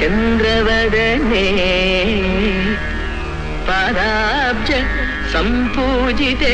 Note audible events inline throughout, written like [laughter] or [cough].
चन्द्रवदने पादाब्ज सम्पूजिते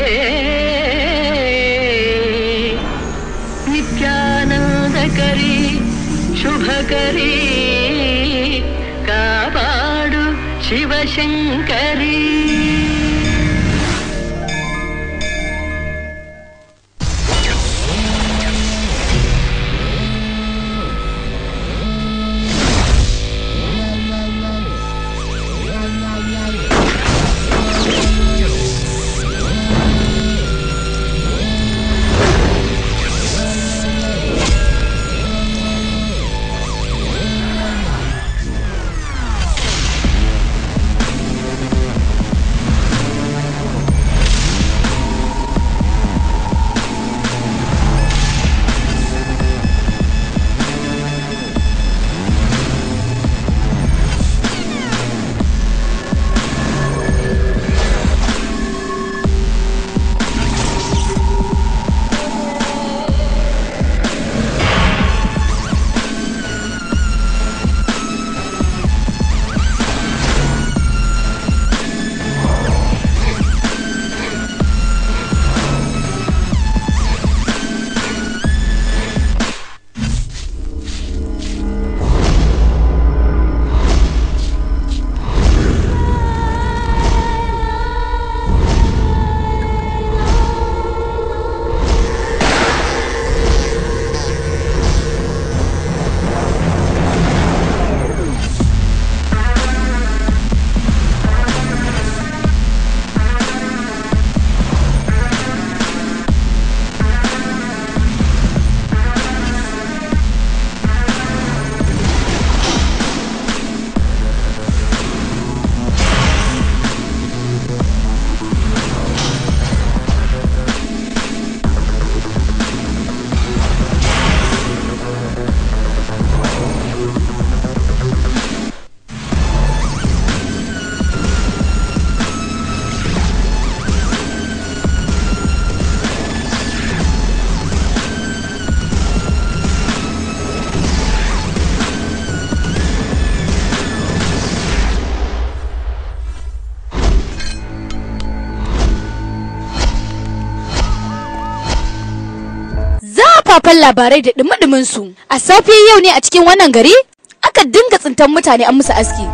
faifan labarai da dumudumin su a safe yau ne a cikin wannan gari aka dinga tsintan mutane an musu aski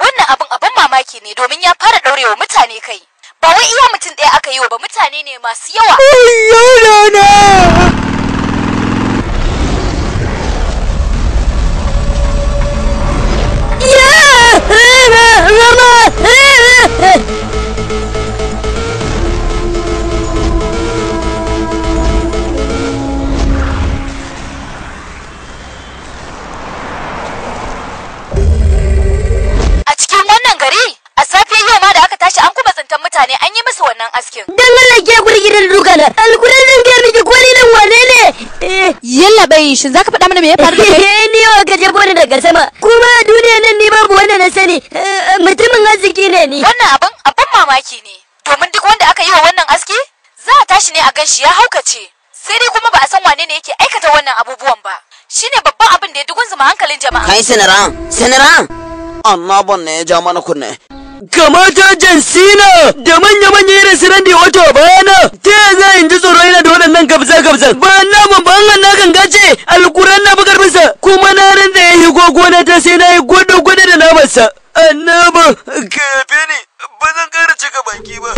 wannan abin abin mamaki ne domin ya fara wa mutane kai ba wai iya mutum ɗaya aka yi ba mutane ne masu yawa shin zaka faɗa mana me ya faru da kai eh ni yau ga jabo ni daga sama kuma a duniya nan ni babu wanda na sani eh, mutumin arziki ne ni wannan abin abin mamaki ne domin duk wanda aka yi wa wannan aski za a tashi ne a gan shi ya haukace sai dai kuma ba a san wane ne yake aikata wannan abubuwan ba shine babban abin da ya ma hankalin jama'a kai sanaran, sinaran annaban ne ya ja mana kunne kamata ta jansina da manya-manya irin su randi wato bayana ta za in ji tsoro yana da waɗannan gabza gabza ba na ba an na kan gace alkuran na bakar bisa kuma na rinda da ya yi gogona ta sai na yi gwada-gwada da namansa annaba kafe ne ba zan ƙara cika baki ba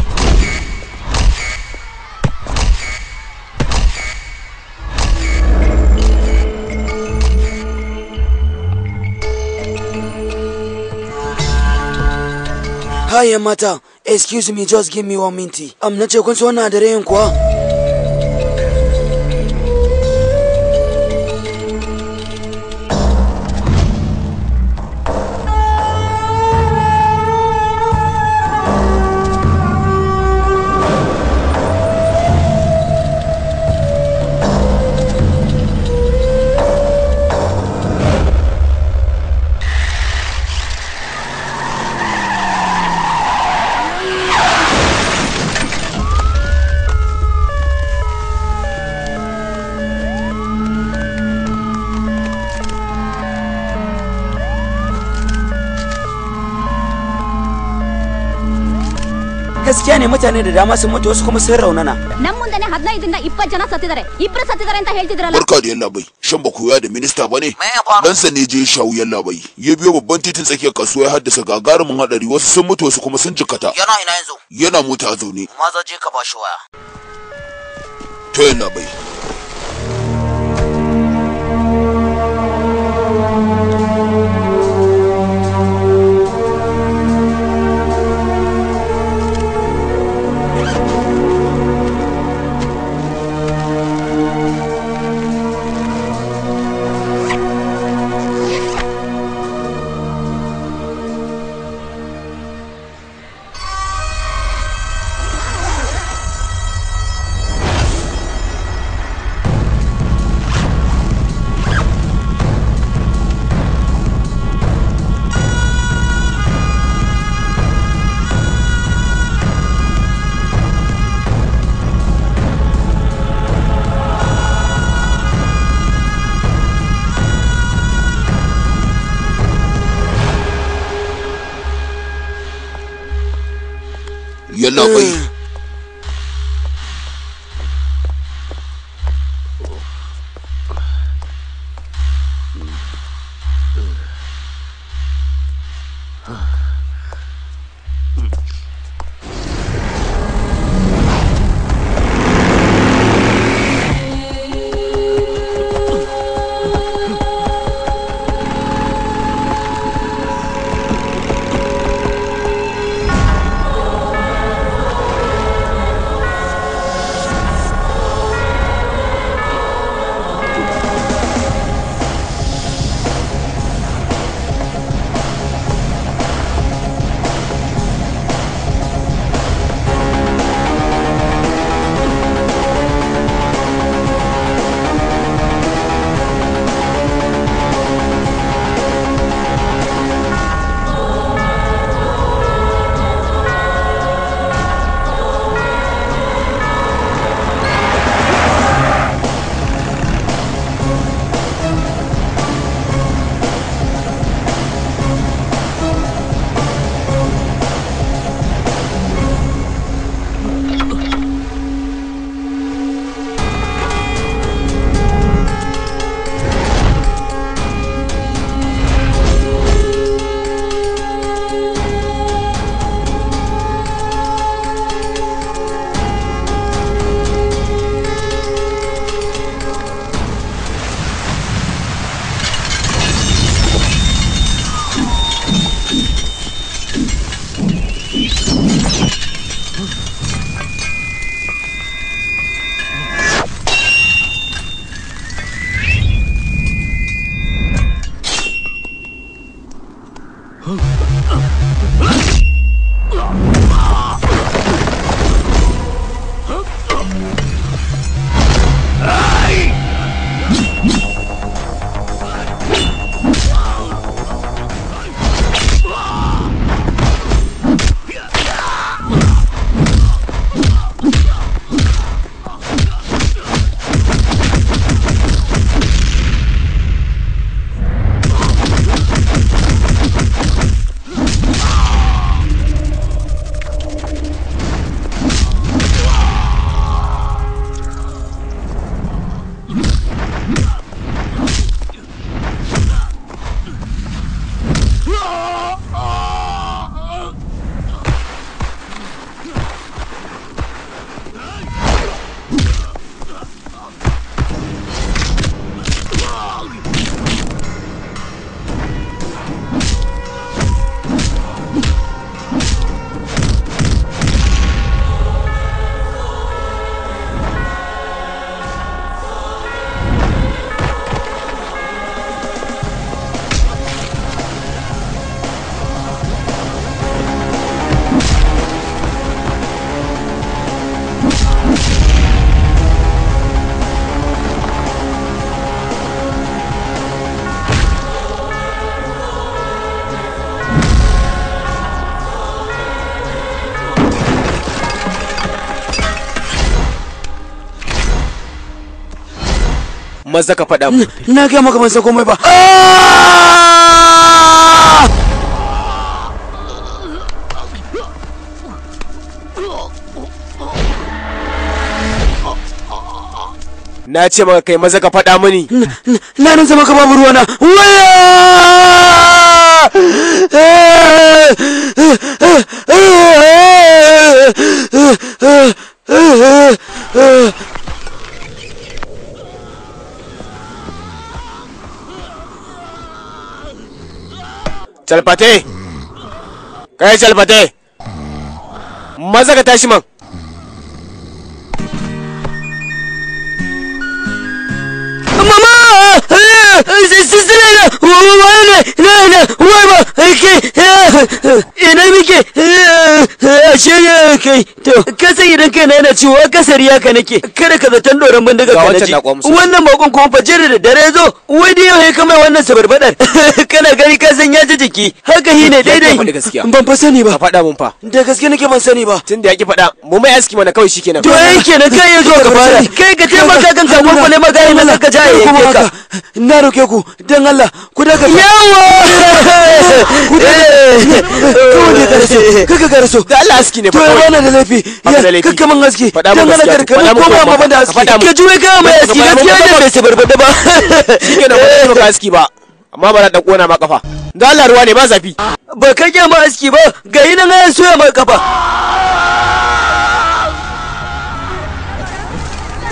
Hi mata, excuse me, just give me one minute. Am na ce kun so na da rayin kuwa? gaskiya ne mutane da dama sun mutu wasu kuma sun raunana ನಮ್ಮ ಮುಂದೆನೆ ಹದಿನೈದರಿಂದ ಇಪ್ಪತ್ತು ಜನ ಸತ್ತಿದ್ದಾರೆ ಇಬ್ರು ಸತ್ತಿದ್ದಾರೆ ಅಂತ ಹೇಳ್ತಿದ್ರಲ್ಲ barka da yalla shan ba koya da minista ba ne ɗansa ne je shawu yalla bai ya biyo babban titin tsakiyar kasuwa ya haddasa gagarumin haɗari wasu sun mutu wasu kuma sun jikata yana ina yanzu yana mota a zaune maza je ka bashi waya to yalla maza ka faɗa mu na ga maka ban san komai ba na ce maka kai maza ka faɗa mini na nan zama ka babu ruwana waya Uh, uh, uh. Calfate! Kai calfate! Maza ka tashi man! Mama! wai ne ne ina wai ba ke ina muke a shirya kai to kasan idan kai na yana cewa kasar ya ka nake kada ka zaton doron bindiga ka naji wannan bakon kuma fajar da dare zo wai da yau ka mai wannan sabarbadar kana gani kasan ya ji jiki haka hi ne daidai ban fa sani ba faɗa mun fa da gaske nake ban sani ba tunda ya ki faɗa mu mai aski mana kawai shikenan to ai kenan kai ya zo ka fara kai ka taimaka kanka ko ne magana na ka jaye ka na roke ku dan Allah ku daga yawa [laughs] ku daga eh! karshe eh! kaka garso da Allah aski ne to wannan da laifi ka man aski dan Allah karka ko ba ma banda aski ka ka mai aski da bai sabarbada ba shike da ba ka [laughs] aski ba amma ba da kona ma kafa da Allah ruwa ne ba zafi ba ma aski ba ga yinan ya soya ma kafa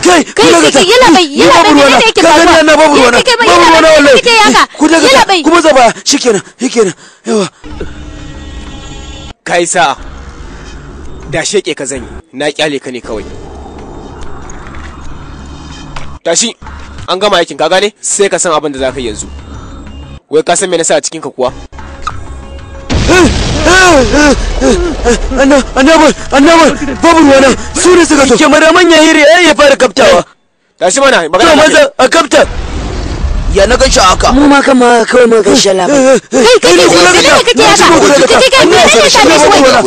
kai kai kai yala bai yala bai ne yake faruwa kai na babu ruwana babu ruwana wallahi ku daga yala bai kuma zaba shikenan shikenan yawa kai sa da sheke ka zanyi na kyale ka ne kawai tashi an gama aikin ka gane sai ka san abin da zaka yi yanzu wai ka san me nasa a cikin ka kuwa eh! annabar annabar babu ruwana su ne suka so kyamara manyan hiri ya yi fara kaptawa tashi mana magana maza a kapta ya na ganshi haka mu ma kama kawai mun ganshi labar kai kai ne kuma kake haka kai kai kai ne ne ta ne wai yana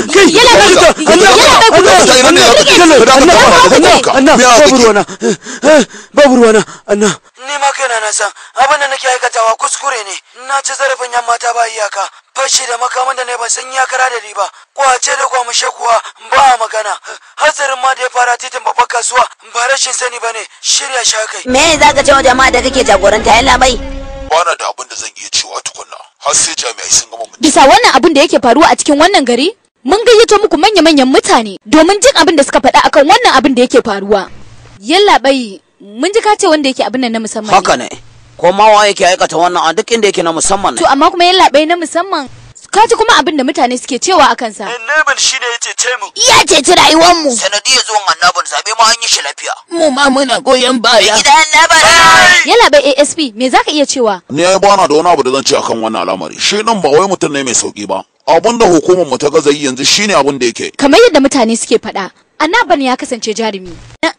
ga yana ga kuma annabar annabar babu ruwana babu ruwana annabar ni ma kaina na san abin da nake aikatawa kuskure ne na ci zarafin yan mata ba iyaka fashi da makaman da ne ba san ya kara da riba kwace da mushe kuwa ba magana hatsarin ma da ya fara titin babbar kasuwa ba rashin sani bane shirya shi kai me za ka ce wa jama'a da kake jagoranta yalla bai bana da abin da zan iya cewa tukunna har sai jami'ai sun gama bisa wannan abin da yake faruwa a cikin wannan gari mun gayyato muku manya-manyan mutane domin jin abin da suka faɗa akan wannan abin da yake faruwa yalla bai mun ji ka ce wanda yake abin nan na musamman haka ne ko ma waye ke aikata wannan a duk inda yake na musamman to amma kuma yin labai na musamman ka ji kuma abin da mutane suke cewa a kansa annabin eh, shi ne ya cece mu ya cece rayuwar mu sanadiyar zuwan annabin zabe ma an yi shi lafiya mu ma muna goyon baya gida annabin ya labai ASP me zaka iya cewa ni ai bana da wani abu da zan ce akan wannan al'amari shi nan ba wai mutum ne mai sauki ba abin da hukumar mu ta gaza yanzu shine abin da yake kamar yadda mutane suke faɗa annaban ya kasance jarumi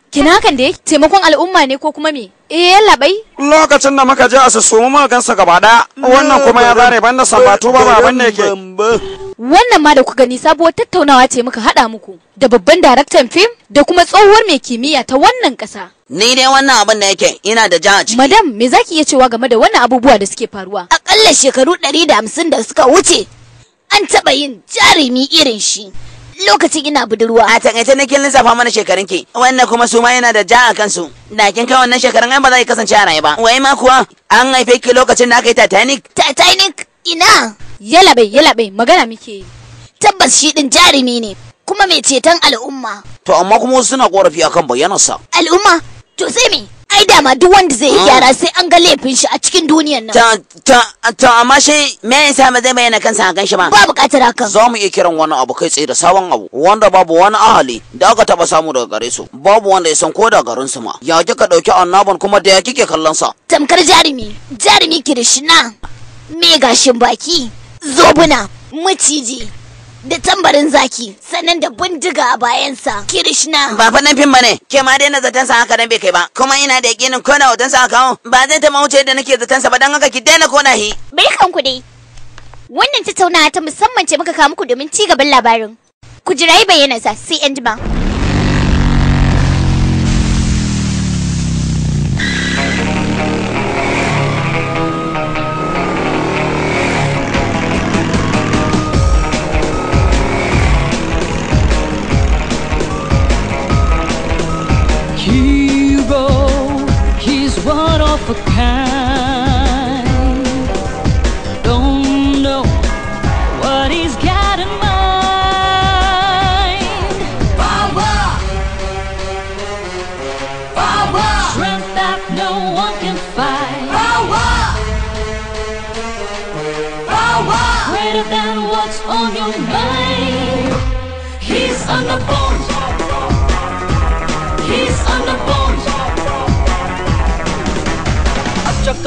Kina hakan da taimakon al'umma ne ko kuma me? Eh labai. Lokacin da muka je a somu muka gansa gaba daya. Wannan kuma ya zare banda sabato ba baban ne yake. Wannan ma da ku gani sabuwar tattaunawa ce muka hada muku da babban daraktan fim da kuma tsohuwar mai kimiyya ta wannan kasa. Ni dai wannan abin da yake ina da jaha a ciki. Madam me zaki iya cewa game da wannan abubuwa da suke faruwa? Akalla shekaru 150 da suka wuce an taba yin jarumi irin shi. lokacin ina budurwa. A takaice ne kin lissafa mana shekarun ki. Wannan kuma su ma yana da ja a kansu. Da kin kai wannan shekarun ai ba za kasance a raye ba. Wai ma kuwa an haife ki lokacin da aka yi Titanic. Titanic ina. Yalabe yalabe magana muke yi. Tabbas shi din jarumi ne kuma mai ceton al'umma. To amma kuma wasu suna korafi akan bayyanarsa. Al'umma to sai me? ai da ma duk wanda zai hmm. gyara sai an ga laifin shi a cikin duniyar nan to to amma shi me sa zai bayyana kansa a ganshi ba ba bukatar haka za mu iya kiran wani abu kai tsaye da sabon abu wanda babu wani ahali da aka taba samu daga gare su babu wanda ya san ko da garin su ma ya ka dauki annaban kuma da ya kike kallon sa tamkar jarumi jarumi kirishina me gashin baki zobuna maciji da tambarin zaki sannan da bindiga a bayansa kirishna ba fa nan fim bane ke ma dai na zaton sa haka dan bai kai ba kuma ina da yakinin ko hoton sa kawo ba zai ta mauce da nake zaton sa ba dan haka ki daina kona hi bai ku dai wannan tattaunawa ta musamman ce muka kawo muku domin ci gaban labarin ku jira bayyana sa sai an for kind.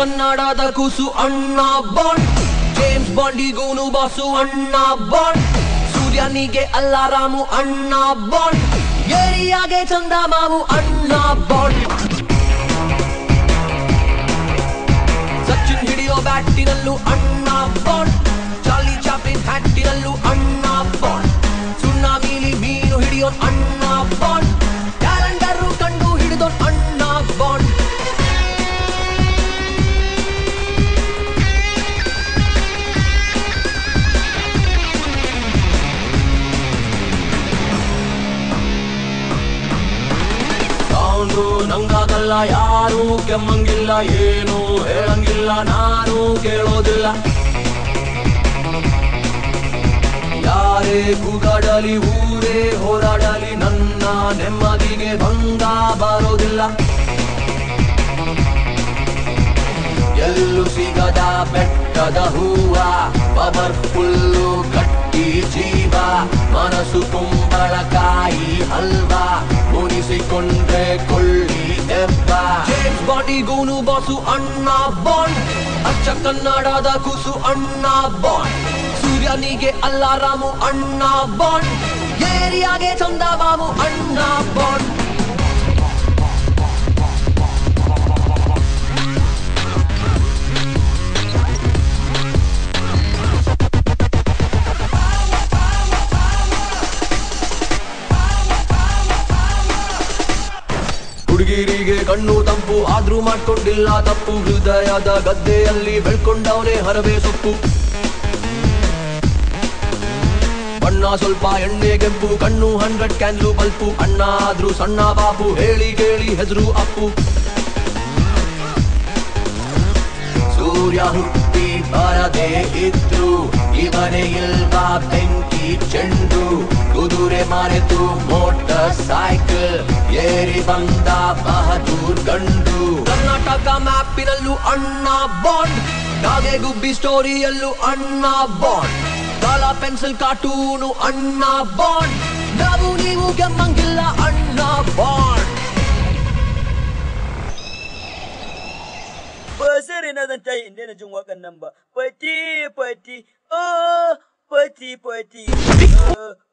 ಕನ್ನಡದ ಕೂಸು ಅಣ್ಣ bond James ಬಾಂಡಿಗೂನು boss ಅಣ್ಣ bond ಸೂರ್ಯನಿಗೆ ಅಲ್ಲ ರಾಮು ಅಣ್ಣ ಬಾಂಡ್ ಏರಿಯಾಗೆ ಚಂದ ಮಾವು ಅಣ್ಣ ಬಾಂಡ್ ಸಚಿನ್ ಹಿಡಿಯೋ ಬ್ಯಾಟಿನಲ್ಲೂ ಅಣ್ಣ ಬಾಂಡ್ ಚಾಲಿ ಚಾಪಿನ್ ಹ್ಯಾಟಿನಲ್ಲೂ ಅಣ್ಣ ಬಾಂಡ್ ಸುಣ್ಣ ಮೀಲಿ ಮೀನು ಹಿಡಿಯೋ ಅಣ್ಣ ನಂಗಾಗಲ್ಲ ಯಾರು ಕೆಮ್ಮಂಗಿಲ್ಲ ಏನು ಹೇಳಂಗಿಲ್ಲ ನಾನು ಕೇಳೋದಿಲ್ಲ ಯಾರೇ ಕೂಗಾಡಲಿ ಊರೇ ಹೋರಾಡಲಿ ನನ್ನ ನೆಮ್ಮದಿಗೆ ಭಂಗ ಬರೋದಿಲ್ಲ ಎಲ್ಲೂ ಸಿಗದ ಬೆಟ್ಟದ ಹೂವ ಪವರ್ಫುಲ್ಲು ಜೀವ ಮನಸ್ಸು ಕುಂಬಳಕಾಯಿ ಹಲ್ವಾ ಮುನಿಸಿಕೊಂಡ್ರೆ ಕೊಳ್ಳಿ ದೆಬ್ಬ ಜೇಮ್ಸ್ ಬಾಡಿ ಗೂನು ಬಾಸು ಅಣ್ಣ ಬಾಂಡ್ ಅಚ್ಚ ಕನ್ನಡದ ಕೂಸು ಅಣ್ಣ ಬಾಂಡ್ ಸೂರ್ಯನಿಗೆ ಅಲ್ಲ ರಾಮು ಅಣ್ಣ ಬಾಂಡ್ ಏರಿಯಾಗೆ ಚಂದ ಬಾಬು ಅಣ್ಣ ಬಾಂಡ್ ಕಣ್ಣು ತಂಪು ಆದ್ರೂ ಮಾಡ್ಕೊಂಡಿಲ್ಲ ತಪ್ಪು ಹೃದಯದ ಗದ್ದೆಯಲ್ಲಿ ಬೆಳ್ಕೊಂಡವನೇ ಹರವೇ ಸೊಪ್ಪು ಬಣ್ಣ ಸ್ವಲ್ಪ ಎಣ್ಣೆ ಕೆಂಪು ಕಣ್ಣು ಹಂಡ್ರೆಡ್ ಕ್ಯಾನ್ಲು ಬಲ್ಪು ಅಣ್ಣ ಆದ್ರೂ ಸಣ್ಣ ಬಾಪು ಹೇಳಿ ಕೇಳಿ ಹೆಸರು ಅಪ್ಪು ಸೂರ್ಯ ಹುಟ್ಟಿ ಬಾರದೇ ಇದ್ರು ಬಾ ಬೆಂಕಿ ಚೆಂಡು ಕುದುರೆ ಮರೆತು ಮೋಟರ್ ಸೈಕಲ್ ಏರಿ ಬಂದ ಬಹದೂರ್ ಗಂಡು ಕರ್ನಾಟಕ ಮ್ಯಾಪಿನಲ್ಲೂ ಅಣ್ಣ ಬಾಂಡ್ ದಾಗೆ ಗುಬ್ಬಿ ಸ್ಟೋರಿಯಲ್ಲೂ ಅಣ್ಣ ಬಾಂಡ್ ಕಾಲ ಪೆನ್ಸಿಲ್ ಕಾರ್ಟೂನು ಅಣ್ಣ ಬಾಂಡ್ ನಾವು ನೀವು ಕೆಮ್ಮಂಗಿಲ್ಲ Anna Bond ba sai na zan tayi ಪತಿ Пати, пати,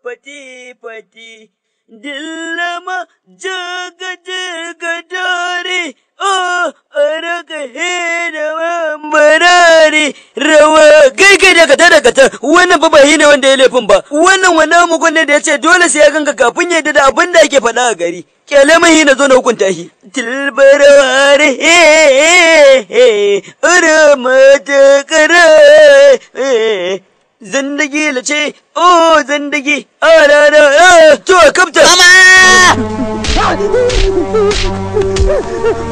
пати, пати, дилема, джага, джага, джага, джага, o raka he da barare rawa kai kai da kata da kata wannan fa ba ne wanda ya laifin ba wannan wannan mugun ne da ya ce dole sai ya ganka kafin ya da abin da ake faɗa a gari kyale mai na zo na hukunta shi tilbarawar he he ura mata kara zindagi la ce o zindagi a rana to kafta mama [laughs] Wata!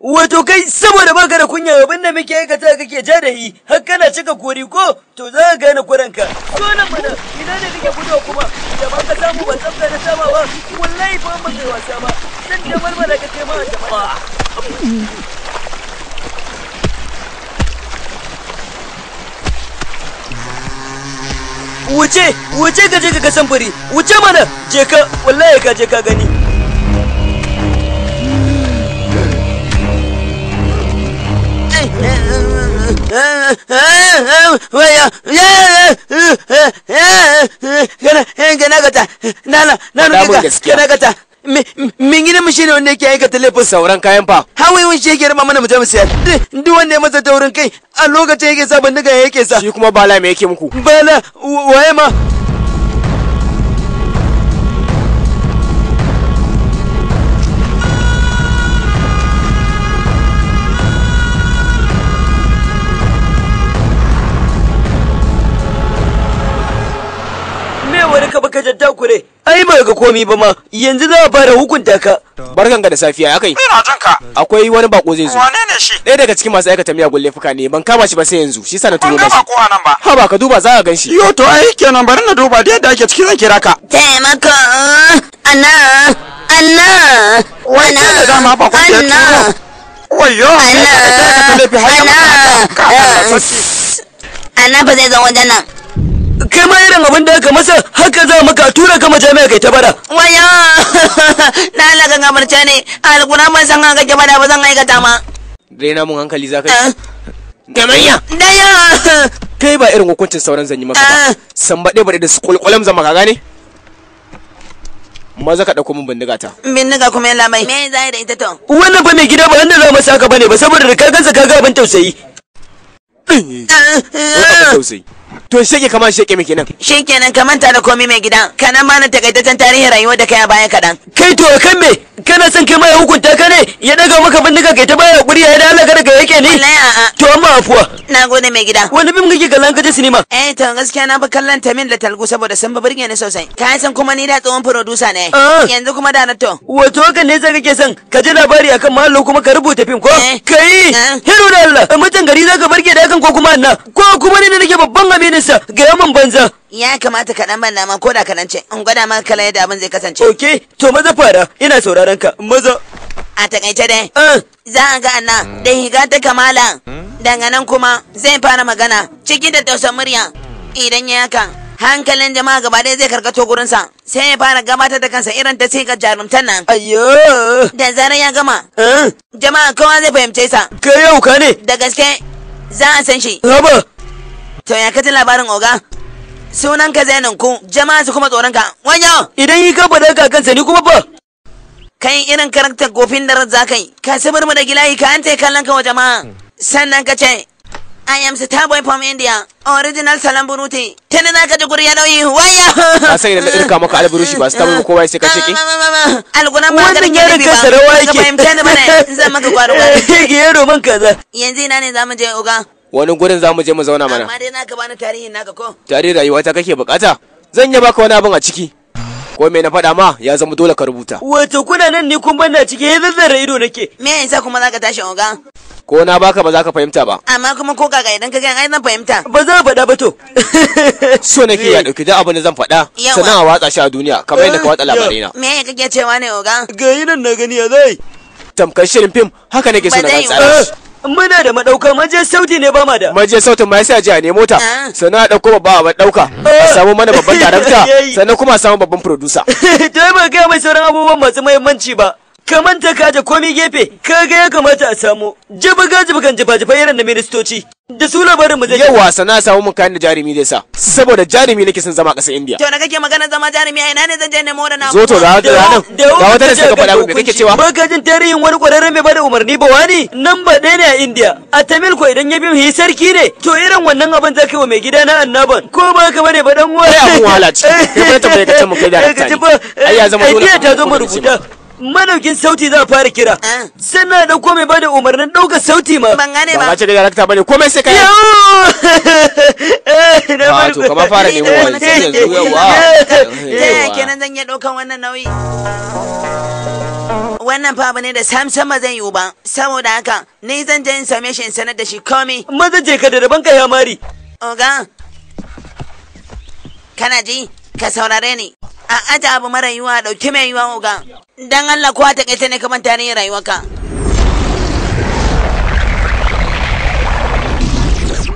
Wato kai saboda baka da kunya abin da muke aikata kake ja da yi har kana cika kori ko to za ka gane kuranka. nan mana ina ne kake fito kuma da ba ka samu ba tsafta da sama ba wallahi ba mu da wasa ba sai da marmara ka kai ma a jama'a. wuce wuce ka je ka kasan fari wuce mana je ka wallahi ka je ka gani gana gata nana nana gata gana gata mingine mu ne wanda yake aikata laifin sauran kayan fa hawaye shi yake rama mana mu je mu duk wanda ya masa taurin kai a lokacin yake sa bindiga yake sa shi kuma bala me yake muku bala waye ma Me wani ka baka jadda kure Ai ba ga komi ba ma, yanzu za a fara hukunta ka. Barkan ka da safiya ya kai. Ina jin Akwai wani bako zai zo. Wane ne shi? Ɗaya daga cikin masu aikata gulle fuka ne, ban kama shi ba sai yanzu, shi sa na tuno nan ba. Ha ba ka duba za ka gan shi. Yo to ai kenan bari na duba da yadda ake ciki zan kira ka. Taimako. Ana. Ana. Wana. Ana. Wayo. Ana. Ana. Ana ba zai zo wajen nan. kai ma irin abin da aka masa haka za mu ka tura ka majami'a kai ta bara. waya [laughs] na laga gabarce ne alkuna ban san haka ke bada ba zan aikata ma daina mun hankali za ka eh? gamanya daya kai ba irin hukuncin sauran zanyi yi maka ba eh? san baɗe baɗe da su kulkulam zama ka gane maza ka ɗauko min bindiga ta. Bindiga kuma yana mai. Me zai da ita to? Wannan ba mai gida ba wanda za mu saka bane ba saboda da ka gansa ka ga abin tausayi. Eh, tausayi. to shege kamar shege mai kenan kamar ta da komai mai gidan kana mana takaitaccen tarihin rayuwar da kai a baya kaɗan kai to kan kana son kai mai hukunta ka ne ya daga maka bindiga kai ta baya kuri ya da halaka daga yake ne to amma afuwa na gode mai gida wani bin kake kallon kaje sinima eh to gaskiya na ba kallon tamin da talgo saboda san ba burge ni sosai ka san kuma ni da tsohon producer ne ah. yanzu kuma da na to wato ka ne zaka kake son ka ji labari akan mallo kuma ka rubuta fim ko eh. kai hiru eh. da Allah mutan gari zaka barke da kan ko kuma anna ko kuma ne nake babban aminin sa ga yaman banza ya kamata ka dan banna ma ko da nan ce in gwada maka kala yadda abin zai kasance okay to maza fara ina saurara ranka maza a takaice dai eh. za a ga anna hmm. da higa ta kamala hmm? daga nan kuma zai fara magana cikin da tausan murya hmm. idan ya yaka hankalin jama'a gaba ɗaya zai karkato gurinsa sai ya fara gabatar da kansa irin ta ga jarumtar nan ayo da zaran ya gama eh. jama'a kowa zai fahimce sa ke yau ka ne da gaske za a san shi haba to ya kaji labarin oga sunan ka zai ninku jama'a su kuma tsoron ka wanya idan yi ka ka kansa ni kuma ba kai irin karakta gofin da za ka yi ka sabar mu da gilahi ka ante kallon ka wa jama'a hmm. sannan ka ce I am boy from India, original Salam Buruti. Tana za ka ji ya dauyi, waya! Ka sai da irka maka alburushi ba, boy ba kowa sai ka ciki. [laughs] Alguna ba ka da ne ba, ka fahimce ni ba ne, zan maka kwaro ba. Ke yaro ban kaza. Yanzu ina ne za mu je uga. Wani gurin za mu je mu zauna mana. Amma dai naka bani tarihin naka ko? Tarihin rayuwa ta kake bukata? Zan yi baka wani abin a ciki. ko me na faɗa ma ya zama dole ka rubuta wato kuna nan ne kun banna cike ya zazzara ido nake me yasa kuma zaka tashi oga ko na baka ba za ka fahimta ba amma kuma ko kaga idan ka ga ai zan fahimta ba za faɗa ba to so nake ya dauki duk abin da zan faɗa sannan a watsa shi a duniya kamar yadda ka watsa labarai na me kake cewa ne oga ga nan na gani ya zai tamkar shirin fim haka nake so na tsara muna da madauka maje sauti ne ba ma da maje sautin ma sai a ne a nemo ta ah. sannan a dauko babba a dauka oh. a samu mana babban darakta [laughs] sannan kuma a samu babban producer [laughs] dai ba ga mai sauran abubuwan masu muhimmanci ba kamanta kaje komi gefe kaga ya kamata a samu jibiga jibigan jifa jifa irin na ministoci da su labarin mu zai yawa sana samu mun kayan da jarumi zai sa saboda jarumi nake son zama a ƙasar India to na kake magana zama jarumi a ina ne zan je ne mora na zo to da da nan ga wata da suka faɗa muku kake cewa bagajin tarihin wani ƙwararren mai bada umarni ba wani nan ba ɗaya ne a India a Tamil ko idan ya bi mu sarki ne to irin wannan abin zaka yi wa mai gida na annaban ko ba ka bane ba dan uwa ai abun wahala ce [laughs] ka tabbata ka ce kai da eh, ai ya zama eh, dole ai ta zo mu rubuta madaukin sauti za a fara kira eh. na da ko mai bada umarnin ɗauka sauti ma ban gane ba ba ce da darakta bane komai sai kai yawo to kamar fara nemo wani sai yanzu [laughs] yawa ta yaya kenan zan iya ɗaukan wannan nauyi wannan fa ne da sam sama zan yi ba saboda haka ni zan je in same shi in sanar da shi komi maza je ka da daban ka ya mari oga kana ji ka saurare ni a ata abu mara yiwa dauki mai yiwa oga dan Allah kowa ta kaita ne kaman tarihin rayuwarka ta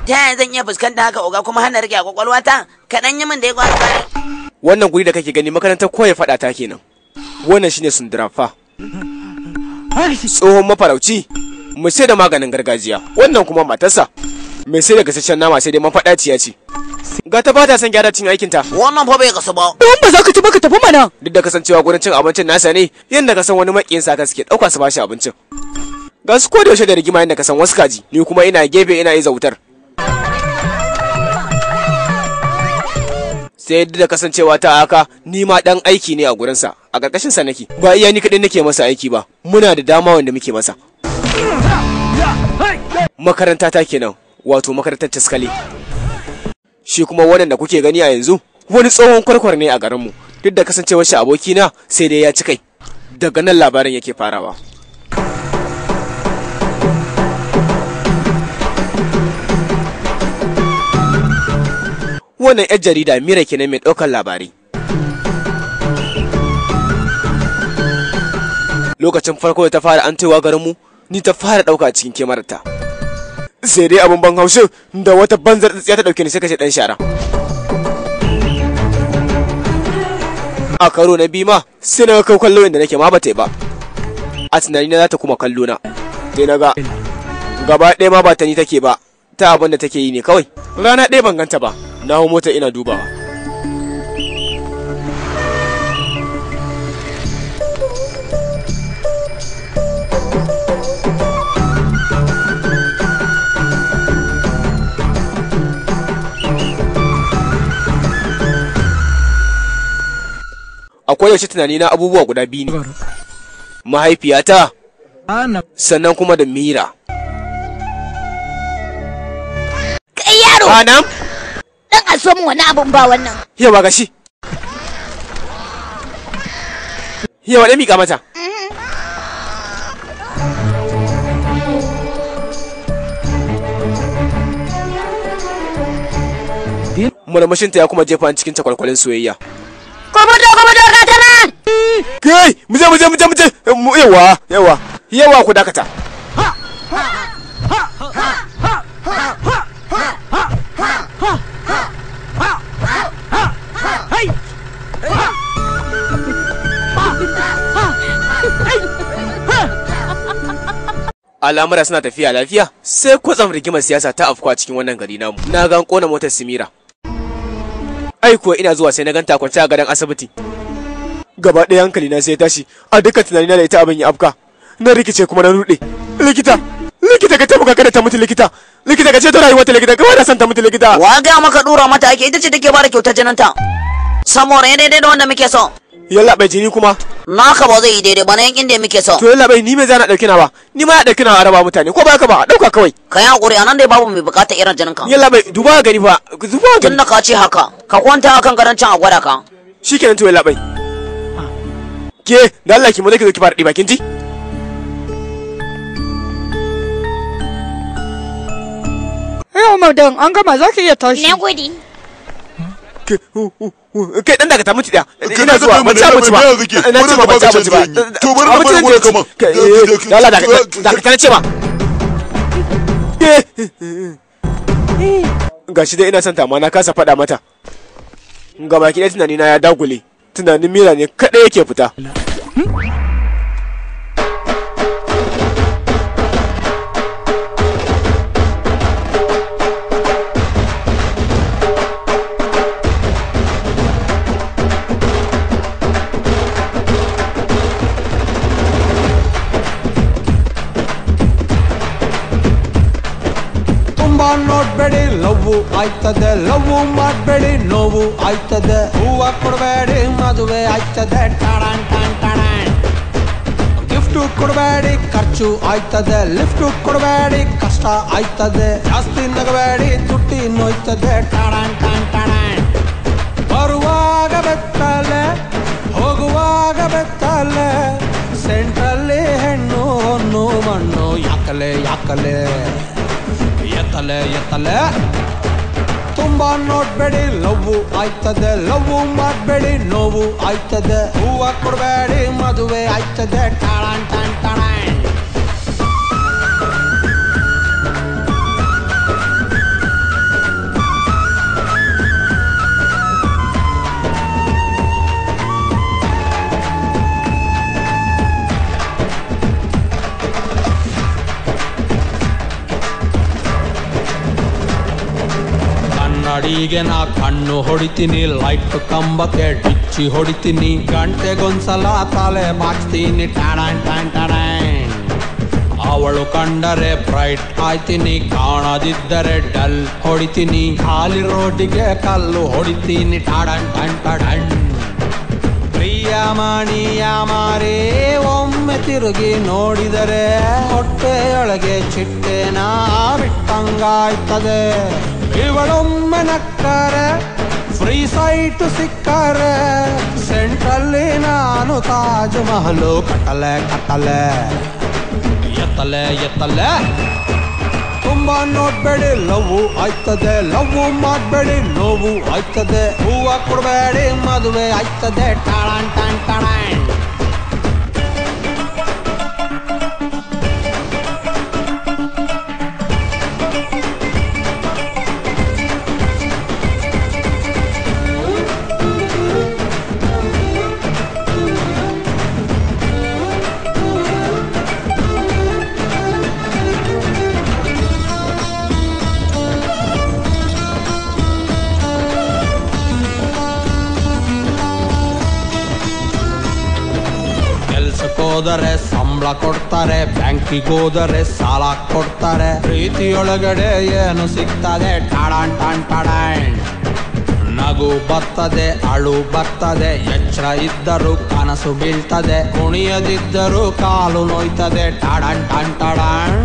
yaya zan iya fuskanta haka oga kuma hana rike a ta kaɗan yi min da ya kwasa wannan guri da kake gani makarantar koya faɗa ta kenan wannan shine sundurafa tsohon mafarauci mu sai da maganin gargajiya wannan kuma matarsa mai sai da gasasshen nama sai dai ciya ce Ga ta ta son gyara cin aikinta wannan fa bai kasu ba don ba za ka ci ba ka tafi mana duk da kasancewa gurin cin abincin nasa ne yadda ka san wani maƙiyin sa suke ɗauka su bashi abincin ga su ko da yaushe da rigima yadda ka san wasu kaji ni kuma ina gefe ina yi zautar sai duk da kasancewa ta haka ni ma dan aiki ne a gurinsa a ƙarƙashin sa nake ba iya ni kaɗai nake masa aiki ba muna da dama wanda muke masa makaranta ta kenan wato makarantar taskale shi kuma wannan da kuke gani a yanzu wani tsohon kwarkwar ne a garinmu duk da kasancewar shi abokina sai dai ya ci kai daga nan labarin yake farawa wannan 'yar jarida mira kenan mai ɗaukar labari. lokacin farko da ta fara an garinmu ni ta fara ɗauka cikin kemarta. sai dai abin ban haushin da wata banzar tsiya ta dauke ni sai kace dan shara a karo na biyu ma sai na kau kallo inda nake ma bata yi ba a tunani na za ta kuma kallo na sai na gaba ɗaya ma ba ta ni take ba ta abin da take yi ne kawai rana ɗaya ban ganta ba na hau mota ina dubawa akwai yaushe tunani na abubuwa guda biyu ne mahaifiyata sannan kuma da mira kai yaro anam dan a so wani abun ba wannan yawa gashi yawa da mika mata murmushinta ya kuma jefa cikin takwalkwalin soyayya. Kwamata, kwamata! kai mu je mu je mu je mu je yawa yawa yawa ku dakata al'amura suna tafiya lafiya sai kwatsam rigimar siyasa ta afku cikin wannan gari namu na ga kona motar simira ai kuwa ina zuwa sai na ganta kwance a gadon asibiti gaba ɗaya hankali na sai ya tashi a duka tunani na da ita abin ya afka na rikice kuma na rude likita likita ka taimaka kada ta mutu likita likita ka ce ta rayuwa ta likita kawai da san ta mutu likita wa ga maka dura mata ake ita ce take bada kyautar jininta samora ya daidai da wanda muke so yalla bai jini kuma ka ba zai yi daidai ba na yankin da muke so to yalla bai ni me zana dauki na ba ni ma dauki na araba mutane ko ba ka ba dauka kawai ka yi hakuri anan dai babu mai bukata irin jininka yalla bai duba gari ba duba tun da ka ce haka ka kwanta kan garancin a gwada ka shikenan to yalla bai ke da Allah ki mu zai ki zo ki fara bakin ji yau dan an gama za ki iya tashi na gode kai dan daga ta mutu da. ina zuwa ba ta abinci ba ina ci ba ban ci abinci ba to bari mu fara wani kaman eh, eh, da Allah da ka ce ba eh. gashi dai ina son ta amma na kasa faɗa mata ga baki ɗaya tunani na ya dagule tunanin mira ne kaɗai yake fita. Hmm? ನೋಡ್ಬೇಡಿ love ಆಯ್ತದೆ love ಮಾಡಬೇಡಿ ನೋವು ಆಯ್ತದೆ ಹೂವ ಕೊಡಬೇಡಿ ಮದುವೆ ಆಯ್ತದೆ ಟಾಡಾನ್ ಟಾನ್ ಕೊಡಬೇಡಿ ಖರ್ಚು ಆಯ್ತದೆ ಲಿಫ್ಟ್ ಕೊಡಬೇಡಿ ಕಷ್ಟ ಆಯ್ತದೆ ಜಾಸ್ತಿ ನಗಬೇಡಿ ತುಟ್ಟಿ ನೋಯ್ತದೆ ಬರುವಾಗ ಬೆತ್ತಲೆ ಹೋಗುವಾಗ ಬೆತ್ತಲೆ ಸೆಂಟ್ರಲ್ಲಿ ಹೆಣ್ಣು ಮಣ್ಣು ಯಾಕಲೆ ಯಾಕಲೆ ತಲೆ ಎತ್ತಲೆ ತುಂಬ ನೋಡ್ಬೇಡಿ ಲವ್ವು ಆಯ್ತದೆ ಲವ್ವು ಮಾಡಬೇಡಿ ನೋವು ಆಯ್ತದೆ ಹೂವ ಕೊಡಬೇಡಿ ಮದುವೆ ಆಯ್ತದೆ ಟಾಳಾಂಟಾಂಟಾಣ ಗಾಡಿಗೆ ನಾ ಕಣ್ಣು ಹೊಡಿತೀನಿ ಲೈಟ್ ಕಂಬಕ್ಕೆ ಡಿಚ್ಚಿ ಹೊಡಿತೀನಿ ಗಂಟೆಗೊಂದ್ಸಲ ತಲೆ ಮಾಡ್ತೀನಿ ಟ್ಯಾಡಾಯ್ ಅವಳು ಕಂಡರೆ ಬ್ರೈಟ್ ಆಯ್ತೀನಿ ಕಾಣದಿದ್ದರೆ ಡಲ್ ಹೊಡಿತೀನಿ ಖಾಲಿ ರೋಡಿಗೆ ಕಲ್ಲು ಹೊಡಿತೀನಿ ಟಾಡಾಯ್ ಯಾ ಮಾಡಿಯ ಮಾರೇ ಒಮ್ಮೆ ತಿರುಗಿ ನೋಡಿದರೆ ಹೊಟ್ಟೆಯೊಳಗೆ ಚಿಟ್ಟೆನ ಬಿಟ್ಟಂಗಾಯ್ತದೆ ಇವಳೊಮ್ಮೆ ನಕ್ಕರೆ ಫ್ರೀ ಸೈಟ್ ಸಿಕ್ಕರೆ ಸೆಂಟ್ರಲ್ಲಿ ನಾನು ತಾಜ್ ಮಹಲು ಕಟಲೆ ಕಟ್ಟಲೆ ಎತ್ತಲೆ ಎತ್ತಲೆ ಸಂಭ್ರಮ ನೋಡ್ಬೇಡಿ ಲವ್ವು ಆಯ್ತದೆ ಲವ್ವು ಮಾಡಬೇಡಿ ನೋವು ಆಯ್ತದೆ ಹೂವು ಕೊಡಬೇಡಿ ಮದುವೆ ಆಯ್ತದೆ ಟಾಣ ಟಾಣ್ ಕೆಲಸಕ್ಕೋದರೆ ಸಂಬಳ ಕೊಡ್ತಾರೆ ಬ್ಯಾಂಕಿಗೆ ಹೋದರೆ ಸಾಲ ಕೊಡ್ತಾರೆ ಪ್ರೀತಿಯೊಳಗಡೆ ಏನು ಸಿಗ್ತದೆ ಟಾಡಾಣ್ ಟಾಣ್ ನಗು ಬರ್ತದೆ ಅಳು ಬರ್ತದೆ ಎಚ್ಚರ ಇದ್ದರೂ ಕನಸು ಬೀಳ್ತದೆ ಕುಣಿಯದಿದ್ದರೂ ಕಾಲು ನೋಯ್ತದೆ ಟಾಡಾಣ್ ಟಾಣ್ ಟಾಡಾಣ್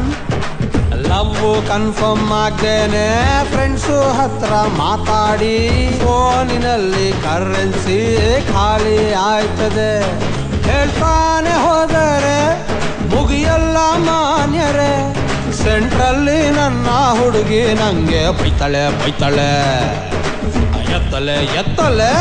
ಕನ್ಫರ್ಮ್ ಆಗ್ದೇನೆ ಫ್ರೆಂಡ್ಸು ಹತ್ರ ಮಾತಾಡಿ ಫೋನಿನಲ್ಲಿ ಕರೆನ್ಸಿ ಖಾಲಿ ಆಯ್ತದೆ ಹೇಳ್ತಾನೆ ಹೋದರೆ ಮುಗಿಯಲ್ಲ ಮಾನ್ಯರೆ ಸೆಂಟ್ರಲ್ಲಿ ನನ್ನ ಹುಡುಗಿ ನಂಗೆ ಬೈತಳೆ ಬೈತಳೆ ಎತ್ತಲೆ ಎತ್ತಲೆ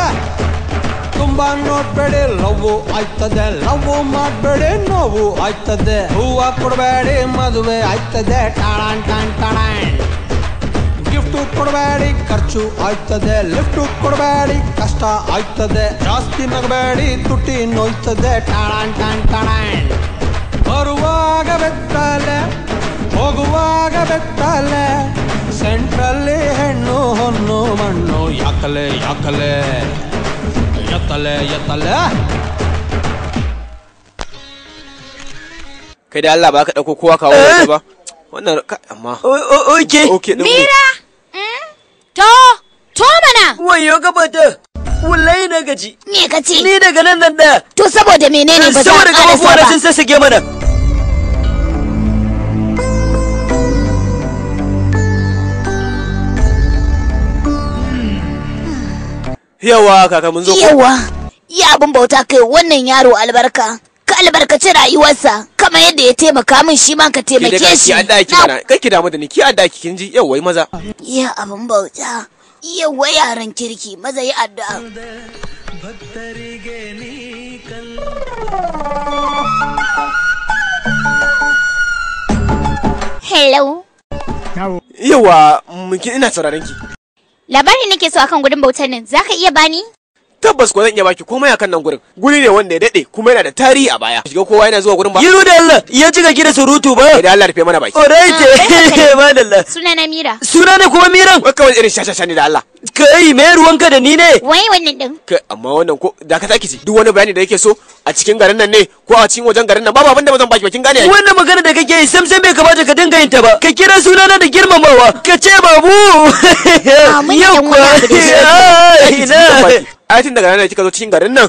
ತುಂಬ ನೋಡ್ಬೇಡಿ ಲವ್ ಆಯ್ತದೆ ಲವ್ ಮಾಡ್ಬೇಡಿ ನೋವು ಆಯ್ತದೆ ಹೂವು ಕೊಡಬೇಡಿ ಮದುವೆ ಆಯ್ತದೆ ಟಾಣ ಟಾಣ್ ಟಾಣ ಲೆಫ್ಟ್ ಕೊಡಬೇಡಿ ಖರ್ಚು ಆಯ್ತದೆ ಲೆಫ್ಟ್ ಕೊಡಬೇಡಿ ಕಷ್ಟ ಆಯ್ತದೆ ಜಾಸ್ತಿ ನಗಬೇಡಿ ತುಟಿ ನೋಯ್ತದೆ ಟಾಣಾಣ್ ಟಾಣ್ ಟಾಣಾಣ್ ಬರುವಾಗ ಬೆತ್ತಲೆ ಹೋಗುವಾಗ ಬೆತ್ತಲೆ ಸೆಂಟ್ರಲ್ಲಿ ಹೆಣ್ಣು ಹೊನ್ನು ಮಣ್ಣು ಯಾಕಲೆ ಯಾಕಲೆ ಎತ್ತಲೆ ಎತ್ತಲೆ kai da Allah ba ka dauko kowa kawo ba wannan amma oke oke mira To, to mana. Wayo gabata. Wallahi na gaji. Me ka ce? Ni daga nan nan da. To saboda menene ba za a ba? Saboda na sun sassage mana. Yawa kaka mun zo. Yawa. Ya abin bauta kai wannan yaro albarka. albarkaci rayuwarsa kama yadda ya taimaka min shi ma ka taimake shi kai ki damu da ni ki a ki kin ji yau wai maza iya abun bauta iya wai yaran kirki maza yi addu'a Hello. Yawa, ina sauraron ki. Labari nake so akan gudun bautan nan, zaka iya bani? tabbas ko zan iya baki komai akan nan gurin guri ne wanda ya dade kuma yana da tarihi a baya shiga kowa yana zuwa gurin ba yiro da Allah ya ji gaki da surutu ba idan Allah rufe mana baki alright ah, [laughs] madalla sunana mira ne kuma miran wai kawai irin shashasha ne da Allah kai me ruwanka da ni ne wai wannan din ka amma wannan ko da ka taki duk wani bayani da yake so a cikin garin nan ne ko a cikin wajen garin nan babu abin da bazan baki kin gane wannan magana da kake yi sam sam bai kamata ka dinga yin ta ba ka kira sunana da girmamawa ka ce babu ah, [laughs] yau ko [laughs] ah, ina ayatin daga nan kika zo cikin garin nan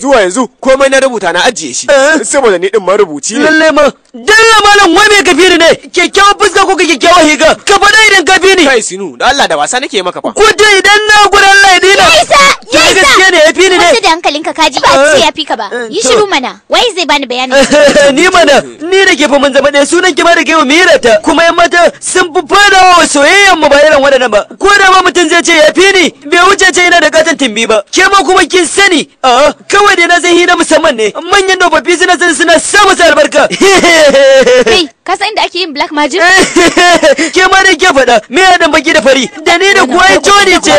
zuwa yanzu komai na rubuta na ajiye shi eh? saboda ni din marubuci ne lalle ma dan malam wai me kafi ne kyakkyawan fuska ko kyakkyawan higa ka fada idan kafi ne kai sinu da Allah da wasa nake maka fa ko dai idan na gudan laidi na yasa yasa gaskiya ne yafi ne wasu da ka kaji ba eh. ce yafi ka ba eh, yi shiru mana wai zai bani bayani [laughs] ni mana ni da ke fa mun zama ɗaya sunan ki ma da kaiwa mira ta kuma yan mata sun fi fadawa wa soyayyan mu ba irin waɗannan ba ko da ma mutum zai ce yafi ni bai wuce ce yana da katon timbi ba ke ma kuma kin sani ah, kawai kawai dai na zai hira musamman ne manyan tsofaffi suna san suna sa masa albarka [laughs] kai ka san inda ake yin black magic [laughs] ke ma ne ke faɗa me ya dan baki da fari da ni da kuwa joni ce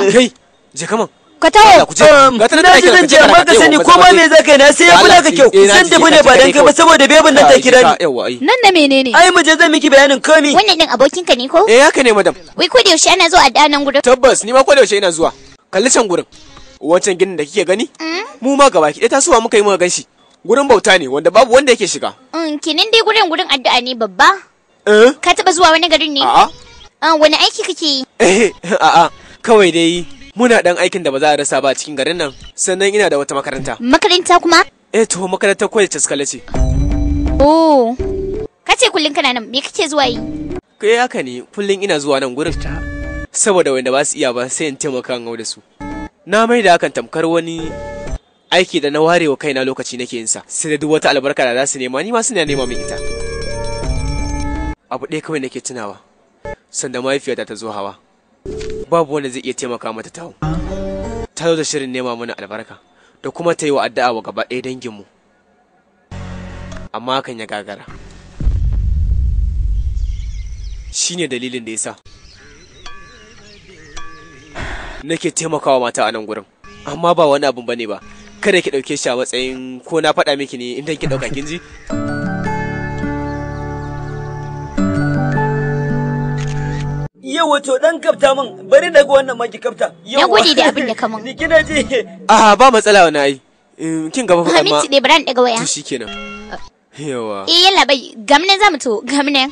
[laughs] kai je kama ka tawo um, na ji zan je amma ka sani ko ma me za ka yi na sai ya fi ka kyau eh, zan tafi ne ba dan kai ba saboda bebin nan ta kira ni nan na menene ai mu je zan miki bayanin komi wannan din abokin ka ne ko eh haka ne madam wai ko da yaushe ana zuwa a danan gurin tabbas ni ma ko da yaushe ina zuwa kalli can gurin wancan ginin da kike gani mm. mu ma gaba ki ta suwa muka yi muka ganshi gurin bauta ne wanda babu wanda yake shiga mm, kinin dai gurin gurin addu'a ne babba eh? ka taba zuwa wani garin ne a'a ah, wani aiki kake yi eh, [laughs] a'a kawai dai muna dan aikin da ba za a rasa ba a cikin garin nan sannan ina da wata makaranta makaranta kuma eh to makarantar kwai ta skala ce oh ce kullum kana nan me kake zuwa yi kai eh, haka ne kullum ina zuwa nan gurin saboda wanda ba su iya ba sai in taimaka ngau da su na mai da hakan tamkar wani aiki da na warewa kaina lokaci nake yin sa sai da duk wata albarka da za su nema ni ma suna nema min ita abu ɗaya kawai nake tunawa sanda mahaifiyata ta zo hawa babu wanda zai iya taimaka mata tawo ta zo da shirin nema mana albarka da kuma ta yi wa addu'a wa gaba ɗaya danginmu amma hakan ya gagara shine dalilin da ya sa nake taimakawa mata a nan gurin amma ba wani abun bane ba kada ki ɗauke shi a matsayin ko na faɗa miki ne idan ki ɗauka kin ji yawa to dan kafta min bari ga wannan ma ki kafta ya gode da abin da ka [laughs] ni kina ji [laughs] a ba matsala wani ai eh, kin gaba fa amma Hamid ne bran daga waya to shikenan yawa eh yalla bai gamne zamu to gamne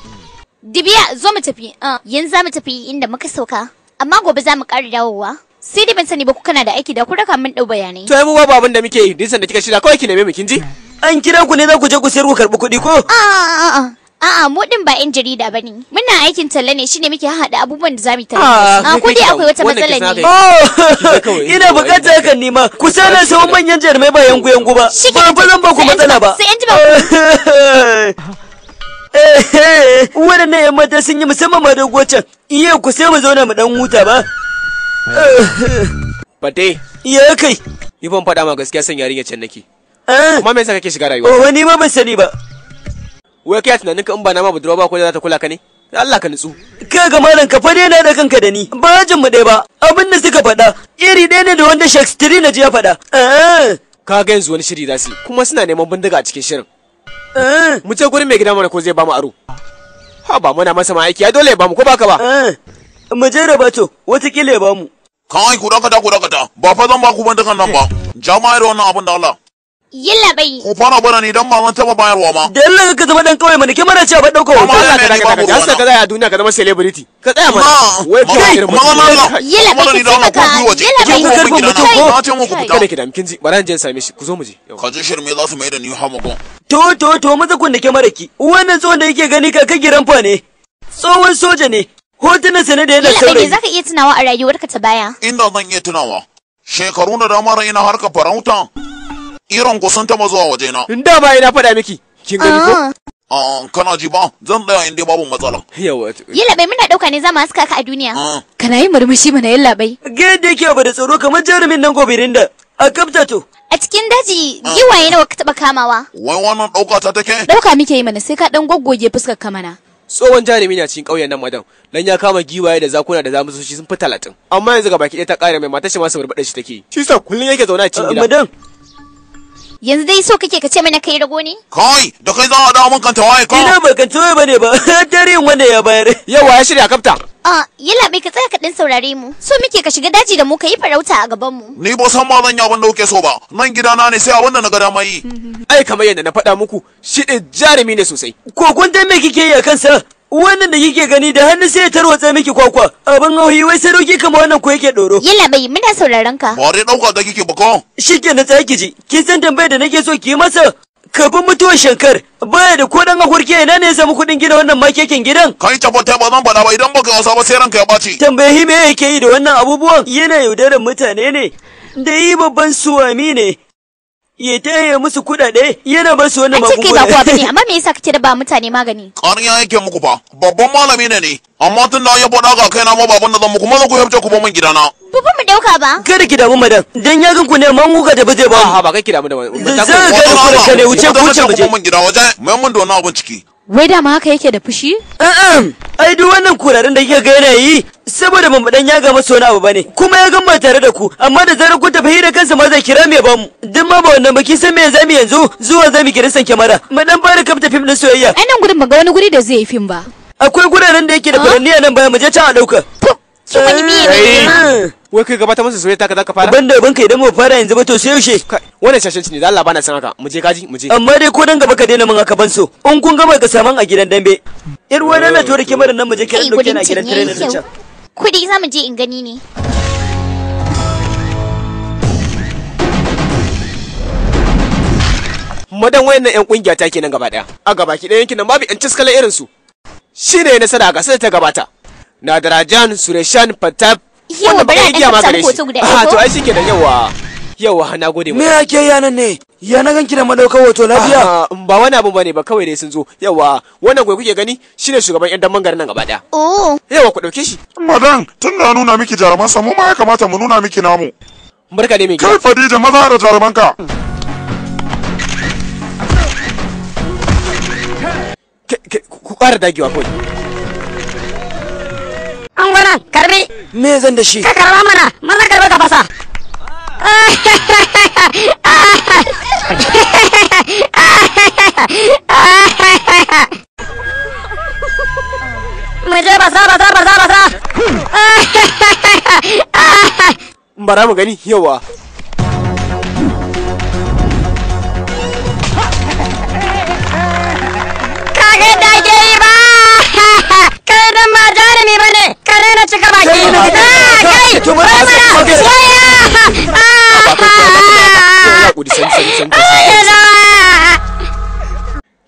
dibiya zo mu tafi ah, yanzu zamu tafi inda muka sauka amma gobe za mu ƙara dawowa. Sai dai ban sani ba ku kana da aiki da ku raka min ɗau bayanai. To ai mu babu abin da muke yi, disan da kika shirya kawai ki neme mu kin ji? An kira ku ne za ku je ku sayar ku karɓi kuɗi ko? A'a a'a mu din ba yan jarida bane. Muna aikin talla ne shine muke haɗa abubuwan da zamu tallafa. A ah, ah, ku dai akwai wata matsala ne. Oh, [laughs] ina bukatar hakan ni ma. Ku sanar sau manyan jarumai ba yangu yangu ba. Ba fa zan ba ku matsala ba. Sai an ji ba. [laughs] waɗannan yan mata sun yi musamman ma dogocin iya ku sai mu zauna mu dan huta ba fate [laughs] ya kai ni ban faɗa ma gaskiya san yarinya can nake eh? kuma me yasa kake shiga rayuwa oh ni ma ban sani ba wai kai tunanin ka in ba na ma budurwa ba ko za ta kula ka ne Allah ka nutsu ka ga malam ka fade na da kanka da ni ba jin mu dai ba abin da suka faɗa iri ɗaya ne da wanda Shakespeare na ji ya faɗa eh? ka ga yanzu wani shiri za su kuma suna neman bindiga a cikin shirin Eh. mu ce gurin mai gida mana ko zai bamu aro ha ba muna masa ma aiki ya dole ya bamu ko baka ba mu eh. je rabato watakila ya bamu kawai ku dakata ku dakata ba fa zan ba ku bandakan nan ba jama'ar wannan abin da Allah Yalla bai. Ko fara bana ni dan maman taba bayarwa ma. Da yalla ka zama dan kauye mana ke mana cewa ba dauko hoto Allah ka daga daga. Hasa ka zaya a duniya ka zama celebrity. Ka tsaya mana. Wai ka irin mutum. Yalla bai ki tsaka ka. Yalla bai ki karfin mutum ko. Na ce muku fita. Kada ki damkin ji bara je same shi ku zo mu je. za su mai da ni hamagon. To to to maza kun da ke mara ki. Wannan tsohon da yake gani ka kai giran fa ne. Tsohon soja ne. Hotunan sa ne da yana saurayi. Yalla bai zaka iya tunawa a rayuwarka ta baya. Inda zan iya tunawa. Shekaru da dama ina harka farauta. Iran kusan sun taba a waje na. Da ba ina faɗa miki. Kin gani ko? Ah, ah kana ji ba, zan tsaya inda babu matsala. Yawa. Yalla bai muna dauka ne zama suka ka a duniya. Ah. Kana yi murmushi mana yalla bai. Ga yadda yake ba da tsaro kamar jarumin nan gobe rinda? a kafta to. A cikin daji ah. giwaye nawa ka taba kamawa? Wai wannan dauka ta take? Dauka muke yi mana sai ka dan goggoge fuskar ka mana. tsohon jarumi na cikin ƙauyen nan madam dan ya kama giwaye da zakuna da zamusoshi sun fi talatin amma yanzu gaba ki ta ƙara mai matar shi ma su barbaɗa shi take shi sa kullun yake zauna a cikin gida madam Yanzu dai so kake ka ce mana kai rago ne? Kai, da kai za a dawo mun kanta tawaye ka. Ina ba kanta tawaye bane ba, [laughs] dare wanda ya bayar. Yawa ya shirya kafta. Ah, yalla bai ka tsaya ka dan saurare mu. So muke ka shiga daji da mu ka yi farauta a gaban mu. Ni ba san ma zan yi abin da so ba. Nan gidana ne sai a wanda na ga dama yi. Ai kamar yadda na faɗa muku, shi din jarumi ne sosai. Kokon dan me kike yi a kansa? Wannan da kike gani da hannu sai ya tarwatsa miki kwakwa. Abin hauhi wai sadauki kamar wannan ko yake doro. Yalla bai muna sauraron ka. Bare dai dauka da kike ba ko. ke na ki ji. Kin san tambayar da nake so ki yi masa? kafin mutuwar shankar baya da ko dan akurke ina ne ya samu kuɗin gina wannan makekin gidan kai tabbata ba zan faɗa ba idan baka wasa ba sai ranka ya ɓaci tambayi me yake yi da wannan abubuwan yana yaudarar mutane ne da yi babban suwami ne ya taya musu kuɗaɗe yana ba su wani magunguna. An ce kai ba kuwa bane [laughs] amma me yasa kace da ba mutane magani? ya yake muku fa babban malami ne ne amma tun da ya faɗa ga kaina ma baban da zan muku maza ku yabce ku ba min gidana. bubu mu dauka ba. Kada ki damu madan dan ya ganku ne man kuka da ba zai ba. Ha ba kai ki damu da wannan. Zan ga ku ne wuce ku ce Mun gida waje mun wani abin ciki. Wai dama haka yake da fushi? A'a, ai duk wannan kurarin da kika ga yana yi saboda mamadan ya ga masa wani abu bane. Kuma ya gama tare da ku, amma da zarar ku tafi hira kansa ma zai kira me ba mu. Duk ma ba wannan ba kin san me zamu yanzu zuwa zamu kira san kamera. Mu dan fara kafta fim din soyayya. Ai nan gurin ba ga wani guri da zai yi fim ba. Akwai guraren da yake da faranni a nan baya mu je can a dauka. ki wani biye wai kai gabata masa soyayya taka zaka fara banda banka idan mu fara yanzu ba to sai yaushe wannan shashanci ne da Allah bana san haka mu je kaji mu je amma dai ko dan gaba ka daina mun haka ban so in kun gama ka saman a gidan dambe yar wani na tori kimar nan mu je kiran dauke eh, na gidan trainer can kudi za mu je in gani ne madan wayannan yan kungiya ta nan gaba daya a gaba ki dan yankin nan babu yan ciskala irin su shine nasara a gasar ta gabata Nadarajan Sureshan Patap wanda ba ya iya magare shi. aha to ai da yawa. Yawa na gode mu. Me yake yanan ne? Ya na ganki da madaukar hoto ah, lafiya? Ah, ba wani abu bane ba kawai dai sun zo. Yawa wannan gwai kuke gani shine shugaban yan damban garin nan gaba daya. Oh. Yawa ku dauke shi. Madan tun da nuna miki jaruman sa mu ma ya kamata mu nuna miki namu. Barka dai mai gida. Kai Fadija maza da jaruman ka. Ku ƙara dagewa kawai. an gwana karbi me zan da shi ka karba mana maza karba ka fasa mu je basa basa basa basa bara mu gani yawa kage ga dage kai dan ba jarumi ba ne ka daina cika baki kai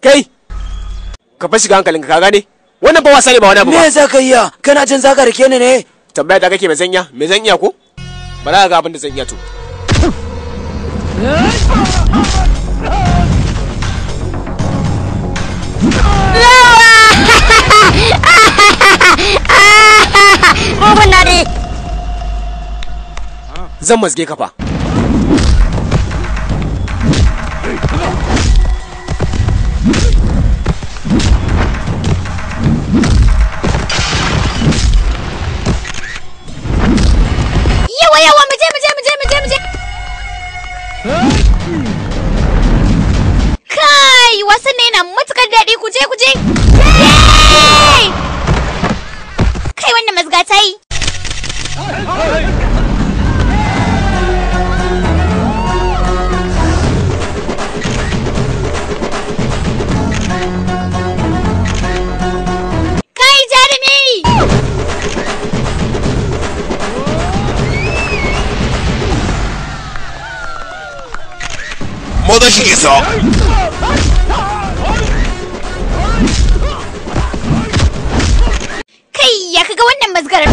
kai ka fa shiga hankalinka ka gane wannan ba wasa ne ba wani abu ba me za ka yi kana jin zaka rike ni ne tambaya da kake mai zanya mai zanya ko ba za ka ga abin da zanya iya to zan mazge ka fa yawa yawa mu je mu je mu je mu je mu je kai wasan ne na matukar daɗi ku je ku je kai wannan mazga ta yi 戻して消そう Kai ya kaga wannan mazgarar.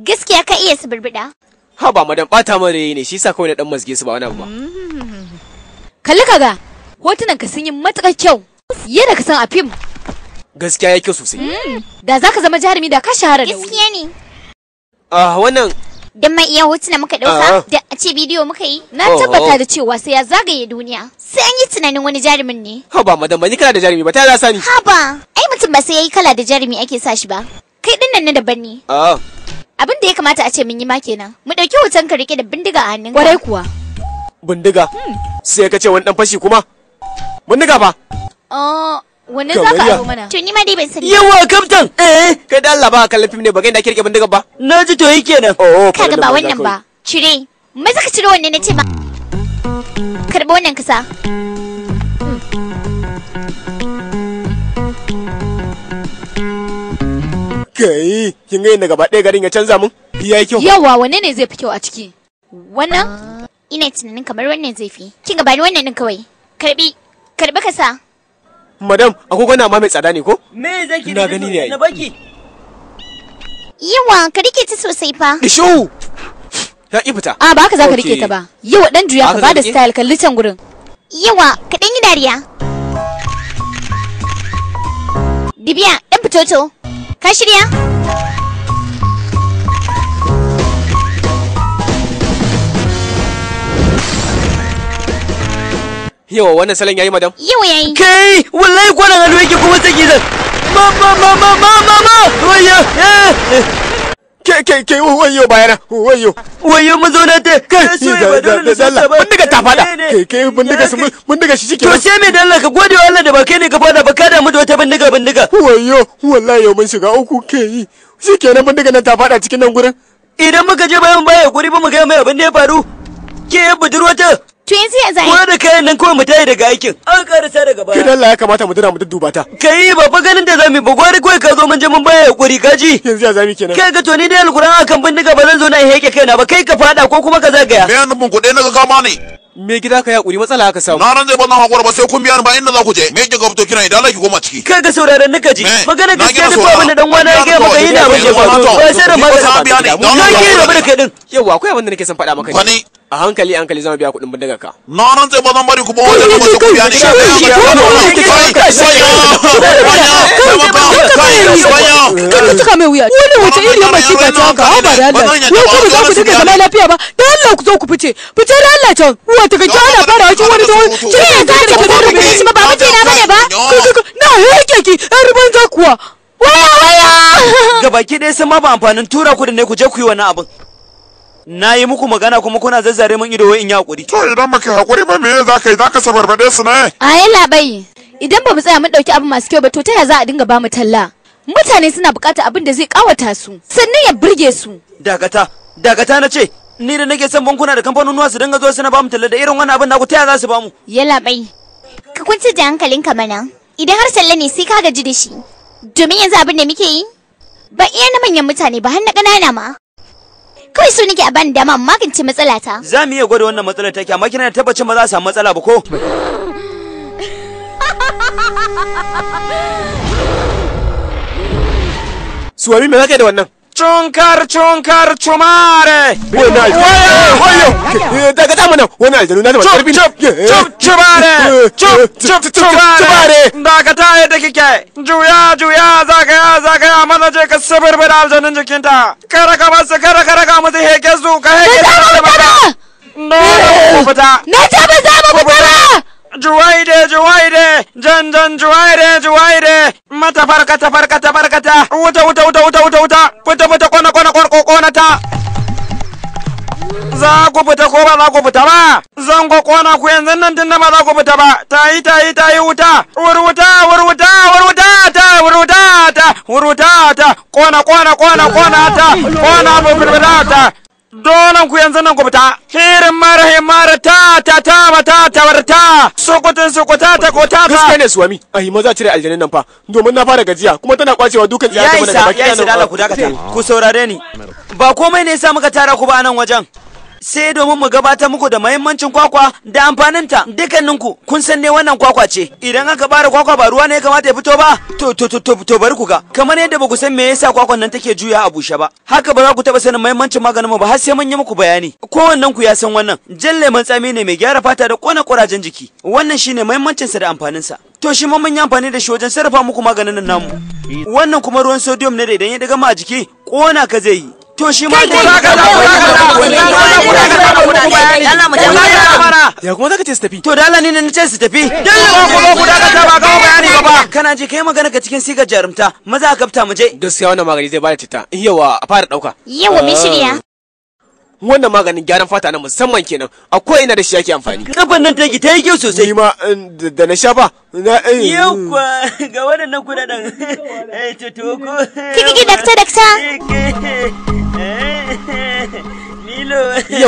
Gaskiya ka iya su birbida Ha ba madan ɓata rayi ne shi yasa kawai na ɗan mazge su ba wani abu ba. [laughs] Kalli kaga hotunan ka sun yi matuƙar kyau. Yadda ka san a fim. Gaskiya ya kyau sosai. Hmm, da za ka zama jarumi da ka shahara da wuri. Gaskiya ne. Ah wannan Dan mai iya hotuna muka dauka da a ce bidiyo muka yi na tabbata da cewa sai ya zagaye duniya sai an yi tunanin wani jarumin ne Haba, madam ba yi kala da jarumi ba ta za sani Haba, ai mutum ba sai yayi kala da jarumi ake sa shi ba kai din nan daban ne abin da ya kamata a ce mun yi ma kenan mu dauki hoton ka rike da bindiga a hannun kwarai kuwa bindiga hmm. sai ka ce wani dan fashi kuma bindiga ba Wanne za ka aro mana? To ni ma dai ban sani. Yawa kaftan. Eh, kai da Allah ba kallon fim ne ba kai da kirke bindiga ba. Na ji to yi kenan. Oh, oh kaga ba wannan ba. Cire. Mai zaka cire wanne na ce ma. Karɓi wannan kasa. Kai, kin ga inda gaba ɗaya garin ya canza mun? Ya yi kyau. Yawa wanne ne zai fi kyau a ciki? Wannan? Ah, ina tunanin kamar wannan zai fi. Kin gabani wannan ɗin kawai. Karɓi, karɓi kasa. madam agogo na ma mai tsada ne ko me zaki na gani ne na baki yawa ka rike ta sosai fa dishu ya yi fita a ah, ba haka zaka rike ta ba yawa dan juya ka bada style kalli can gurin yawa ka dan yi dariya dibiya dan fitoto ka shirya Yawa wannan salon yayi madam? yau yayi. Kai wallahi kwana hannu yake kuma take zan. Mama mama mama ma wayo eh. ke ke ke wayo bayana wayo wayo mu zo na te kai shi da da da mun daga ta fada. ke kai mun daga su mun daga shi shike To sai me dalla ka gode wa Allah da ba kai ne ka fada ba ka da mu da wata bindiga bindiga. wayo wallahi yau mun shiga uku ke Shikenan bindiga nan ta fada cikin nan gurin. Idan muka je bayan baya guri ba mu ga mai abin da ya faru. Ke budurwata To yanzu ya zai. Kuma da kayan nan kuma mu tayi daga aikin. An karasa daga baya. kamata mu mu dudduba ta. Kai ba fa ganin da zamu ba ka zo mun je mun baya ya kenan. Kai ga to ni dai alquran akan bindiga ba zan zo na heke kaina ba kai ka fada ko kuma ka zagaya. Me yan mun kuɗe na ga kama ne. me gida ka ya kuri matsala ka samu na ran zai bannan hakura ba sai kun biya ni ba inda za ku je me kika fito kina idan laki goma ciki kai ga sauraron nika ji magana da dan wani ga ba kai ina ba je ba sai da ba Na ni da kai din yawa akwai abin da nake son faɗa maka ne a hankali hankali zama biya kuɗin bindigar ka na nan zai ba zan bari ku ba wajen kuma ku biya ni kai kai kai wuya wani wace iri masifa ta haka ba da Allah wai kuma za ku dinga zama lafiya ba da Allah ku zo ku fice fice da Allah can wa ta gaji ana fara wajen wani da wani ki ne ta ce ba zan rubuta shi ba ba mace na bane ba na heke ki ɗan ruban za kuwa waya waya gabaki ɗaya sun ma ba amfanin tura ku da ne ku je ku yi wani abin na yi muku magana kuma kuna zazzare mun ido in yi hakuri to idan baka hakuri ba me za ka yi za ka sabarbade su ne a yi labai idan ba mu tsaya mun dauki abu masu kyau ba to ta ya za a dinga ba mu talla mutane suna buƙatar abin da zai kawata su sannan ya burge su Dagata! Dagata na ce ni da nake son bankuna da kamfanonuwa su dinga zuwa suna mu talla da irin wannan abin naku ta za su mu? Ya labai. ka kwance da hankalinka mana idan har talla ne sai ka gaji da shi domin yanzu abin da muke yi ba iya na manyan mutane ba har na ƙanana ma Kawai su nake a bani dama magance matsala ta. Za mu iya gwada wannan matsalar take amma kina da tabbacin ba za a samu matsala ba ko? Suwami me kake da wannan? cunkar cunkar cumare eh, eh, daga dama nan wani aljanu na da masu karfi cumare cumare daga ta yadda kike juya juya zagaya zagaya mana je ka sabarbar aljanun jikinta kara ka masu kara kara ka musu heke su ka heke su ka eh. fita na ce ba za mu fita ba Juwaide, Juwaide, jan jan Juwaide, Juwaide, mata farkata farkata farkata, wuta wuta wuta wuta wuta wuta, fita fita kona kona kona kona ta. Za ku fita ko ba za ku fita ba, zan ku kona ku yanzu nan tunda ba za ku fita ba, ta yi ta yi ta yi wuta, wurwuta wurwuta wurwuta ta wurwuta ta wurwuta ta, kona kona kona kona ta, kona burbura ta. donan ku yanzu nan ku fita hirin marahi marata ta ta mata ta warta sokotin sokota ta kota ta gaskiya ne suwami ai maza cire aljanin nan fa domin na fara gajiya kuma tana kwacewa dukan tsiya ta mana gaba ki eh. ku saurare ni ba komai ne ya sa muka tara ku ba nan wajen sai domin mu gabatar muku da mahimmancin kwakwa da amfaninta dukkaninku kun san ne wannan kwakwa ce idan aka bara kwakwa ba ruwa ne ya kamata ya fito ba to to to to bari ku ga kamar yadda ba ku san me yasa kwakwan nan take juya a bushe ba haka ba za ku taba sanin mahimmancin maganin mu ba har sai mun yi muku bayani ko wannan ku ya san wannan jan lemon tsami ne mai gyara fata da kona kurajen jiki wannan shine mahimmancin sa da amfanin sa to shi mun yi amfani da shi wajen sarrafa muku maganin nan namu wannan kuma ruwan sodium ne da idan ya daga ma a jiki kona ka zai yi to shi ma da zaka da ya kuma ka ce su tafi to da Allah na ce su tafi dan ko ko ku daga ta ba ga bayani ba ba kana je kai magana ka cikin sigar jarumta maza ka da mu je gaskiya wannan magani zai bada tita yawa a fara dauka yawa mai shirya wannan maganin gyaran fata na musamman kenan a ko ina da shi yake amfani kafan nan take ta yi kyau sosai ni ma eh, da na sha ba na eh. yau ga waɗannan kudaden eh to to ko kiki dakta dakta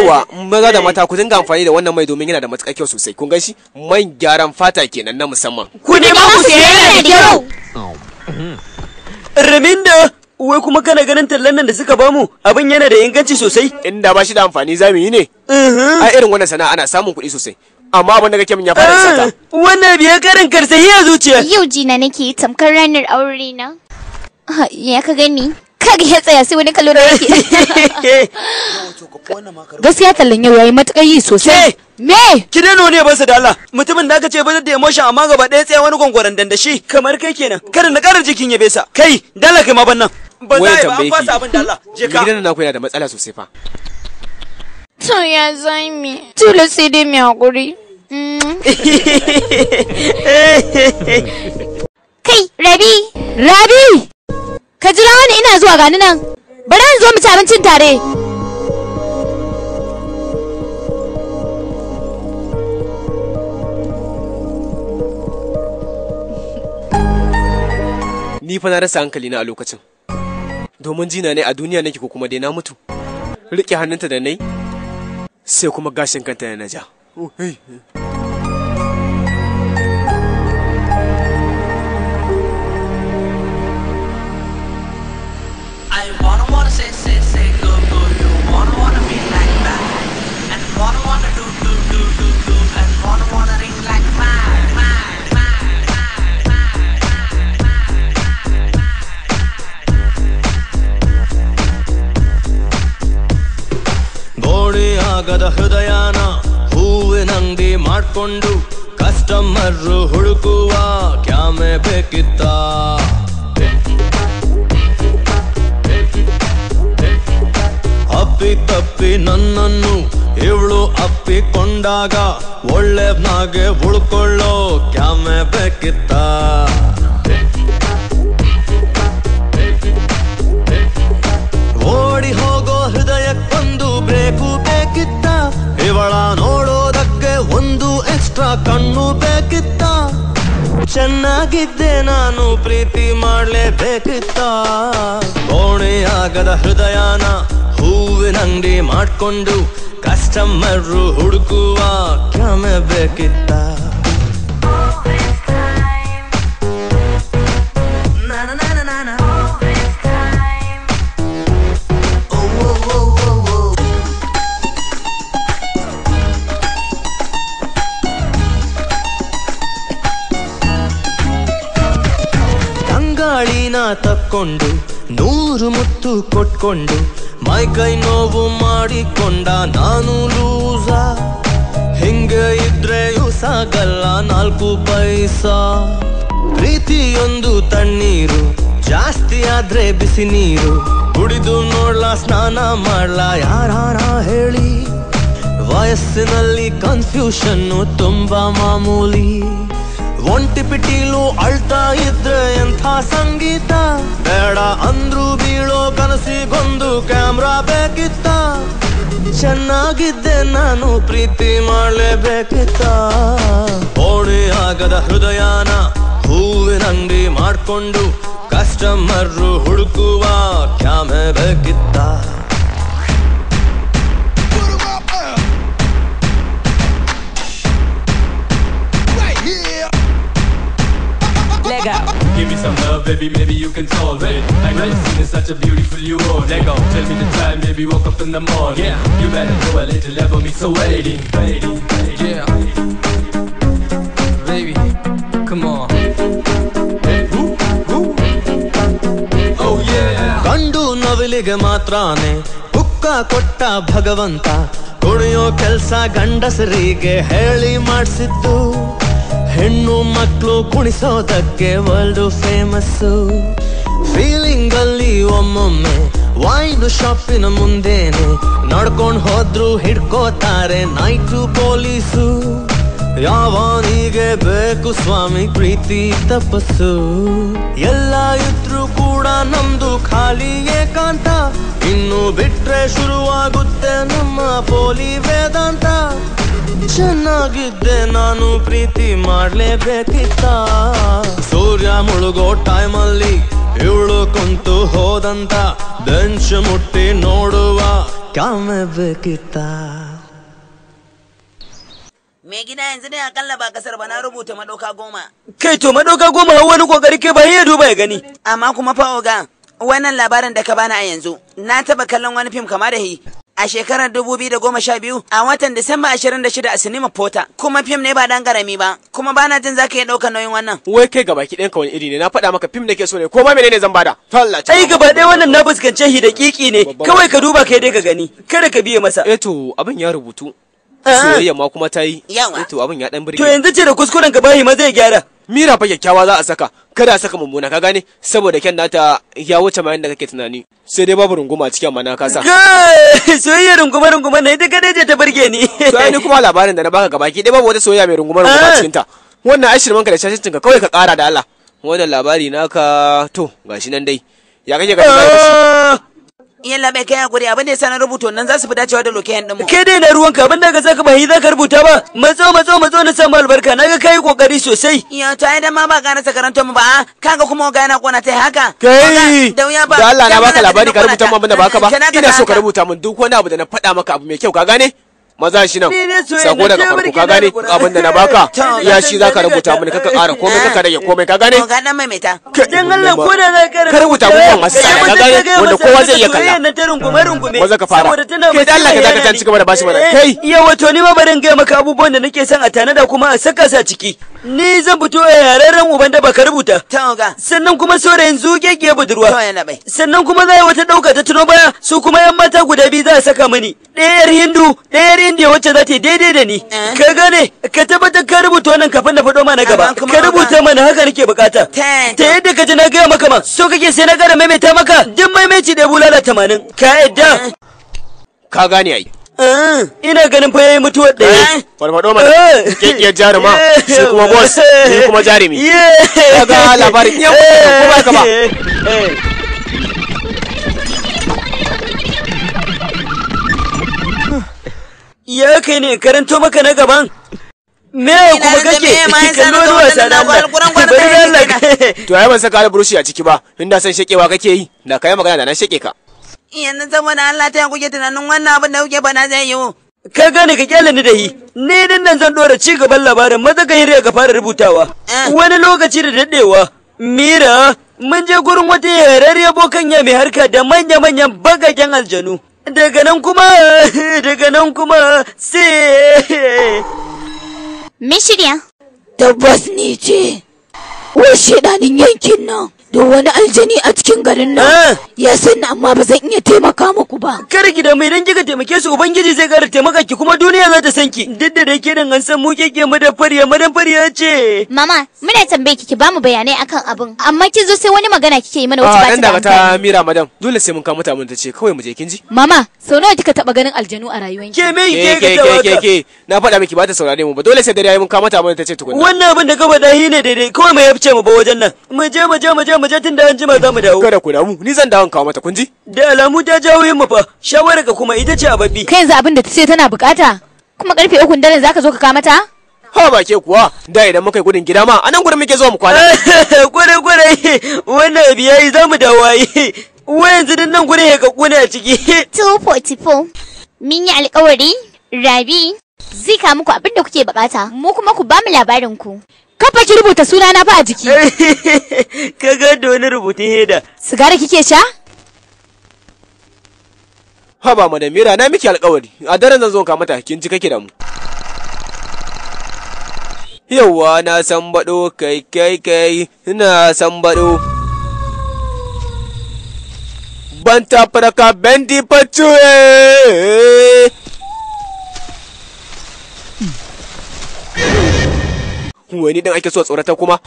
yawa maza da mata ku dinga amfani da wannan mai domin yana da matukar kyau sosai kun gashi man gyaran fata kenan na musamman ku ne ma ku siya da kyau Remindo Wai kuma kana ganin tallan nan da suka bamu abin yana da inganci sosai. Inda ba shi da amfani za mu yi ne. A irin wannan sana'a ana samun kuɗi sosai. Amma abin da kake min ya fara ah, sata. Wannan biya karin karsayi a zuciya. Yau jina nake tamkar ranar aure na. Ya ka gani? kaga ya tsaya sai wani kallo da yake [laughs] gaskiya tallan yau yayi matukar yi sosai me ki dano ne ba su da Allah mutumin da aka ce bazar da emotion amma gaba ɗaya tsaya wani gwangwaran dandashi kamar kai kenan kada na ƙara jikin ya besa kai dala kai ma ban nan ba za ba an fasa abin da Allah je ka gidan naku da matsala sosai fa to ya zai mi tulu sai dai mi haƙuri. Mm. kai rabi rabi ka jira wani ina zuwa gani nan bari an zo mu ci abincin tare ni fa na rasa hankali na a lokacin domin jina ne a duniya nake ko kuma dai na mutu riƙe hannunta da nai sai kuma gashin kanta na ja oh, ತ್ಯಾಗದ ಹೃದಯನ ಹೂವಿನಂಗಡಿ ಮಾಡಿಕೊಂಡು ಕಸ್ಟಮರ್ ಹುಡುಕುವ ಕ್ಯಾಮೆ ಬೇಕಿತ್ತ ಅಪ್ಪಿ ತಪ್ಪಿ ನನ್ನನ್ನು ಇವಳು ಅಪ್ಪಿಕೊಂಡಾಗ ಒಳ್ಳೆನಾಗೆ ಉಳ್ಕೊಳ್ಳೋ ಕ್ಯಾಮೆ ಬೇಕಿತ್ತ ಓಡಿ ಹೋಗೋ ಹೃದಯಕ್ಕೊಂದು ಬ್ರೇಕು ನೋಡೋದಕ್ಕೆ ಒಂದು ಎಕ್ಸ್ಟ್ರಾ ಕಣ್ಣು ಬೇಕಿತ್ತ ಚೆನ್ನಾಗಿದ್ದೆ ನಾನು ಪ್ರೀತಿ ಮಾಡ್ಲೇಬೇಕಿತ್ತ ಆಗದ ಹೃದಯನ ಅಂಗಡಿ ಮಾಡ್ಕೊಂಡು ಕಸ್ಟಮರ್ ಹುಡುಕುವ ಕ್ರಮ ಬೇಕಿತ್ತ ತಕ್ಕೊಂಡು ನೂರು ಮುತ್ತು ಕೊಟ್ಕೊಂಡು ಮೈ ಕೈ ನೋವು ಮಾಡಿಕೊಂಡ ನಾನು ಲೂಸ ಹಿಂಗೆ ಇದ್ರೆಯೂ ಸಾಗಲ್ಲ ನಾಲ್ಕು ಪೈಸ ಪ್ರೀತಿಯೊಂದು ತಣ್ಣೀರು ಜಾಸ್ತಿ ಆದ್ರೆ ಬಿಸಿ ನೀರು ಕುಡಿದು ನೋಡ್ಲಾ ಸ್ನಾನ ಮಾಡ್ಲಾ ಯಾರ ಹೇಳಿ ವಯಸ್ಸಿನಲ್ಲಿ ಕನ್ಫ್ಯೂಷನ್ನು ತುಂಬಾ ಮಾಮೂಲಿ ಒಂಟಿ ಪಿಟೀಲು ಅಳ್ತಾ ಇದ್ರೆ ಎಂಥ ಸಂಗೀತ ಬೇಡ ಅಂದ್ರು ಬೀಳೋ ಕನಸಿ ಬಂದು ಕ್ಯಾಮ್ರಾ ಬೇಕಿತ್ತ ಚೆನ್ನಾಗಿದ್ದೆ ನಾನು ಪ್ರೀತಿ ಮಾಡಲೇಬೇಕಿತ್ತ ಓಡಿ ಆಗದ ಹೃದಯನ ಹೂವಿನಂಗಿ ಮಾಡಿಕೊಂಡು ಕಸ್ಟಮರ್ ಹುಡುಕುವ ಕ್ಯಾಮೆ ಬೇಕಿತ್ತ Give me some love, baby, maybe you can solve it I know you've seen such a beautiful you own Lego, tell me the time, baby, woke up in the morning Yeah, you better go a little level me So waiting, waiting, waiting Yeah Baby, come on ಗಂಡು ನವಿಲಿಗೆ ಮಾತ್ರಾನೆ ಕುಕ್ಕ ಕೊಟ್ಟ ಭಗವಂತ ಕುಣಿಯೋ ಕೆಲ್ಸ ಗಂಡಸರಿಗೆ ಹೇಳಿ ಮಾಡಿಸಿದ್ದು ಹೆಣ್ಣು ಮಕ್ಕಳು ಕುಣಿಸೋದಕ್ಕೆ ವರ್ಲ್ಡ್ ಫೇಮಸ್ ಫೀಲಿಂಗ್ ಅಲ್ಲಿ ಒಮ್ಮೊಮ್ಮೆ ವೈನ್ ಶಾಪಿನ ಮುಂದೇನೆ ನಡ್ಕೊಂಡು ಹೋದ್ರು ಹಿಡ್ಕೋತಾರೆ ನೈಟು ಪೊಲೀಸು ಯಾವನಿಗೆ ಬೇಕು ಸ್ವಾಮಿ ಪ್ರೀತಿ ತಪಸ್ಸು ಎಲ್ಲ ಇದ್ರು ಕೂಡ ನಮ್ದು ಖಾಲಿ ಏಕಾಂತ ಇನ್ನು ಬಿಟ್ರೆ ಶುರುವಾಗುತ್ತೆ ನಮ್ಮ ಪೋಲಿ ವೇದಾಂತ ಚೆನ್ನಾಗಿದ್ದೆ ನಾನು ಪ್ರೀತಿ ಮಾಡ್ಲೇಬೇಕಿತ್ತ ಸೂರ್ಯ ಮುಳುಗೋ ಟೈಮಲ್ಲಿ ಇವಳು ಕುಂತು ಹೋದಂತ ದಂಶ ಮುಟ್ಟಿ ನೋಡುವ ಬೇಕಿತ್ತ me gida yanzu a akalla ba kasar ba na rubuta madoka goma. Kai to madoka goma wani kokari ke ba ya duba ya gani. Amma kuma fa oga, wannan labarin da ka bani a yanzu, na taba kallon wani fim kama da hi. a shekarar 2012 a watan Disamba 26 a sinima Pota kuma fim ne ba dan garami ba kuma ba na jin zaka iya daukar nauyin wannan wai kai gaba ki ɗanka wani iri ne na faɗa maka fim nake so ne ko ma menene zan bada talla ai gaba ɗaya wannan na fuskance shi da kiki ne kawai ka duba kai dai ka gani kada ka biye masa eh to abin ya rubutu ah. soyayya ma kuma ta yi eh to abin ya dan burge to yanzu ce da kuskuren ka bai ma zai gyara mira fa kyakkyawa za a saka kada a saka mummuna ka gane saboda kyan nata ya wuce ma yanda kake tunani sai dai babu runguma cikin mana kasa. sa soyayya runguma runguma ne ita kada je ta burge ni sai ni kuma labarin da na baka gabaki dai babu wata soyayya mai runguma runguma ah! cikin ta wannan ai shirman ka da shashin ka kawai ka kara da Allah wannan labari naka to gashi nan dai ya kake ga Yalla bai kai hakuri abin da ya sanar rubuta wannan za su fi dacewa da lokayen din mu. Ke dai na ruwan ka abin da ka saka bai za ka rubuta ba. Matso matso matso na san albarka naga kai kokari sosai. Ya to ai dan ma ba gane karantar mu ba. Ah. Kaga kuma ga yana kona tai haka. Kai da wuya ba. Da Allah na baka labari ka rubuta mu abin da baka ba. [laughs] Ina so ka rubuta mun duk wani abu da na faɗa maka abu mai kyau ka gane? maza shi nan sako daga farko ka gane abin da na baka [laughs] ya shi zaka rubuta mun kaka ƙara komai kaka rage eh, komai ka gane dan Allah ko da zai ka rubuta mun masu tsada eh, ka gane wanda kowa zai iya kalla na tarin kuma rungume maza ka fara kai da Allah ka zaka tan cigaba da bashi mana eh, kai iya wato ni ma barin ga maka abubuwan da nake son a tana da kuma a saka sa ciki Ni zan fito a yararren uban da baka rubuta. Sannan kuma saurayin zugegge budurwa. Sannan kuma za wata ɗauka ta tuno baya su kuma yan mata guda biyu za a saka mini. Ɗayar Hindu, ɗayar Indiya wacce za ta yi daidai da ni. Eh? Ka gane, ka tabbatar ka rubuta wannan kafin na faɗo ma na gaba. Ka rubuta mana haka nake bukata. Ta yadda ka ji na gaya maka ma, so kake sai na gara maimaita maka duk maimaici ɗaya bulala tamanin. Ka yadda. Eh. Ka gane ai. Eh, ina ganin fa yayi mutuwar ɗaya eh, farfado ma mana eh. kekkiyar jaruma sai kuma boss ni kuma jarumi daga labarin yau kuma ka ba ya kai ne karanto maka na gaban me kuma kake kallo ni wasa da Allah bari Allah [laughs] to ai ban saka alburushi a ciki ba inda san shekewa kake yi da kai magana da nan sheke ka yanzu saboda Allah ta kuke tunanin wannan abin da kuke bana zai yi Ka gane ka kyale ni da yi, ni din nan zan dora ci gaban labarin maza ka hirya ka fara rubutawa. Eh. Wani lokaci da daɗewa, Mira, mun je gurin wata yararriya bokan ya mai harka da manya-manyan bagagen aljanu. Daga nan kuma, [laughs] daga nan kuma, sai. Tabbas ni ce, wai shiɗanin yankin nan. da wani aljani a cikin garin nan eh. ya sanna amma ba zan iya taimaka muku ba kar ki da mai dan kika taimake su ubangiji zai kara taimaka ki kuma duniya za ta san ki duk da dake nan an san mu ke madan fariya madan fariya ce mama muna tambaye ki ki bamu bayanai akan abin amma kin zo sai wani magana kike yi mana wata ba ah, ta da ta mira madam dole sai mun kawo mata mun ta ce kawai mu je kin ji mama sau nawa kika taba ganin aljanu a ki ke me ke ke ke ke na faɗa miki ba ta saurare mu ba dole sai dare mun kawo mata mun ta ce tukunna wannan abin da ka faɗa shine daidai kawai mai yafce mu ba wajen nan mu je mu je mu je mu je tun da an jima za mu dawo. Kada ku damu, ni zan dawo kawo mata kun ji? Da alamu ta jawo yin mu fa, shawarar ka kuma ita ce a babbi. Kai yanzu abin da ta ce tana bukata, kuma karfe ukun dare za ka zo ka kawo mata? Ha ba ke kuwa, da idan muka yi gudun gida ma, anan gudun muke zuwa mu kwana. Gudun [laughs] gudun, wannan biyayi za mu dawo yi. yanzu zinin nan gudun ya ka kuna a ciki. 244, [laughs] min yi alƙawari, Rabi, zika muku abin da kuke bukata, mu kuma ku ba mu labarin ku. kafa ki rubuta suna na fa a jiki [laughs] ka ga doni rubutun heda sigara kike sha ha ba da mira na miki alƙawari a daren zan zo ka mata kin ji kake da mu yawwa na san baɗo kai kai kai na san baɗo banta faraka bendi facuwe wani din ake so a tsorata kuma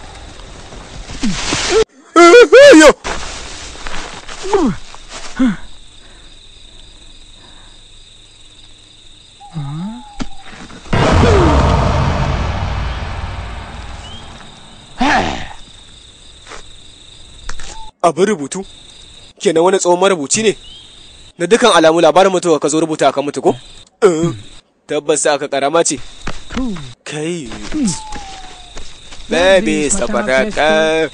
abin rubutu kenan wani tsohon marubuci ne na dukkan alamu labarin mutuwa ka zo rubuta akan mutu ko eh, tabbas aka karama ce kai baby saboda ka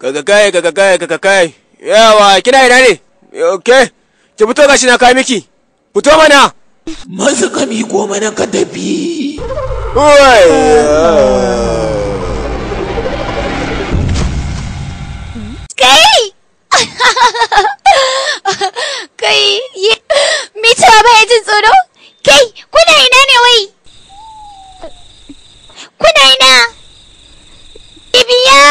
kaga kai kaga kai kaga kai yawa kina ina ne okay ki fito gashi na kai miki fito mana maza ka mi goma nan ka tafi kai kai me ta bai jin tsoro kai kuna ina ne wai kuna ina ibiya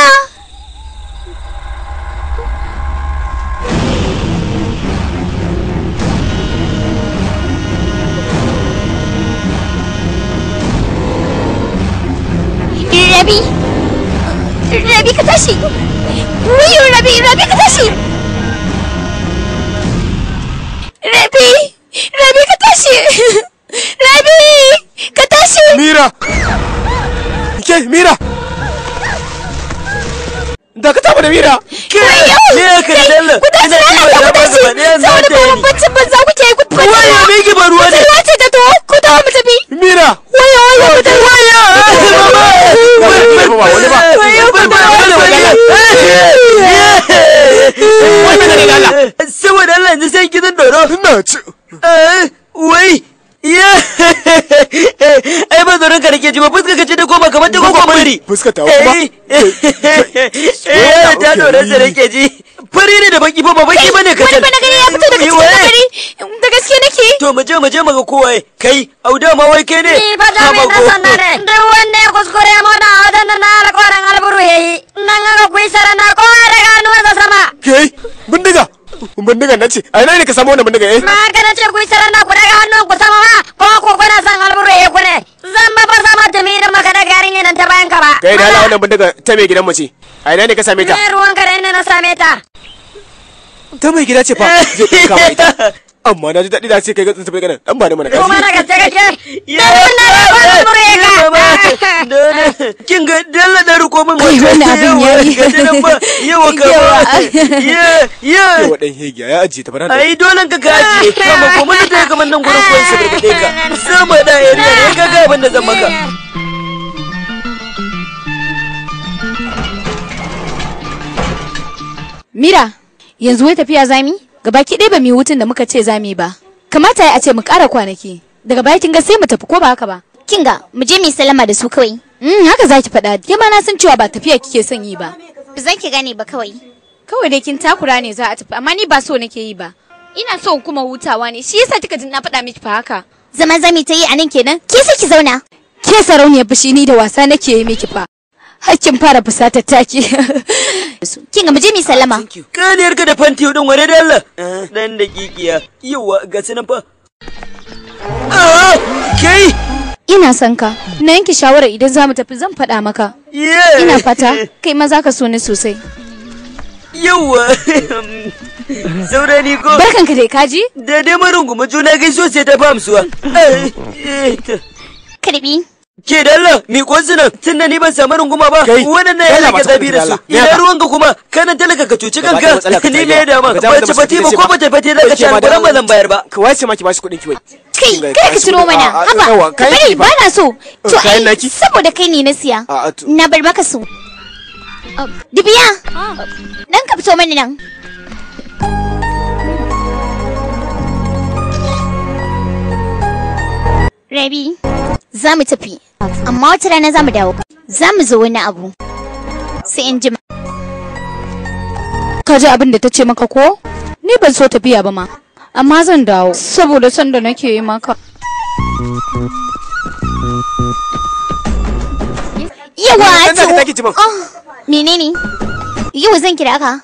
Rabi, Rabi ka tashi, wuyu Rabi, Rabi ka tashi. Rabi, Rabi ka tashi, [laughs] Rabi ka tashi. Mira. ke mira da ka taba da mira ke ne ka da dalla ku da shi da shi saboda ba ban za ku ke ku ba waya me ki ba ruwa ne ruwa ta to ku mu tafi mira waya waya ku da waya saboda Allah yanzu sai gidan doro eh, wai [laughs] ai ba zoron ka nake ji ba fuska ka ce da koma kamar ta koma fari fuska ta kuma eh, [laughs] eh ta zoron sa nake ji fari ne da baki ba ba baki bane ka wani bana gari ya fito daga cikin gari da gaske nake to mu je mu je mu ga kowa kai auda ma wai kai ne ni ba da mai da sanare duk wanda ya kuskure mu da auda na na alƙawarin alburu yayi nan ga ku sarana kowa daga hannuwansa sama kai bindiga bindiga na ce a ina ne ka samu wannan bindiga eh ma ce ku sarar na ku daga hannun ku sama ma ko ku kuna san alburu eh ku ne zan ba fasa ma tumi idan maka daga yarinya nan ta bayan ka ba kai da Allah wannan bindiga ta mai gidan mu ce a ina ne ka same ta ne ruwan ka da ina na same ta ta mai gida ce fa zai kama ita [laughs] amma na ji daɗi da ce kai ga sabai bai ba da mana kasi kuma [laughs] na na [laughs] kin ga dalla da ruko min wata yawa [laughs] ya yawa hegiya ya ajiye ta kuma kuma na kamar nan ka sama da ne Mira, yanzu wai tafiya zami? gabaki ɗaya ba mu yi hutun da muka ce za mu yi ba kamata a ce mu ƙara kwanaki daga baya kin ga sai mu tafi ko ba haka ba Kinga, ga mu je mu yi salama da su kawai mm, haka za ki faɗa ke ma na san cewa ba tafiya kike son yi ba ba za ki gane ba kawai kawai dai kin takura ne za a tafi amma ni ba so nake yi ba ina so kuma hutawa ne shi yasa kika jin na faɗa miki fa haka zama zami ta yi anan kenan ke sai ki zauna ke sarauniya, bishini ni da wasa nake yi miki fa hakkin fara fusata taki. kin ga muje mi sallama ah, kaniyar ka da fanti din wani dalla dan da kikiya ah, yawa ga sanan fa ah, kai ina son ka na yanke shawara idan zamu tafi zan faɗa maka ina fata kai ma zaka so ni sosai yawa ni ko barkan ka dai kaji da dai marungu juna gaiso sai ta famsuwa eh, karbi Ke dalla mi nan tunda ni ban samu runguma ba waɗannan ya laka zabi da su ina ruwan ka kuma kana talaka ka cuci kanka ni ne da ma ba ta fati ba ko ba ta fati ka ci albaran ba zan bayar ba ka wace ma ki bashi kuɗin ki wai kai kai ka ciro mana haba kai ba na so uh, to saboda kai ne na siya na bar maka su ah. dibiya dan ah. ka fito mana nan Rabi, za mu tafi, amma wata rana za mu dawo. Za mu zo wani abu. Sai in ji Ka ji abin da ta ce maka ko? Ni ban so tafiya ba ma, amma zan dawo. Saboda son da nake yi maka. Yawa ce. Oh, menene? Yau zan kira ka.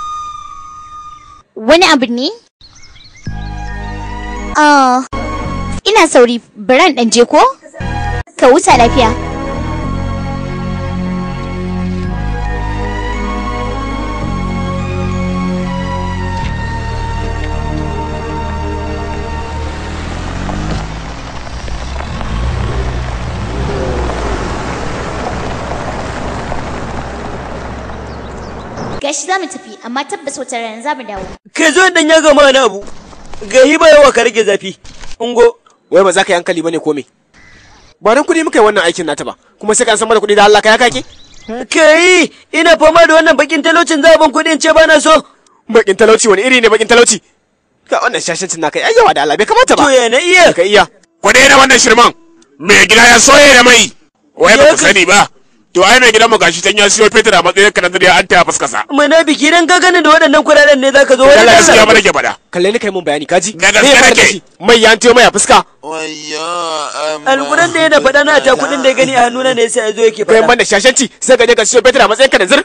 Wani abu ne? Ah. ina sauri biran dan je ko ka wuta lafiya gashi za mu tafi amma tabbas wata yanzu za mu dawo ka zo dan ya gama na abu ga ba yawa ka rage zafi ungo wai ba za ka yi hankali ba ne ko me ba don kuɗi muka yi wannan aikin nata ba kuma sai ka san mara kuɗi da Allah ka ya kake yi ina fama da wannan bakin talaucin za ban kuɗin ce bana so bakin talauci wani iri ne bakin talauci ka wannan shashancin naka ai yawa da Allah bai kamata ba to ya na iya ka iya ku daina wannan shirman me gida ya soye da mai wai ba ku sani ba to ai mai gidan mu gashi can ya siyo fetur a matsayin ka na dariya an taya fuskasa mana biki dan ka da waɗannan kuɗaɗen ne zaka zo wani gaskiya ba nake faɗa kalle ni kai mun bayani kaji ga gaskiya nake mai ya mai a fuska alƙuran da yana faɗa na ta kuɗin da gani a hannuna ne sai ya zo yake faɗa kai da shashanci sai ka je ka siyo fetur a matsayin ka da zir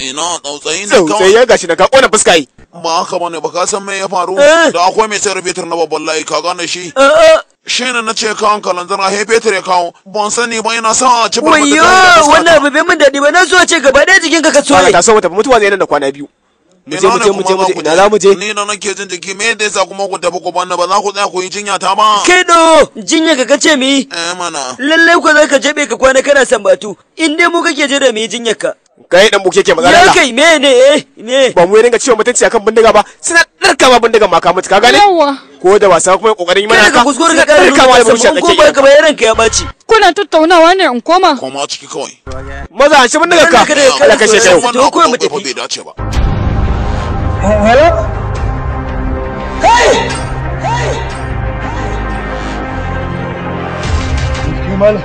ina tsautsayi ne kawai tsautsayi gashi da ka kona fuska ba haka bane ba ka san me ya faru eh. da akwai mai sayar fetur na babban layi ka gane shi eh, eh. shine na ce kawon kalanzar a hefetar ya kawo ban sani ba yana sa a ci barbar da wayo wannan abu bai mun ba na so ce gaba ɗaya jikin ka kaso soye ta so wata mutuwa zai nan da kwana biyu mu je mu je mu je ina za mu je ni na nake jin jiki me da yasa kuma ku tafi ku banna ba za ku tsaya ku yi jinya ta ba kai do jinya ka kace mi eh mana lalle ku za ka jebe ka kwana kana sambatu in dai mu kake jira mi yi jinyar ka kai dan buke ke magana Allah kai ne eh, ba mu ringa cewa mutunci akan bindiga ba suna darka ba bindiga maka ka mutu ka gane ko da wasa kuma ƙoƙarin yi mana ka kuskure ka darka ma mutunci akan ko ka bayaran ka ya baci kuna tattaunawa ne in koma koma ciki kawai maza shi bindiga ka Allah kashe kai to ko mu tafi hello kai kai kai mala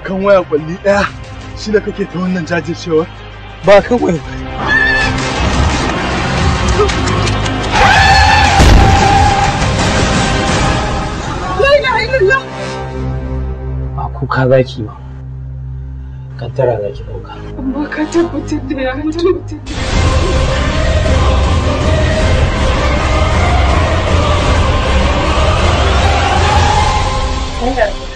akan waya kwalli daya shi da kake ta wannan jajircewar ba kawai ba ba kuka za ki ba kantara za ki dauka amma ka tabbatar da ya tabbatar da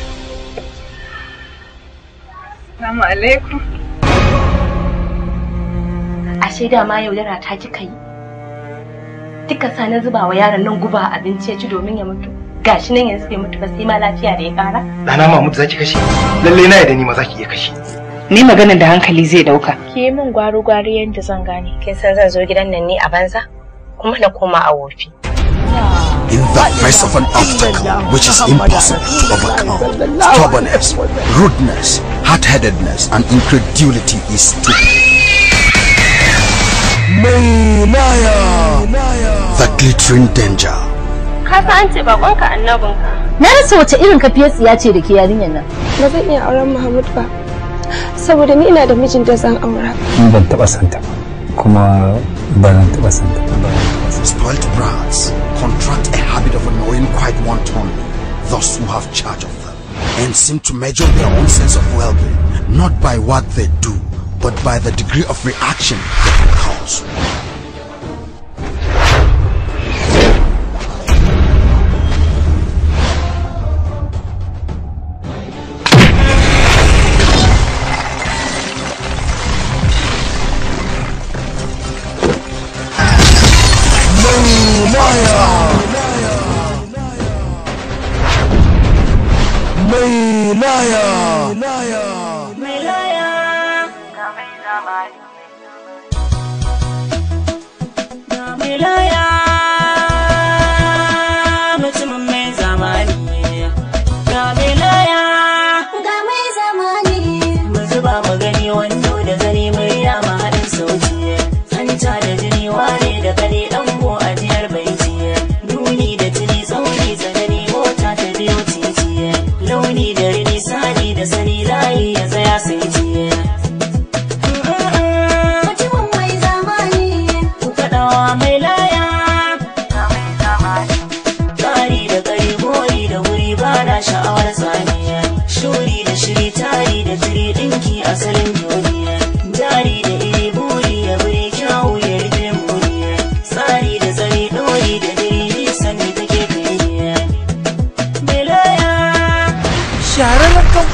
Assalamu alaikum. Ashe da ma yaudara ta kika yi? Kika sa na zuba wa yaron nan guba abinci ya ci domin ya mutu. Gashi nan yanzu bai mutu ba sai ma lafiya da ya fara. Dana ma mutu zaki kashe. Lalle na yadda ni ma zaki iya kashe. Ni maganar da hankali zai dauka. Ki yi min gwaro gwaro yadda zan gane. Kin san zan zo gidan nan ne a banza kuma na koma a wofi. Yeah. in the face of an obstacle which is impossible to overcome. Stubbornness, rudeness, hard-headedness, and incredulity is stupid. The glittering danger. Ka san an ce bakonka annabinka. Na rasa wace irin ka kafiyar tsiya ce da ke yarinyar nan. Ba zan iya auren Muhammad ba. Saboda ni ina da mijin da zan aura. Ni ban taba santa ba. Kuma ba zan taba santa ba. Spoiled brats. contract a habit of annoying quite wantonly those who have charge of them, and seem to measure their own sense of well-being not by what they do, but by the degree of reaction they cause.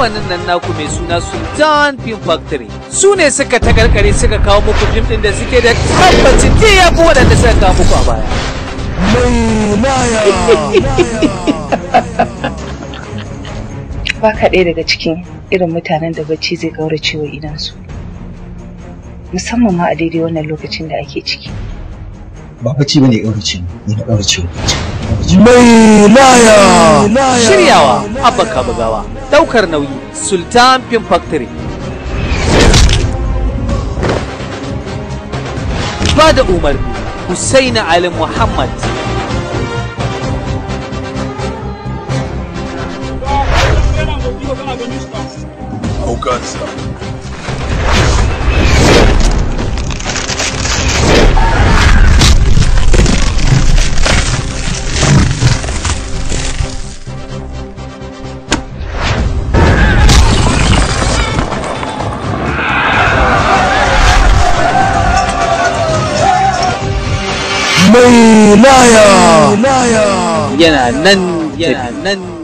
kamfanin nan naku mai suna Sultan Film Factory. Su ne suka takarkare suka kawo muku fim ɗin da suke da tabbacin ke ya fi waɗanda suka kawo muku a baya. [laughs] Ba ka ɗaya daga cikin irin mutanen da bacci zai kaurace wa idansu. Musamman ma a daidai wannan lokacin da ake ciki. Ba bacci ba ne kaurace ni na wa bacci. mai laya shiryawa abaka bagawa daukar nauyi sultan film factory ba da umarni husaina ali muhammad Oh, God, sir. mai laya yana nan yana nan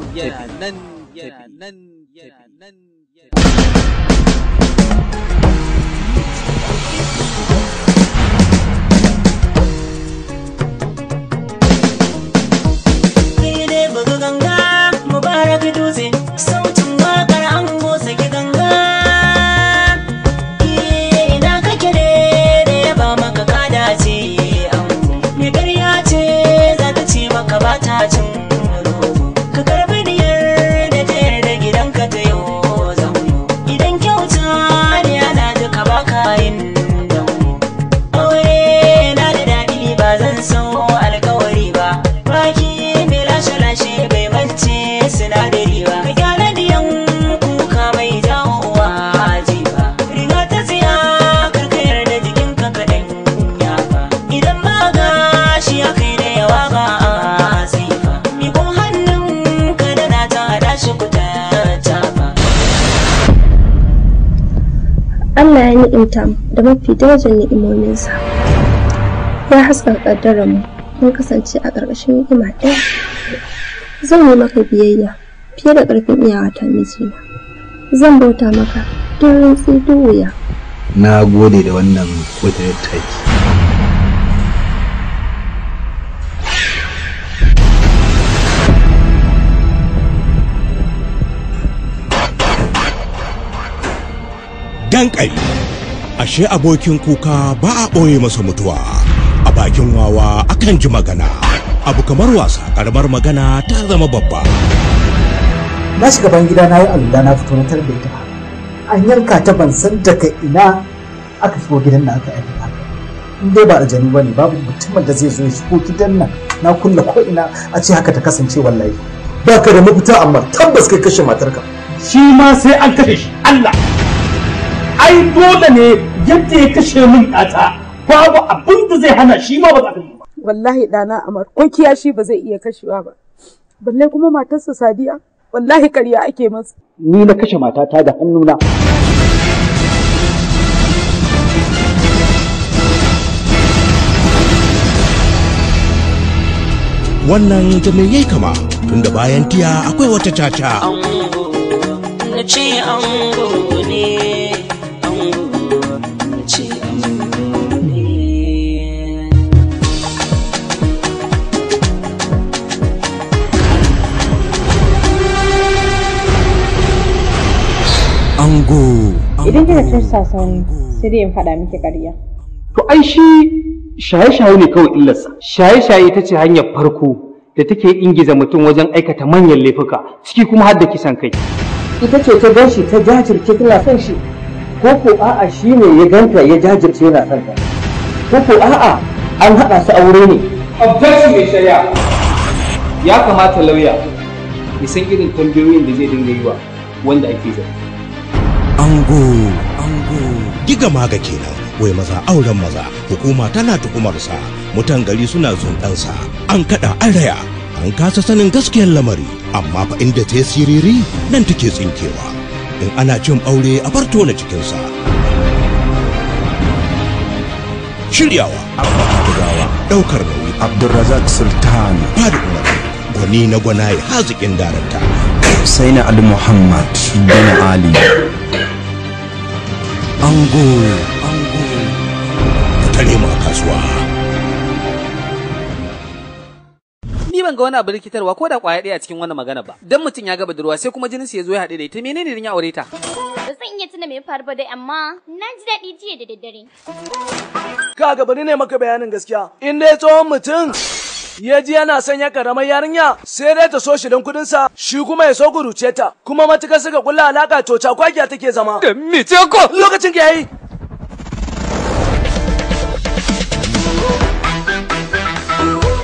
darajar ni'imominsa ya haska ƙaddarar mu mun kasance a ƙarƙashin ni'ima ɗaya zan yi maka biyayya fiye da ƙarfin iyawata mijina zan bauta maka don rantsi duk wuya na gode da wannan ƙudurin taki dankali ashe abokin kuka ba a ɓoye masa mutuwa a bakin wawa akan ji magana abu kamar wasa karamar magana ta zama babba na shiga ban gida na yi alula na fito na tarbe ta an yanka ta ban san daga ina aka fi gidan na aka yi in dai ba aljanu bane babu mutumin da zai zo ya shigo gidan nan na kulle ko ina a ce haka ta kasance wallahi ka da mafita amma tabbas kai kashe matarka shi ma sai an kashe shi Allah ai dole ne yadda ya kashe min ɗata babu abin da zai hana shi ma ba za ka yi ba. Wallahi ɗana Amar, ko kiyashi ba zai iya kashewa ba. Balle kuma matarsa Sadiya, wallahi karya ake masa. Ni na kashe matata da hannuna. Wannan ta me yai kama tunda bayan tiya akwai wata caca. Ango. Idan kika tursasa ni, sai dai in faɗa miki ƙarya. To ai shi shaye-shaye ne kawai illarsa. Shaye-shaye ita ce hanyar farko da take ingiza mutum wajen aikata manyan laifuka, ciki kuma har da kisan kai. Ita ce ta gan shi ta jajirce tana son shi, ko ko a'a shi ne ya ganta ya jajirce yana son ta. Ko ko a'a an haɗa su aure ne. Objection mai shari'a. Ya kamata lauya ya san irin tambayoyin da zai dinga yi wa wanda ake zargi. ango ango giga maga kenan wai maza auren maza hukuma tana tukumarsa mutan gari suna zundansa an kada an raya an kasa sanin gaskiyar lamari amma fa inda ta siriri nan take tsinkewa in ana cin aure a bar tona cikinsa shiryawa turawa daukar nauyi abdulrazak sultan fadi gwani na gwanaye hazikin daranta sai na ali muhammad bin ali ango ka ta ni ban ga wani abu rikitarwa ko da kwaya ɗaya a cikin wannan magana ba dan mutum ya ga budurwa sai kuma jinin sa ya zo ya haɗe da ita menene din ya aure ta ba zan iya tuna me faru ba dai amma na ji daɗi jiya da daddare ka ga ne maka bayanin gaskiya in dai tsohon mutum ya ji yana ya karamar yarinya sai dai ta so shi don kudin sa shi kuma ya so guruce ta kuma matuƙar suka kulla alaka to ta take zama da mice ko lokacin ki yayi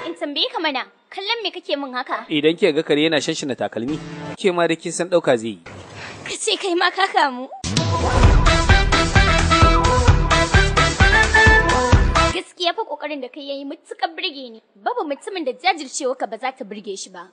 in tambaye ka mana kallon me kake min haka idan ke ga kare yana shanshina takalmi ke ma da kin san dauka zai yi ka kai ma ka kamu Gaskiya fa kokarin da kai yayi mutukar burge ni. Babu mutumin da jajircewa ka ba za ta burge shi ba.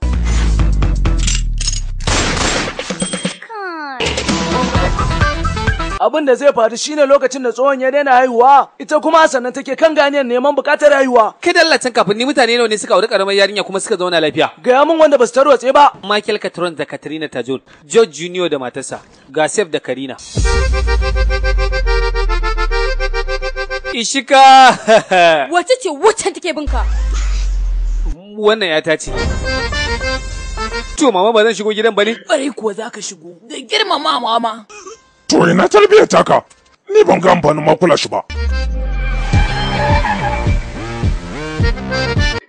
Abin da zai faru shine lokacin da tsohon ya daina haihuwa, ita kuma sannan take kan ganiyar neman bukatar haihuwa. Kai dallacin kafin ni mutane nawa ne suka auri karamar yarinya kuma suka zauna lafiya. Gaya min wanda basu tsaye ba. Michael Catron da Katrina Tajol, George Junior da matarsa, Gasef da Karina. shika. [laughs] Wace ce waccan take binka? Wannan ya tace. To, mama ba zan shigo gidan ba ne? Ƙwarai kuwa za ka shigo, da girmama mama. To, ina tarbiyyar taka, ni ban ga amfanin makula shi ba.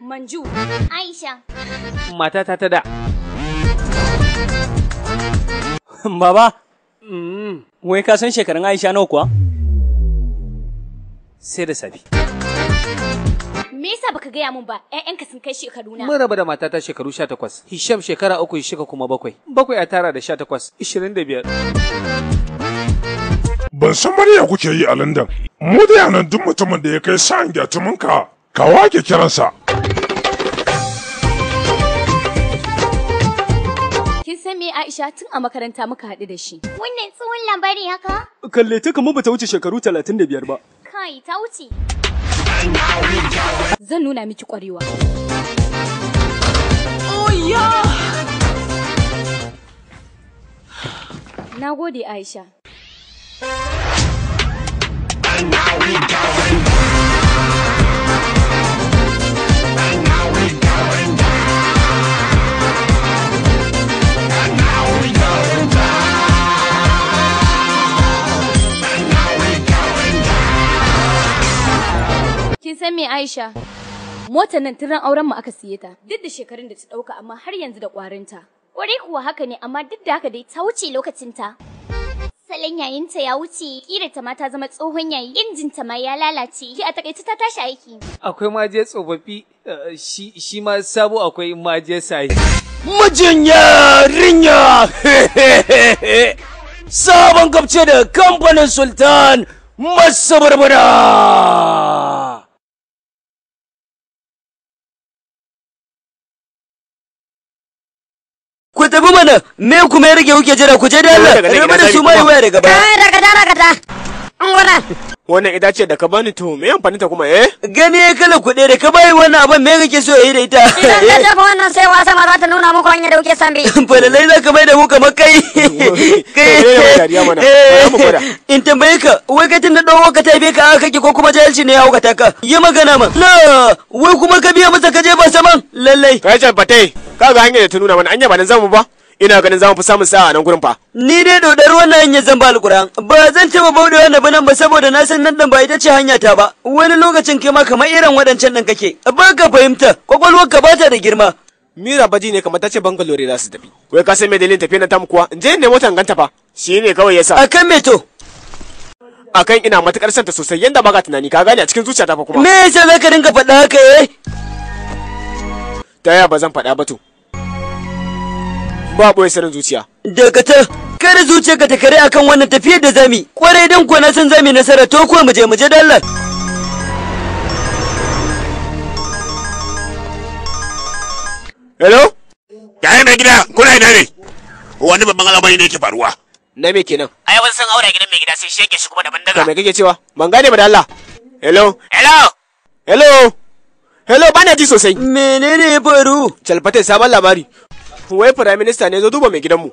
Manju. Aisha. Matata ta da. Baba, mm, wai ka san shekarun Aisha nawa kuwa? sai da safi. Me yasa baka gaya mun ba? ƴaƴanka sun kai shekaru na. Mun raba da matata shekaru 18, Hisham shekara uku shika kuma bakwai. Bakwai a tara da 18, 25. Ban san murya kuke yi a London. Mu da yanan duk mutumin da ya kai sa'an gyatuminka, ka wake kiransa. san me Aisha tun a makaranta muka haɗu da shi. Wannan tsohon labari haka? Kalle ta kamar bata wuce shekaru talatin da biyar ba. kai ta wuce. Zan nuna miki kwarewa. Na gode Aisha. And now we go. Kin san me Aisha? Motar nan tun auren mu aka siye ta. Duk da shekarun da ta dauka amma har yanzu da kwarinta. Kwarai kuwa haka ne amma duk da haka dai ta wuce lokacin ta. Salon yayinta ya wuce, kira ta ma ta zama tsohon yayi, injin ta ma ya lalace, ki a takaice ta tashi aiki. Akwai maje tsofaffi, eh, shi shi ma sabo akwai maje sai. Mijin rinya. [laughs] Sabon kafce da kamfanin Sultan Masabarbara. mana me kuma ya rage kuke jira ku je da Allah rabu da su mai waya daga baya ragada ragada an wara wannan ita ce da ka bani to me amfani ta kuma eh gani ya kala kuɗe da ka bai wannan abin me kake so yi da ita idan ka dafa eh. wannan sai wasa ma za ta nuna muku hanyar da kuke san bi falalai [laughs] za ka bai da mu kamar kai [laughs] kai eh. in tambaye ka wai ka tun da ɗan ka taibe ka kake ko kuma jahilci ne ya hauka ka. yi magana ma la wai kuma ka biya masa ka je ba saman lallai kai Ka ga hanyar da ta nuna mana anya ba nan zamu ba ina ganin zamu fi samun sa'a nan gurin fa ni dai dodar wannan ya ba alquran ba zan taba bauɗe wannan ba nan ba saboda na san nan dan ba ita ce hanya ta ba wani lokacin kai ma kamar irin wadancan nan kake ba ka fahimta kwakwalwar ka bata da girma Mira baji ne kamar ta ce Bangalore za su tafi. Wai ka san me dalilin tafiya na tamu kuwa? In je ne motan ganta fa. Shi ne kawai yasa. Akan me to? Akan ina matukar santa sosai yanda ba ka tunani ka gane a cikin zuciyata fa kuma. Me yasa zaka dinga faɗa haka eh? Ta ya ba zan faɗa ba to? ba ya sirrin zuciya daga ta zuciya zuciyarka ta kare akan wannan tafiyar da zami kwarai dan ko na san zami nasara to ko mu je mu je dallar hello yayin mai gida kuna ina ne wani babban alamari ne yake faruwa na me kenan ai wani san aure gidan mai gida sai shi yake shi kuma daban daga me kake cewa ban gane ba da Allah hello hello hello hello bana ji sosai menene ya faru calfatai sabon labari wai Prime minista ne zo duba mai gidanmu.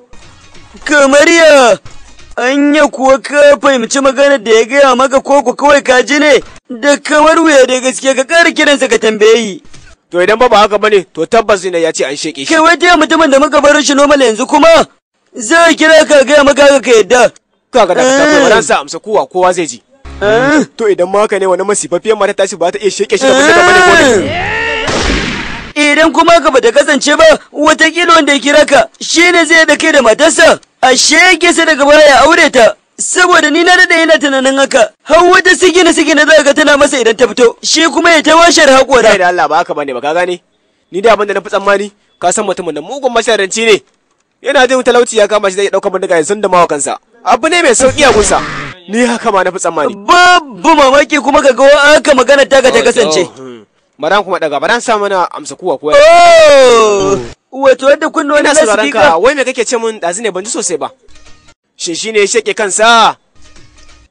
Kamar ya anya kuwa ka fahimci magana da ya gaya maka koko kawai ka ji ne da kamar wuya da gaske ka ƙara kiransa ka tambayi. To idan ba ba haka bane to tabbas ne ya ce an sheƙe shi. Kai wai mutumin da muka bar shi normal yanzu kuma za a kira ka gaya maka haka ka yadda. ga da ka tafi eh. sa amsa kowa kowa zai ji. Eh. To idan ma haka ne wani masifafiyar mata tashi ba ta iya sheƙe shi da ba da bane ko eh. idan kuma ka bata kasance ba watakila wanda ya kira ka shine zai da kai da matarsa ashe ke sai daga baya aure ta saboda ni na dade yana tunanin haka har wata sigina sigina za ga tana masa idan ta fito shi kuma ya ta washe haƙora kai da Allah ba haka bane ba ka gane ni da abin da na fi tsammani ka san mutumin nan mugun masharanci ne yana jin talauci ya kama shi zai ɗaukar bindiga ya sunduma wa kansa abu ne mai sauƙi a gunsa ni haka ma na fi tsammani babu mamaki kuma ka ga haka magana ta ga ta kasance oh, oh, baran kuma daga baran sa mana amsa kuwa kuwa oh! wato yadda kun nuna su ranka wai me kake ce mun dazu ne ban ji sosai ba shin shi ya sheke kansa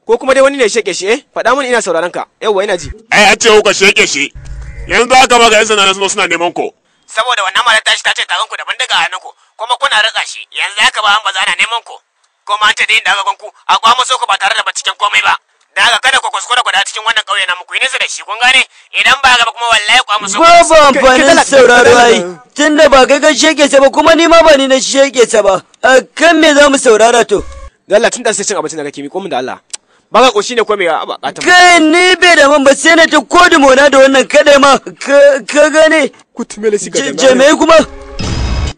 ko kuma dai wani ne ya sheke shi eh faɗa mun ina sauraron ka yauwa ina ji ai eh, a ce ka sheke shi yanzu haka ba ga yan sanar suna neman ko saboda wannan malar tashi ta ce taron ku daban daga hannun ku kuma kuna rika shi yanzu haka ba an ba za na neman ku kuma an ta dai yin ga ku a kwamo so ku ba tare da ba cikin komai ba da haka kada ku kuskura ku da cikin wannan kauye na muku yi nisa da shi kun gane idan ba gaba kuma wallahi ku amsa ba amfanin sauraro ai tunda ba kai ka sheke ta ba kuma ni ma ba ni na sheke ta ba kan me za mu saurara to Allah tun da sai cin abincin da kake mi mun da Allah ba ka koshi ne ko me ba ka kai ni bai da man ba sai na ta kodi mona da wannan kada ma ka gane ku tumele shi ga jami'ai kuma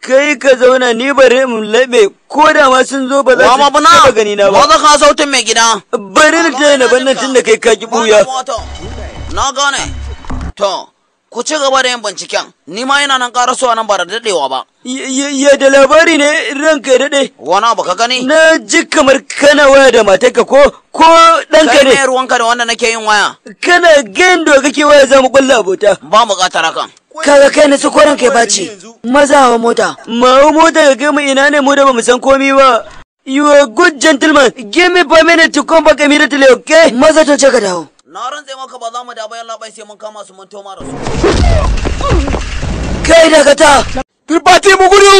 kai ka zauna ni bari mu labe ko da ma sun zo ba za su taɓa gani na ba. Maza ka sautin mai gida. Bari na tana na bannan tun da kai ka ki buya. Na gane. To. ku ci gaba da yin binciken ni ma yana nan karasowa nan ba da dadewa ba ya da labari ne ranka ya dade wani abu ka gani na ji kamar kana waya da matarka ko ko ɗanka ne kai ruwanka da wanda nake yin waya kana gando kake waya za mu kulla abota ba mu katar hakan kaga kai su koran kai baci maza wa mota ma mota ga mu ina ne mu da mu san komi ba you a good gentleman give me permanent to come back immediately okay maza to ce ka dawo na rantse maka ba za mu da bayan labai sai mun kama su mun toma da su kai daga ta turbati mu gudu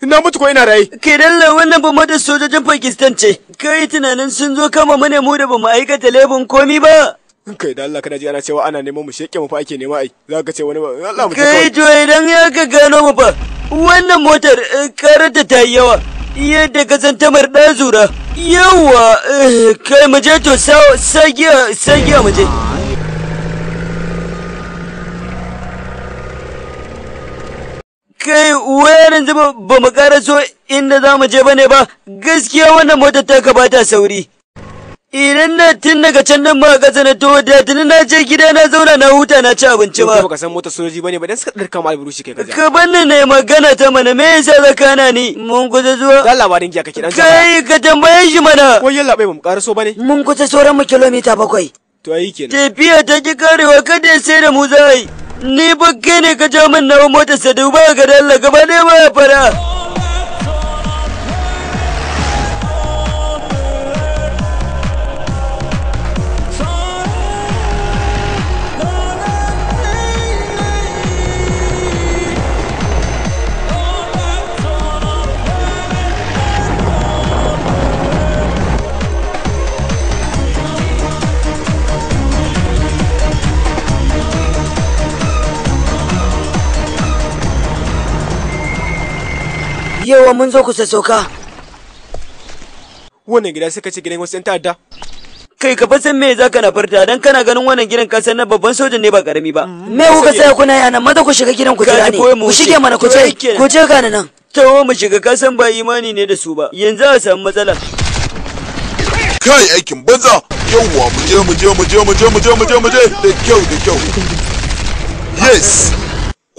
Na mutu ko ina rai. Kai dalla wannan ba madar sojojin Pakistan ce. Kai tunanin sun zo kama mana mu da bamu aikata laifin komi ba. kai da Allah kana ji ana cewa ana neman mu sheke mu fa ake nema ai za ka ce wani Allah mu kai to idan ya ka gano mu fa wannan motar eh, karata ta yi yawa yadda ka san tamar da zura yawa eh, kai mu je to sagiya sagiya mu je kai wayar yanzu ba mu ƙara so inda za mu je ba ne ba gaskiya wannan motar ta ka bata sauri Idan na tun daga can nan ma ƙasa na tuwo da tuni na je gida na zauna na huta na ci abinci ba. Kuma ka san soji sojoji bane ba dan suka ɗarka ma alburushi kai kaza. Ka banni ne magana ta mana me yasa zaka na ni? Mun kusa zuwa. Dan labarin giya kake dan. Kai ka tambaye shi mana. Ko yalla bai mu ƙara ba bane. Mun kusa sauran mu kilomita bakwai. To ayi kenan. Tafiya ta ki karewa kada sai da mu za yi. Ni ba kai ne ka ja min na mota sa duba ga dalla gaba ne ba fara. yawa mun zo ku sassauka. Wannan gida suka ce gidan wasu 'yan ta'adda. Kai ka san me za ka na farta dan kana ganin wannan gidan ka san na babban sojan ne ba karami ba. Mm. Me kuka tsaya kuna yana maza ku shiga gidan ku jira ne. Ku shige mana ku je. Ku je ka nan. Tawo mu shiga ka san ba imani ne da su ba. Yanzu a samu matsala. Kai aikin banza. Yawwa mu je mu je mu je mu je mu je mu je da kyau da kyau. Yes.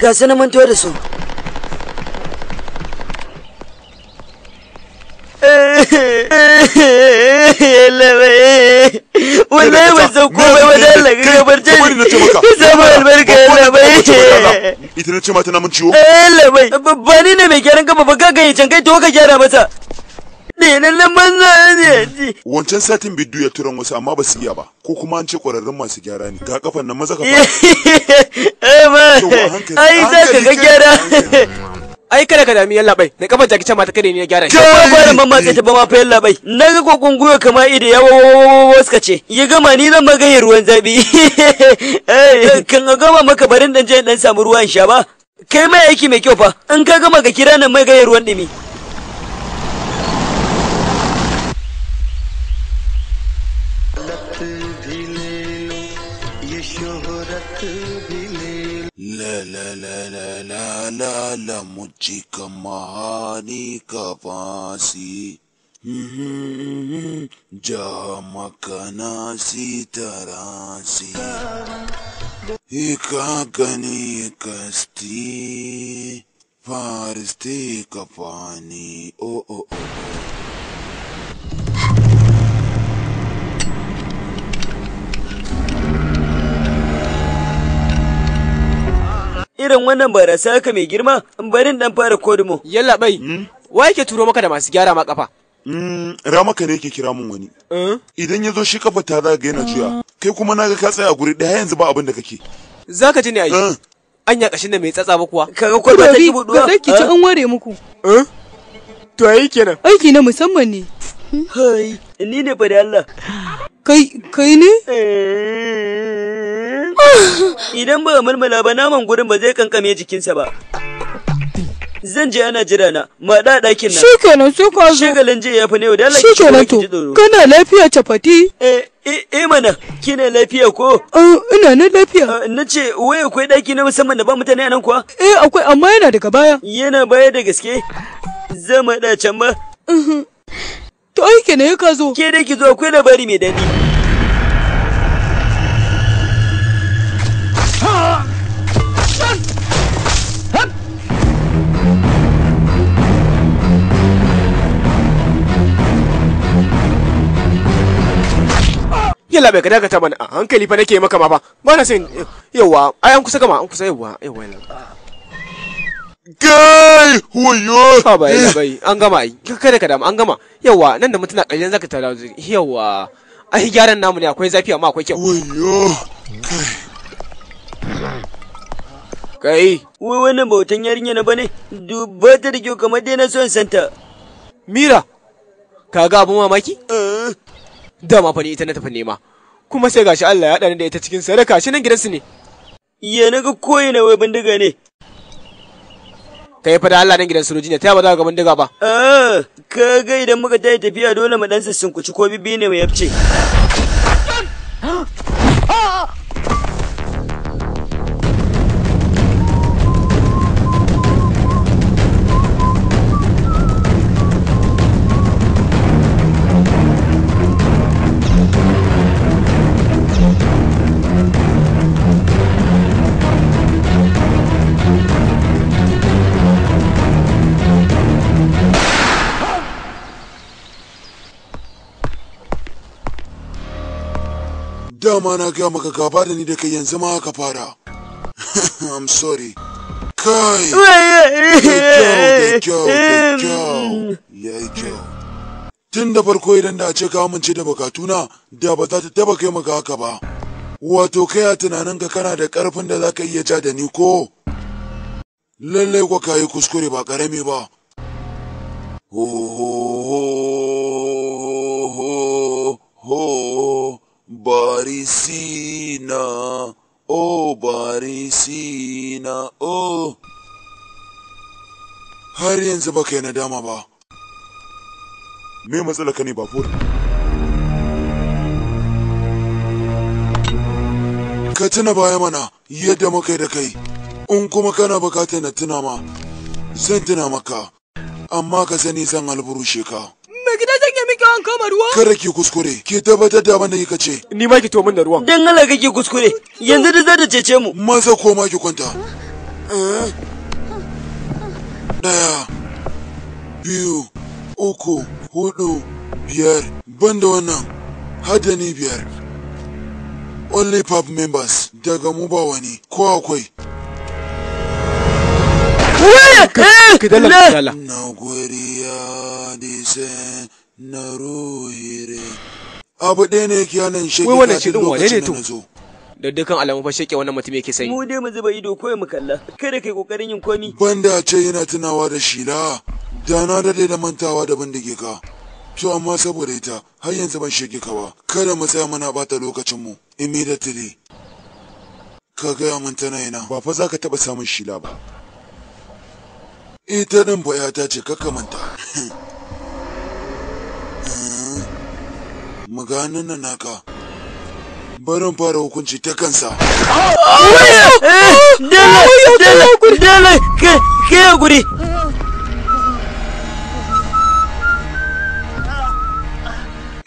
ga su na manto da su wallahi san komai barce zama albarka ita ne ce mata na ciwo eh bai ba ne mai gyaran gaba ba ga kai to ka gyara masa Ɗaiɗaɗɗen banza ne ji. Wancan satin bidiyo ya turan wasu amma ba su iya ba. Ko kuma an ce ƙwararrun masu gyara ne. Ga kafan nan maza ka fara. [laughs] Eh, ai za ka ga gyara. ai kada ka dami yalla bai na kafar jaki ma ta kare ni ya gyara shi ko ba mamma sai ta ba ma fa yalla bai na ga kokon guyo kama ida ya waska ce ya gama ni zan yi ruwan zabi [laughs] eh, kan gama maka barin dan je dan samu ruwan sha ba kai mai aiki mai kyau fa in ka gama ka kira nan mai ga ruwan dimi la la la la la la muchika mahani ka mm-hmm. ja makanasi tarasi ika gani kasti farsti kafani o oh, oh, oh. irin wannan rasa ka mai girma barin dan fara kodumo. Yalla bai, hmm? wa yake turo maka da masu gyara ma kafa? Hmm, Ramaka ne yake kira mun wani. Eh? Idan ya zo shi kafa ta za ga yana juya, kai kuma na ga ka tsaya a guri ɗaya yanzu ba abin da kake. Za ka ji ne ai. Eh. Anya kashin da mai tsatsa ba kuwa. Kaga kwalba ta ki buduwa. Ka ki ci eh? an ware muku. To ai kenan. Aiki na musamman ne. Hai. Ni ne fa da Allah. Kai, kai ne? Eh. Idan ba mulmula ba naman gurin ba zai kankame jikinsa ba. Zan je ana jira na, ma da ɗakin nan. Shikenan su ka zo. Shigalin je ya fi ne, da Allah ki ki ji tsoro. Kana lafiya chapati? Eh, eh, eh mana kina lafiya ko? Ah, ina na lafiya. Ah, na ce wai akwai daki na musamman da ba mutane a nan kuwa? Eh akwai amma yana daga baya. Yana baya da gaske. Zama da can ba. Mhm. To aiki ne ka zo. Ke dai ki zo akwai bari mai daɗi. Yalla bai ka dakata mana a hankali fa nake maka ma fa. Ba na sai eh, yawa ai an kusa gama an kusa yawa yawa yawa. gai huyo haba bai eh. bai an gama ai kada ka damu an gama yawa nan da mutuna kalilan zaka tara yawa ai gyaran namu ne akwai zafi amma akwai kyau huyo kai wai wannan bautan yarinya na bane duba ta da kyau kamar dai na son santa mira ga abun mamaki eh. dama fa ne ita na tafi nema kuma sai gashi Allah ya haɗa da ita cikin sadaka shi nan gidansu ne ya naga koyi na wai bindiga ne ka yi fada Allah nan gidan sojoji ne ta ba za ka gaban diga ba. Ah, ka ga idan muka tafiya dole mu dan kuci ko bibi ne mu yabce. dama na gaya maka gaba da ni da yanzu ma ka fara [laughs] i'm sorry kai da [laughs] kyau da kyau da kyau tun da farko idan da a ce ka amince da bukatuna da ba za ta taba kai maka haka ba wato kai a ka kana da karfin da za ka iya ja da ni ko lallai kwa ka yi kuskure ba karami ba ho ho ho ho Barisina, oh Barisina, oh. Har yanzu baka yi nadama ba. Me matsala ka ne babur? Ka tuna baya mana yadda muka yi da kai, in kuma kana bukatar na tuna ma, zan tuna maka, amma ka sani zan alburushe ka. Me gida take miki an kama ruwa? Kada ki kuskure, ki tabbatar da mana kika ce. Ni ma ki to min da ruwan. Dan Allah kake kuskure, yanzu da zata cece mu. Maza ko ma ki kwanta. Daya, biyu, uku, hudu, biyar, banda wannan, hada ni biyar. Only pub members daga mu ba wani, ko akwai. ki dalla ki dalla na goriya dise na ruhire abu ɗaya ne ki yanan shege wai wannan shirin wane ne to da dukkan alamu fa sheke wannan mutum yake sanyi mu dai mu zuba ido kawai mu kalla kada kai kokarin yin komi banda ce yana tunawa da shila da na daɗe da mantawa da bindige ka to amma saboda ita har yanzu ban shege ka ba kada mu tsaya muna bata lokacin mu immediately ka gaya mun tana yana ba fa za ka taɓa samun shila ba ita nan bayata ce manta. maganin nan naka barin fara hukunci ta kansa guri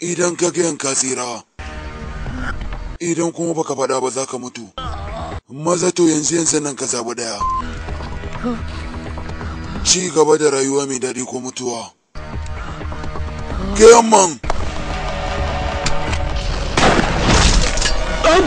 idan ka gayan ka tsira idan kuma baka faɗa ba za ka mutu maza to yanzu yanzu nan ka zaɓi ɗaya ci gaba da rayuwa mai daɗi ko mutuwa gaman Oh!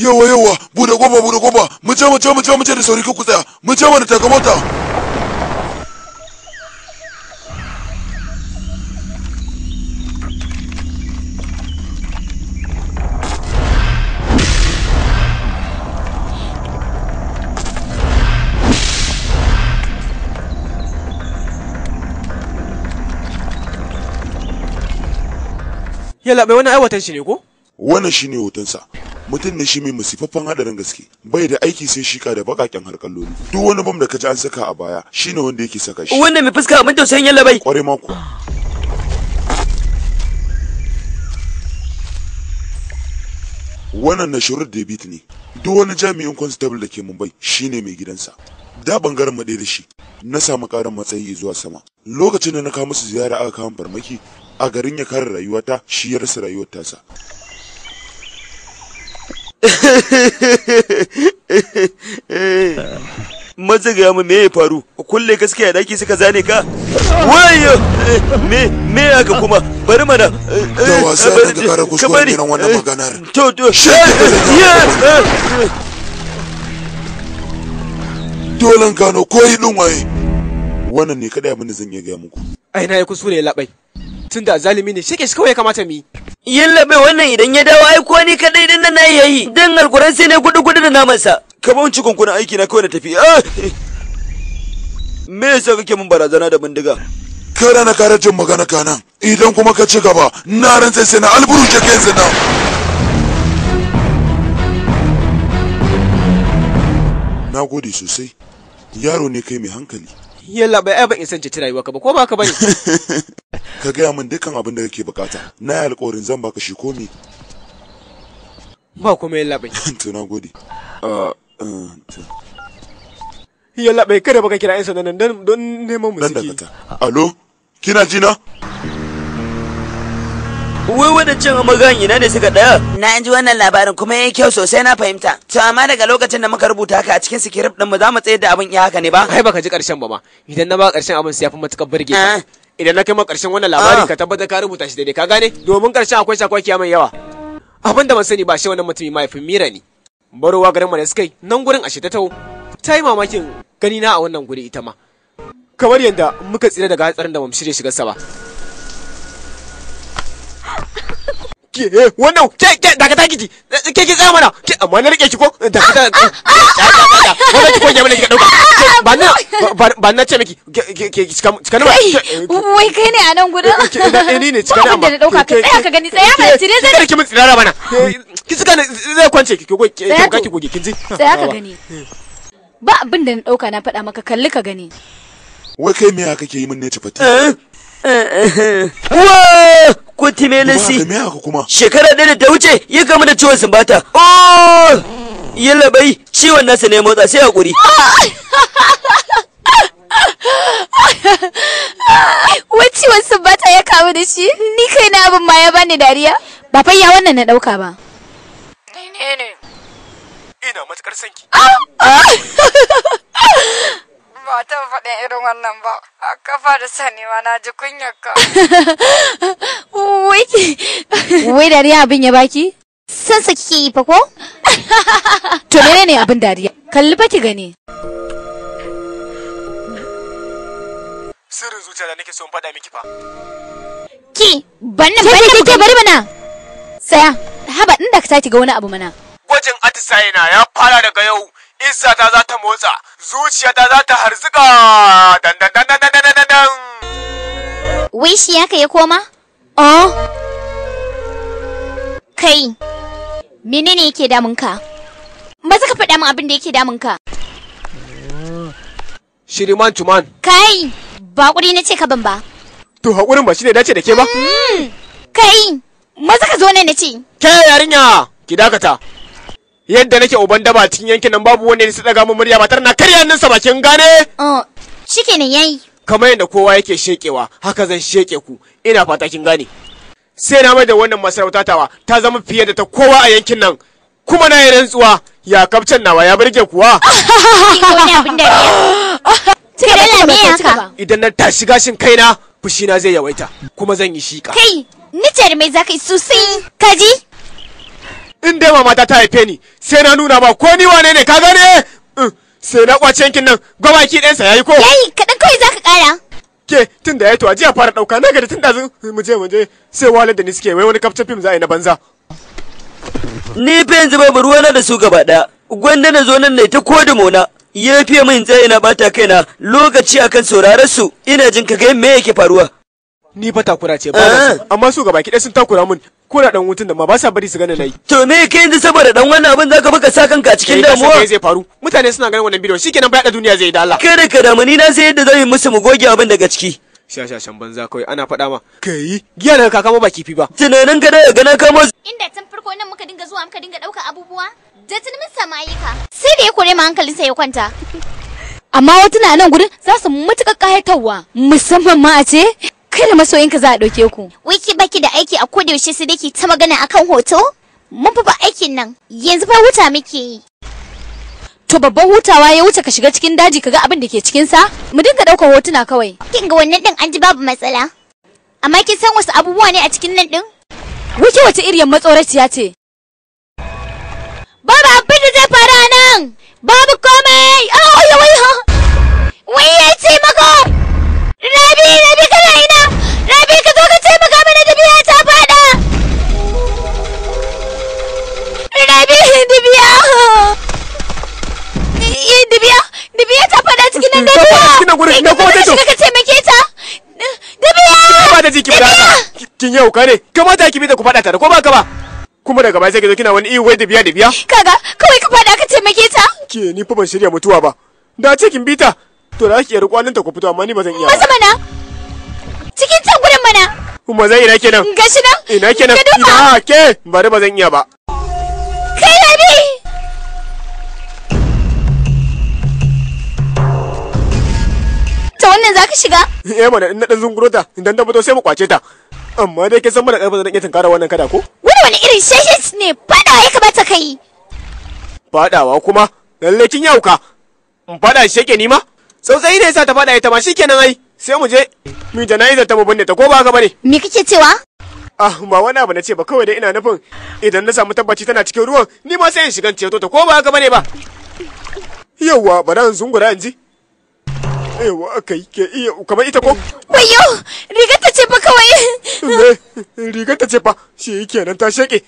yawa yawa bude kofa bude kofa mu ce mu ce mu mu da sauri ku tsaya mu ce mana taka mota Yalla bai wani aiwatan shi ne ko? Wannan shine hotonsa. mutum ne shi mai musifaffen hadarin gaske bai da aiki sai shika da harkar loli. duk wani bam da ka ji an saka a baya shine wanda yake saka shi Wanda mai fuska abin tausayin yalla bai kware ma ku wannan na shurur bit ne duk wani jami'in constable da ke mumbai ne mai gidansa da bangaren mu da shi na samu karin matsayi zuwa sama lokacin da na kawo musu ziyara aka kawo farmaki a garin ya kare rayuwata shi ya rasa rayuwar tasa maza ga mu me ya faru kulle gaskiya daki suka zane ka wayo me me aka kuma bari mana da wasa da kara kuskure irin wannan maganar to to dolan gano ko yi din waye wannan ne kadai mun zan iya ga muku ai na yi kuskure labai tunda zalimi ne shike shi kawai ya kamata mu yi yallaɓe wannan idan ya dawo ai ko ni kadai din nan nayi yayi dan alkuran sai ne gudu gudu da naman sa ka ban cikon kuna aiki na kawai na tafi ah! me yasa kake mun barazana da bindiga kada na kare jin magana kana idan kuma ka ci gaba na rantsa sai na alburu ke kai zina na gode sosai yaro ne kai mai hankali yalla bai ban isan ce rayuwa ka ba ko ba ka bane [laughs] ka gaya min dukkan abin da kake bukata na yi alƙawarin zan baka shi komi ba kuma yalla bai [laughs] to na gode ah, ah, yalla bai kada baka kira yan nan don neman mu suke alo kina jina wai cin amagan ina ne suka daya na ji wannan labarin kuma yi kyau sosai na fahimta to amma daga lokacin da muka rubuta haka a cikin script din mu za mu tsayar da abin iya haka ne ba kai baka ji karshen ba ma idan na ba karshen abin sai ya fi matukar burge ah. idan na kai ma karshen wannan labarin ah. ka tabbata ka rubuta shi daidai ka gane domin karshen akwai shakwakiya mai yawa abin da ban sani ba shi wannan mutumin mahaifin mira ne barowa garin da suka nan gurin ashe ta taho ta yi mamakin ganina a wannan guri ita ma kamar yadda muka tsira daga hatsarin da mu shirye shiga sa ba ke eh, wannan ke ke daga ta kiji eh, ke ki tsaya mana ke amma na rike ki ko da ka da wannan ki ko ya mana ki dauka ah, ba na ah, ah, ba na ce miki ke ke cikan ba eh, wai kai ne a nan gudan eh ni ne cikan amma da dauka ka tsaya ka gani tsaya mana tire zai ki mun tsirara mana ki ne zai kwance ki ko ki ka ki goge kin ji tsaya ka gani ba abin da na dauka na faɗa maka kalli ka gani wai kai me ya kake yi min ne tafati Wa! Kuti Melisi. Me haka kuma? Shekara ɗaya da ta wuce ya gama da ciwon sumbata. Oh! Yalla bai ciwon nasa ne motsa sai hakuri. [laughs] Wai ciwon sumbata ya kawo da shi? Ni kai na abin ma ya bani dariya. Ba fa ya wannan na ɗauka ba. Ina matukar sanki. [laughs] [laughs] ba ta faɗin irin wannan ba a kafa da sani ma na ji kunyar ka wai wai dariya abin ya baki san sa kike yi fa ko [laughs] to ne abin dariya kalli fa ki gani sirrin zuciya da nake so in faɗa miki fa ki banna banna ke bari mana saya haba inda ka sake ga wani abu mana gwajin atisaye na ya fara daga yau izzata za ta motsa zuciyata za ta harzuka dan dan dan dan dan dan dan wai shi ya kai koma oh kai menene yake damun ka maza ka faɗa min abin da yake damun ka shiriman tuman kai ba kuri na ce ka ban ba to hakurin ba shi ne dace da ke ba mm. kai maza ka zo ne na ce ke yarinya ki dakata yadda nake uban daba cikin yankin nan babu wanda ya daga mu murya ba na karya hannunsa bakin gane oh ne yayi kamar yadda kowa yake shekewa haka zan sheke ku ina fata kin gane sai na mai da wannan masarauta tawa ta zama fiye da ta kowa a yankin nan kuma na yi rantsuwa ya kabcan nawa ya burge kuwa [laughs] idan na tashi gashin kaina na zai yawaita kuma zan yi shika kai nitar mai zaka sosai kaji in dai mata ta haife ni sai na nuna ba ko ni wane ne ka gane mm, sai na kwace yankin nan gabaki ɗansa yi ko yayi kaɗan kawai za ka ƙara ke tun da ya to ajiya fara ɗauka na gari tun da mm, mu je mu je sai wale da ni suke wai wani kaftan fim za a yi na banza ni fa yanzu babu na da su gaba ɗaya gwanda na zo nan ne ta da mona ya fiye min tsaye na bata kaina lokaci akan sauraron su ina jin ka ga me yake faruwa ni fa takura ce ba eh, amma su ga baki ɗaya sun takura mun ko da dan hutun da ma ba sa bari su gane nayi to me kai yanzu saboda dan wannan abin zaka baka sa kanka cikin eh, damuwa kai zai faru mutane suna ganin wannan bidiyon shikenan bai da duniya zai da Allah kada ka damu ni na sai yadda zai musu mu goge abin daga ciki shashashan banza kawai ana faɗa ma kai giya daga kaka ba kifi ba tunanin ka da ganin kamo inda tun farko nan muka dinga zuwa muka dinga ɗauka abubuwa da tunanin samayika sai da ya kore ma hankalinsa ya kwanta amma wata na nan gurin za su matuƙa ƙayatarwa musamman ma a ce kai da masoyinka za a ɗauke ku. Wiki baki da aiki a kodayaushe sai dake ta magana akan hoto? Mun fi ba aikin nan, yanzu fa huta muke yi. To babban hutawa ya wuce ka shiga cikin daji ka ga abin da ke cikinsa? Mu dinga ɗaukar hotuna kawai. Kin ga wannan ɗin an ji babu matsala. Amma kin san wasu abubuwa ne a cikin nan ɗin? Wiki wace iriyar matsoraciya ce? Babu abin da zai faru a nan! Babu komai! Oh, wai ha! Wai ya ce maka! Rabi, rabi, kada kai ka zo ka taimaka mana dubiya ta fada rabi dubiya eh, dubiya dibiya ta fada cikin nan dubiya cikin gurin ina eh, kuma ta ka taimake ta dubiya ba da jiki ba kin yau kare kamata ki bi da ku fada da ko ba ka ba kuma daga baya sai ka zo kina wani iyo wai dibiya. dubiya kaga kawai ka fada ka taimake ta ke ni fa ban shirya mutuwa ba da ce kin bi ta to da ake yarkwanin ta ku fito amma ni ba zan iya ba mana cikin can gudun mana kuma zai ina kenan gashi nan ina kenan ina ke bari ba zan iya ba kai rabi ta wannan za ka shiga eh mana in na dan zunguro ta idan ta fito sai mu kwace ta amma dai ke san mana karfa zan iya tunkara wannan kada ko wani wani irin sheshes ne faɗawa ya kamata ka yi faɗawa kuma lalle kin yauka in faɗa shi ke nima tsautsayi ne sa ta faɗa fada ita ma shikenan ai sai mu je mu jana'izar ta mu binne ta ko ba haka bane me kake cewa ah ba wani abu na ce ba kawai dai ina nufin idan na samu tabbaci tana cikin ruwan ni ma sai in shiga ceto ta ko ba haka bane ba yawa bara in zungura in ji yawwa aka ke iya kamar ita ko wayo rigar ta ce ba kawai rigar ta ce ba shi kenan ta sheke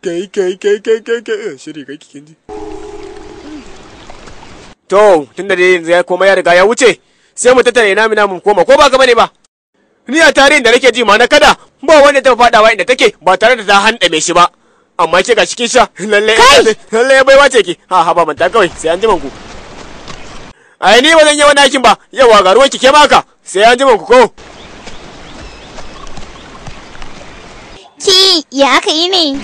kai kai kai kai kai kai eh, shi rigar kike ji to tunda dai yanzu ya koma ya riga ya wuce sai mu tattare na mina mu koma ko ba ka bane ba ni a tarihin da nake ji ma na kada ba wanda ta fadawa inda take ba tare da ta handame shi ba amma ke ga cikin sha lalle lalle bai wace ki ha ha ba ta kawai sai an ji ku ai ni ba zan yi wani aikin ba yawa ga ruwanki ke maka sai an ji ku ko ki ya aka yi ne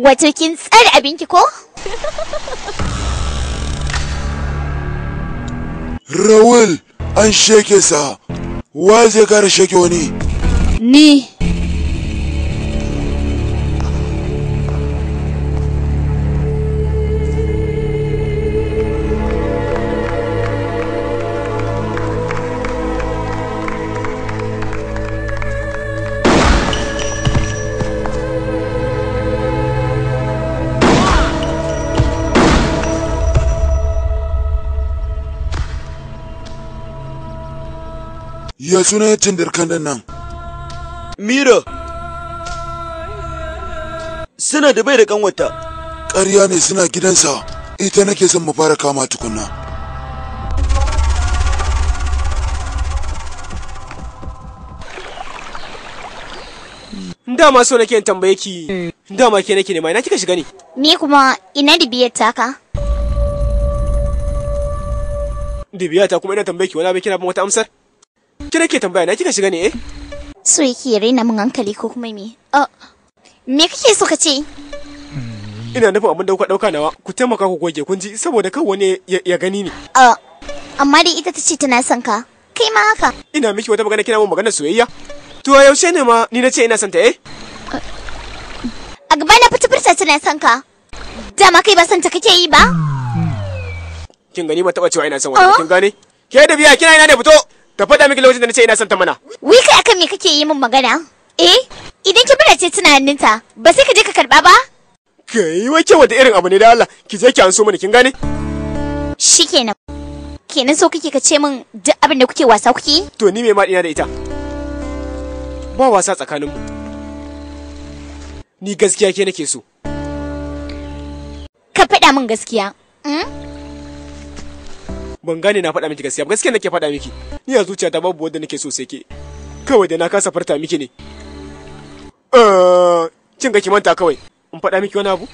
wato kin tsare abinki ko Raul an sheke sa wa zai kare sheke wani ni ya sunan cindirkan nan mira suna da bai da kanwata ƙarya ne suna gidansa ita nake son mu fara kama tukunna dama so nake tambaye ki dama ke nake nema ina kika shiga ne me kuma ina dibiyar taka dibiya ta kuma ina tambaye ki wani abin kina bin wata amsar Ki nake tambaya na kika shiga ne eh? So yake raina mun hankali ko kuma me? Oh, me kake so ka ce? Ina nufin abin da kuka dauka nawa ku taimaka ku goge kun ji saboda kan wani ya gani ne. Oh, ah, amma dai ita ta ce tana son ka. Kai ma haka. Ina miki wata magana kina mun magana soyayya. To yaushe ne ma ni na ce ina son ta eh? A gaba na fita fita tana son ka. Dama kai ba son ta kake yi ba? Kin gani ba taba cewa ina son wani ah. kin gane? Ke da biya kina ina da fito. ta faɗa miki lokacin da nace ina son ta mana wi kai akan me kake yi min magana eh idan ki bada ce tunaninta ba sai ka je ka karba ba kai wace wata irin abu ne da Allah ki je ki anso mani mana kin gane shikenan kenan so kike ka ce min duk abin da kuke wasa kuke to ni me ma ina da ita ba wasa tsakaninmu ni gaskiya ke nake so ka faɗa min gaskiya hmm? ban gane na faɗa miki gaskiya ba gaskiya nake faɗa miki ni a ta babu wanda nake so sai ke kawai da na kasa farta miki ne eh, kin ga ki manta kawai in faɗa miki wani abu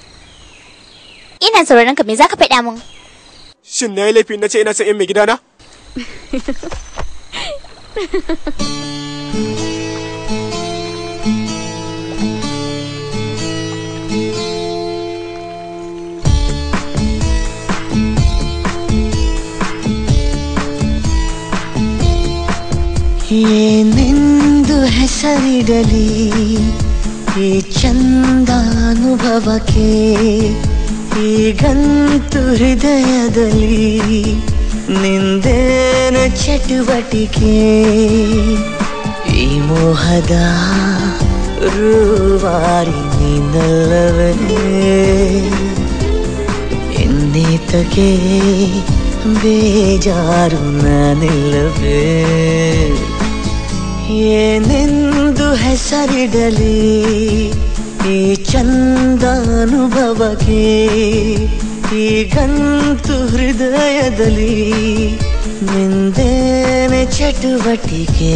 ina sauraron ka me zaka faɗa mun shin na yi laifi na ce ina son yan mai gidana na. [laughs] ಏನೆಂದು ಹೆಸರಿಡಲಿ ಈ ಚಂದ ಈಗಂತೂ ಹೃದಯದಲ್ಲಿ ನಿಂದೇನ ಚಟುವಟಿಕೆ ಈ ಮೋಹದ ರೂವಾರಿ ನೀನಲ್ಲವನೇ ಇನ್ನೀತಗೆ ಬೇಜಾರು ನಾನಿಲ್ಲವೇ ಏನೆಂದು ಹೆಸರಿಡಲಿ ಈ ಚಂದ ಅನುಭವಕ್ಕೆ ಈಗಂತೂ ಹೃದಯದಲ್ಲಿ ನಿಂದೇನೆ ಚಟುವಟಿಕೆ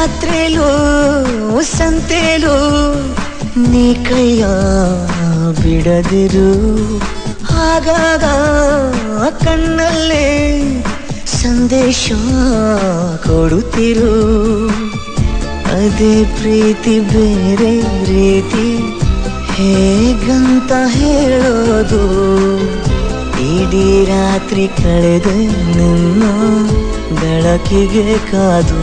ಜಾತ್ರೆಲೂ ಸಂತೆಲೂ ನೀ ಕೈಯ ಬಿಡದಿರು ಆಗಾಗ ಕಣ್ಣಲ್ಲೇ ಸಂದೇಶ ಕೊಡುತ್ತಿರು ಅದೇ ಪ್ರೀತಿ ಬೇರೆ ಪ್ರೀತಿ ಹೇಗಂತ ಹೇಳೋದು ಇಡೀ ರಾತ್ರಿ ಕಳೆದ ನಿಮ್ಮ ಬೆಳಕಿಗೆ ಕಾದು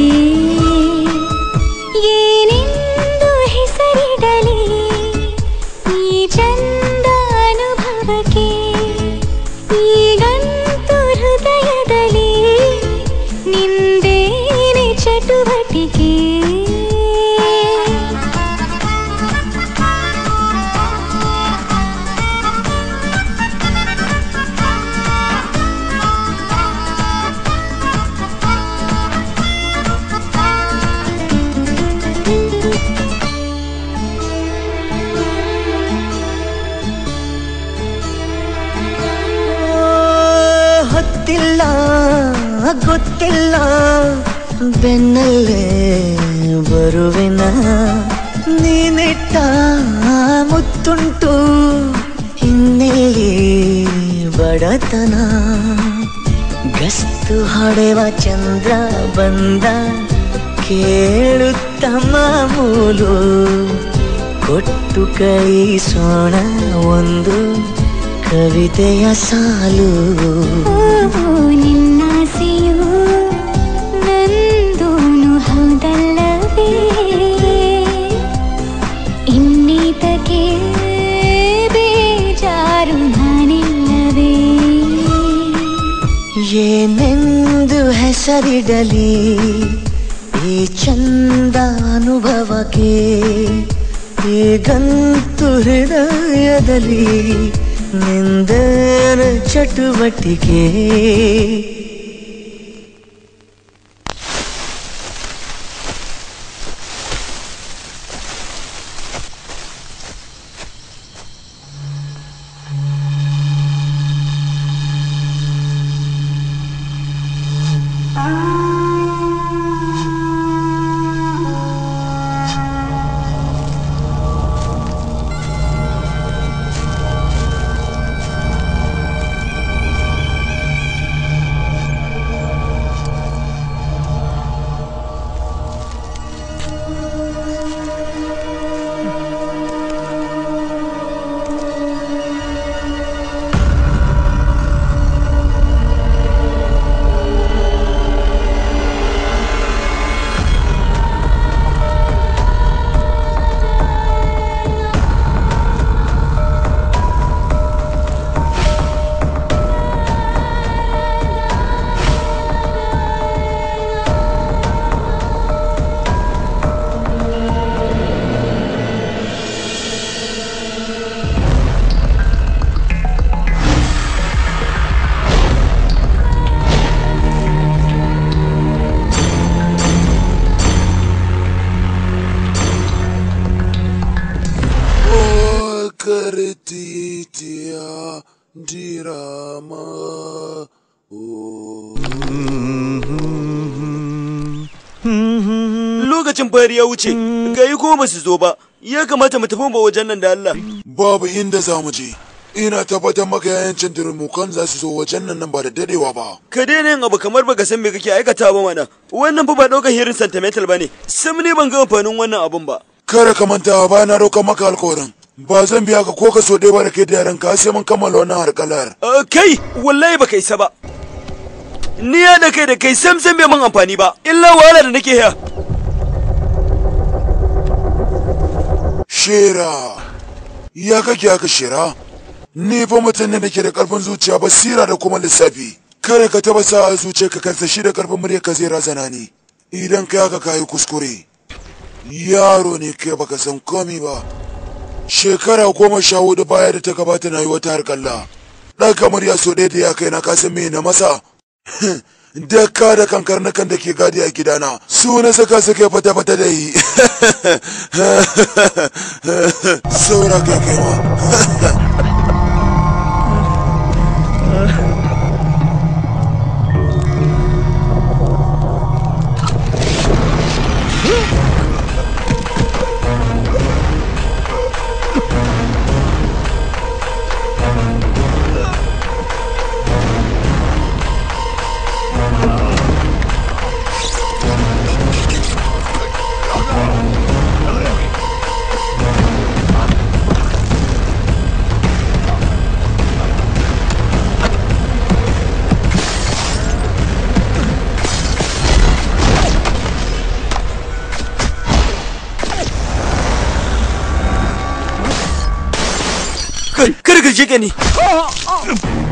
ಗೊತ್ತಿಲ್ಲ ಗೊತ್ತಿಲ್ಲ ಬೆನ್ನಲ್ಲೇ ಬರುವಿನ ನೀನಿಟ್ಟ ಮುತ್ತುಂಟು ಇನ್ನೆಲ್ಲಿ ಬಡತನ ಗಸ್ತು ಹೊಡೆವ ಚಂದ್ರ ಬಂದ ಕೇಳುತ್ತಮ್ಮ ಮೂಲು ಕೊಟ್ಟು ಸೋಣ ಒಂದು ಕವಿತೆಯ ಸಾಲು ನಿನ್ನಾಸೆಯು ನಂದೂನು ಹೌದಲ್ಲವೇ ಇನ್ನೀತಕ್ಕೆ ಬೇಜಾರು ನಾನಿಲ್ಲವೇ ಏನೆಂದು ಹೆಸರಿಡಲಿ ಈ ಚಂದ ಅನುಭವಕ್ಕೆ ಹೇಗಂತು ಹೃದಯದಲ್ಲಿ ನಿಂದನ ಚಟುವಟಿಕೆ biyar ya wuce gayi ko ba su zo ba ya kamata mu tafi ba wajen nan da Allah babu inda za mu je ina tabbatar maka yayancin turmukan za su zo wajen nan ba da dadewa ba ka daina yin abu kamar ba baka san me kake aikata ba mana wannan fa ba daukar hirin sentimental bane sam ne ban ga amfanin wannan abun ba Kare ka manta ba na roka maka alƙawarin. ba zan biya ka ko ka so dai ba da kai da yaran ka sai mun kammala wannan harkalar kai wallahi baka isa ba ni ya da kai da kai sam sam bai mun amfani ba illa wahala da nake ya shera ya kake haka shera ni fa mutum ne nake da karfin zuciya basira da kuma lissafi kare ka taba sa a zuciya ka shi da karfin murya ka zai razana ni idan ka haka kayi kuskure yaro ne kai baka san komi ba shekara goma sha hudu baya da ta gabata na yi wata harkalla ɗan kamar ya so ɗaya da ya kai na kasan me na masa [laughs] daka da kankar na kan da ke gadi a gidana su na saka suke fata-fata da yi [laughs] saura kai kai ma [laughs] jijjige ni oh, oh.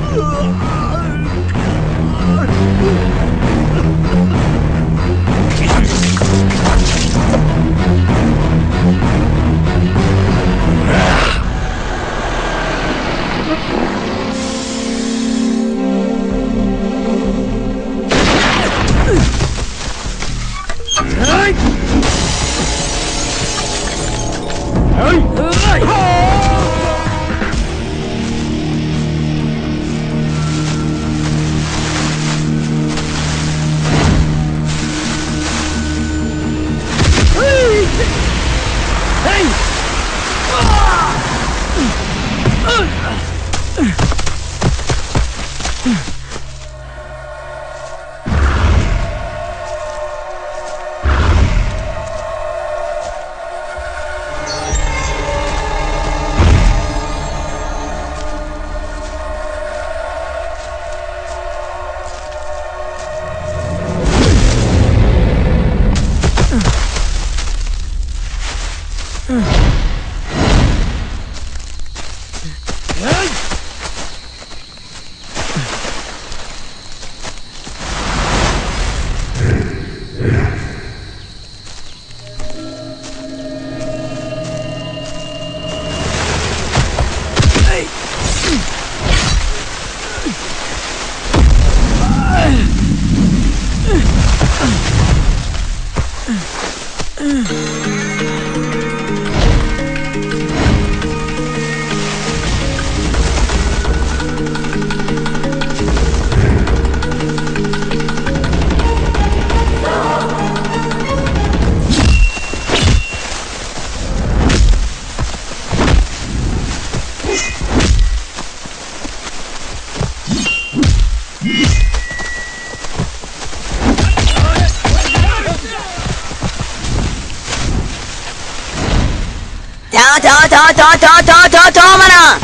تا تا تا تا تا منا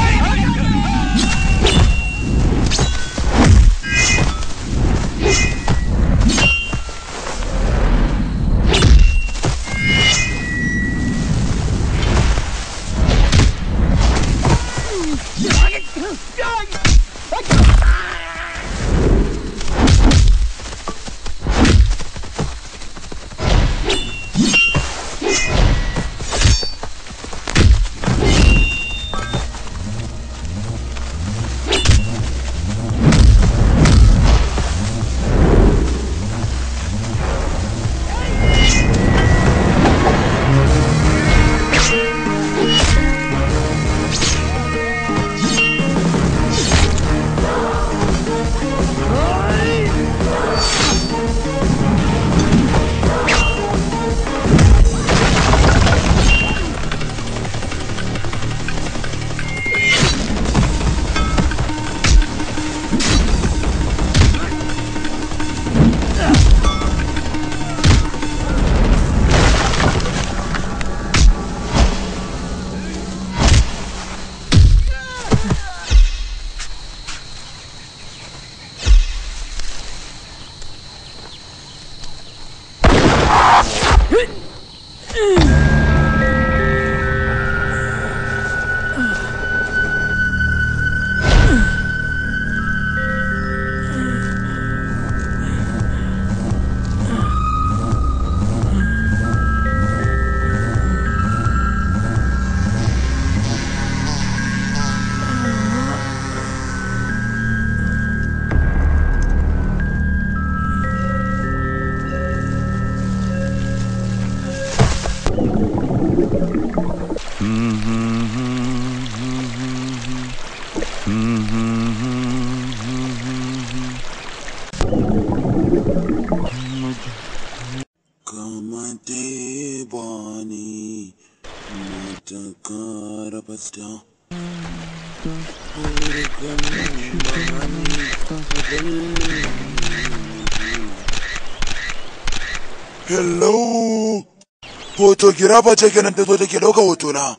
Hoto girafa ce kenan ta zo take ɗauka hoto na.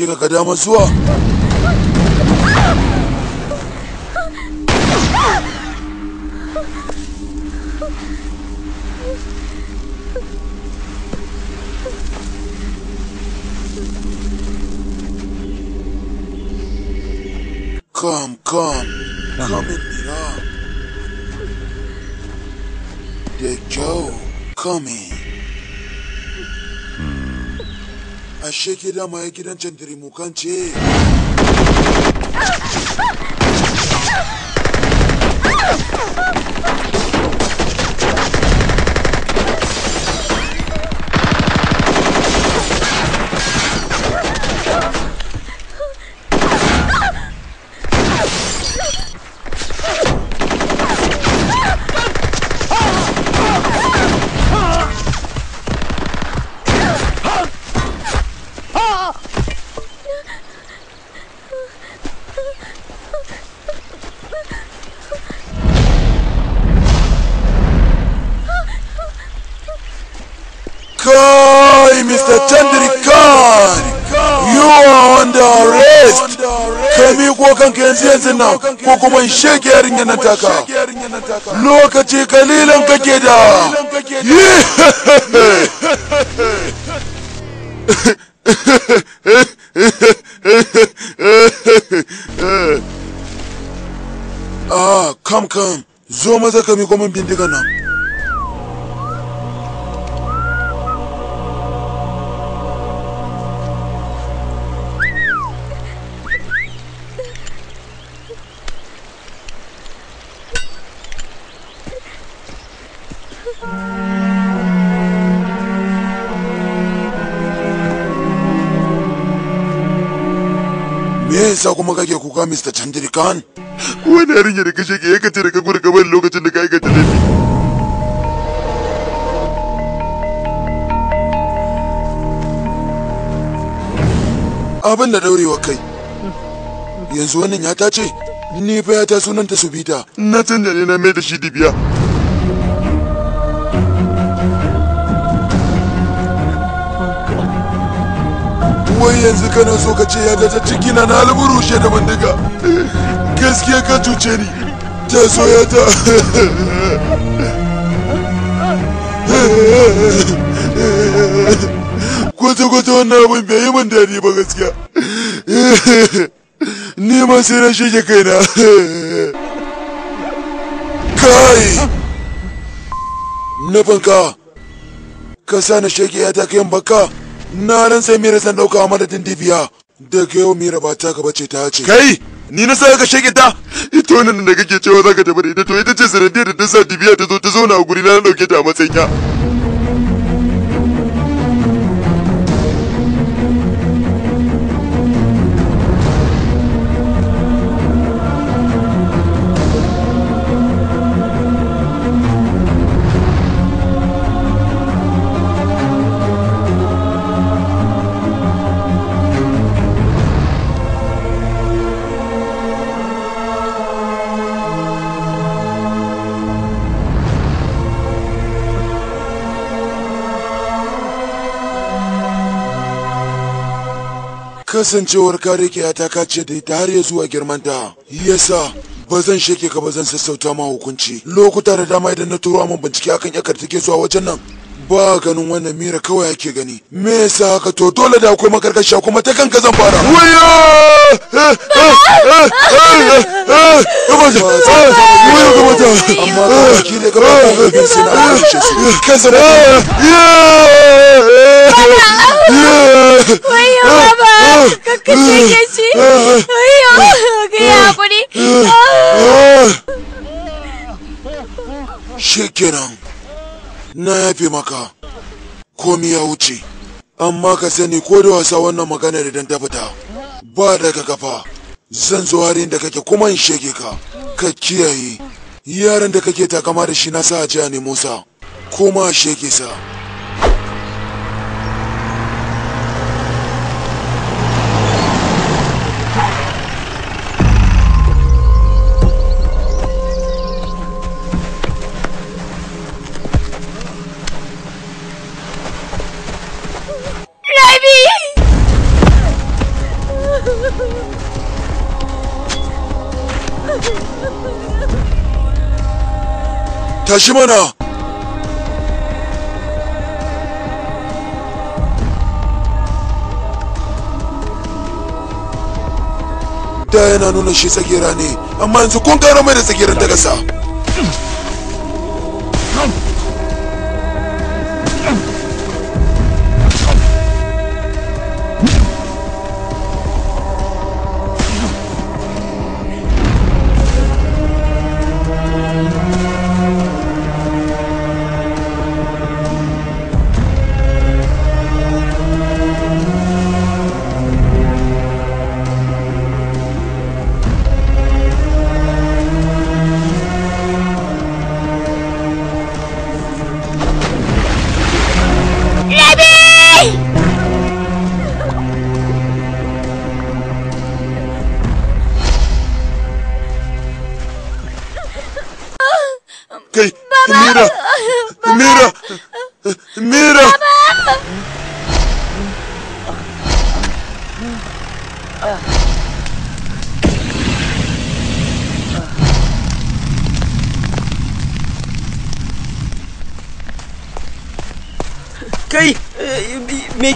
kika ga damar zuwa ashe ke dama ya gidan can kan ce yanzu yanzu nan ko kuma in sheke yarinya na taka lokaci kalilan kake da [laughs] ah kam kam zo maza kami kuma Hassan. Wani yarinya da kashe ke ya kace da ka gudu lokacin da ka aikata da Abin da daurewa kai. Yanzu wannan ya tace, ni fa ya ta sunanta Subita. Na canja ne na mai da shi dibiya. wai yanzu kana so ka ce ya ta ciki na na alburushe da bindiga gaskiya ka cuce ni ta soya ta kwata-kwata wannan abin bai yi min daɗi ba gaskiya ni ma sai na shige kaina kai nufinka ka sa na shege ya ta kayan baka na ran sai mira san ɗauka a madadin dibiya daga yau mira ba ta gaba ce ta ce kai ni na saka shige ta ita nan da kake cewa zaka tafi da ita to ita ce sanadiyar da ta sa dibiya ta zo ta zauna a guri na dauke ta a matsayin ka kasancewar ka rike ta kace da ita har ya zuwa girmanta yasa ba zan sheke ka ba zan sassauta ma hukunci lokuta da dama idan na turo min bincike akan yakar take zuwa wajen nan ba ganin wannan mira kawai ake gani me yasa haka to dole da akwai makarkashiya kuma ta kanka zan fara na yafe maka komi ya wuce amma ka sani ko da wasa wannan maganar idan ta fita ba da ka kafa zan zo harin da kake kuma in shege ka ka kiyaye yaran da kake takama da shi na sa a nemo sa kuma a shege sa tashi mana da yana nuna shi tsagira ne amma yanzu kun gano mai da tsagirar daga sa hmm. hmm.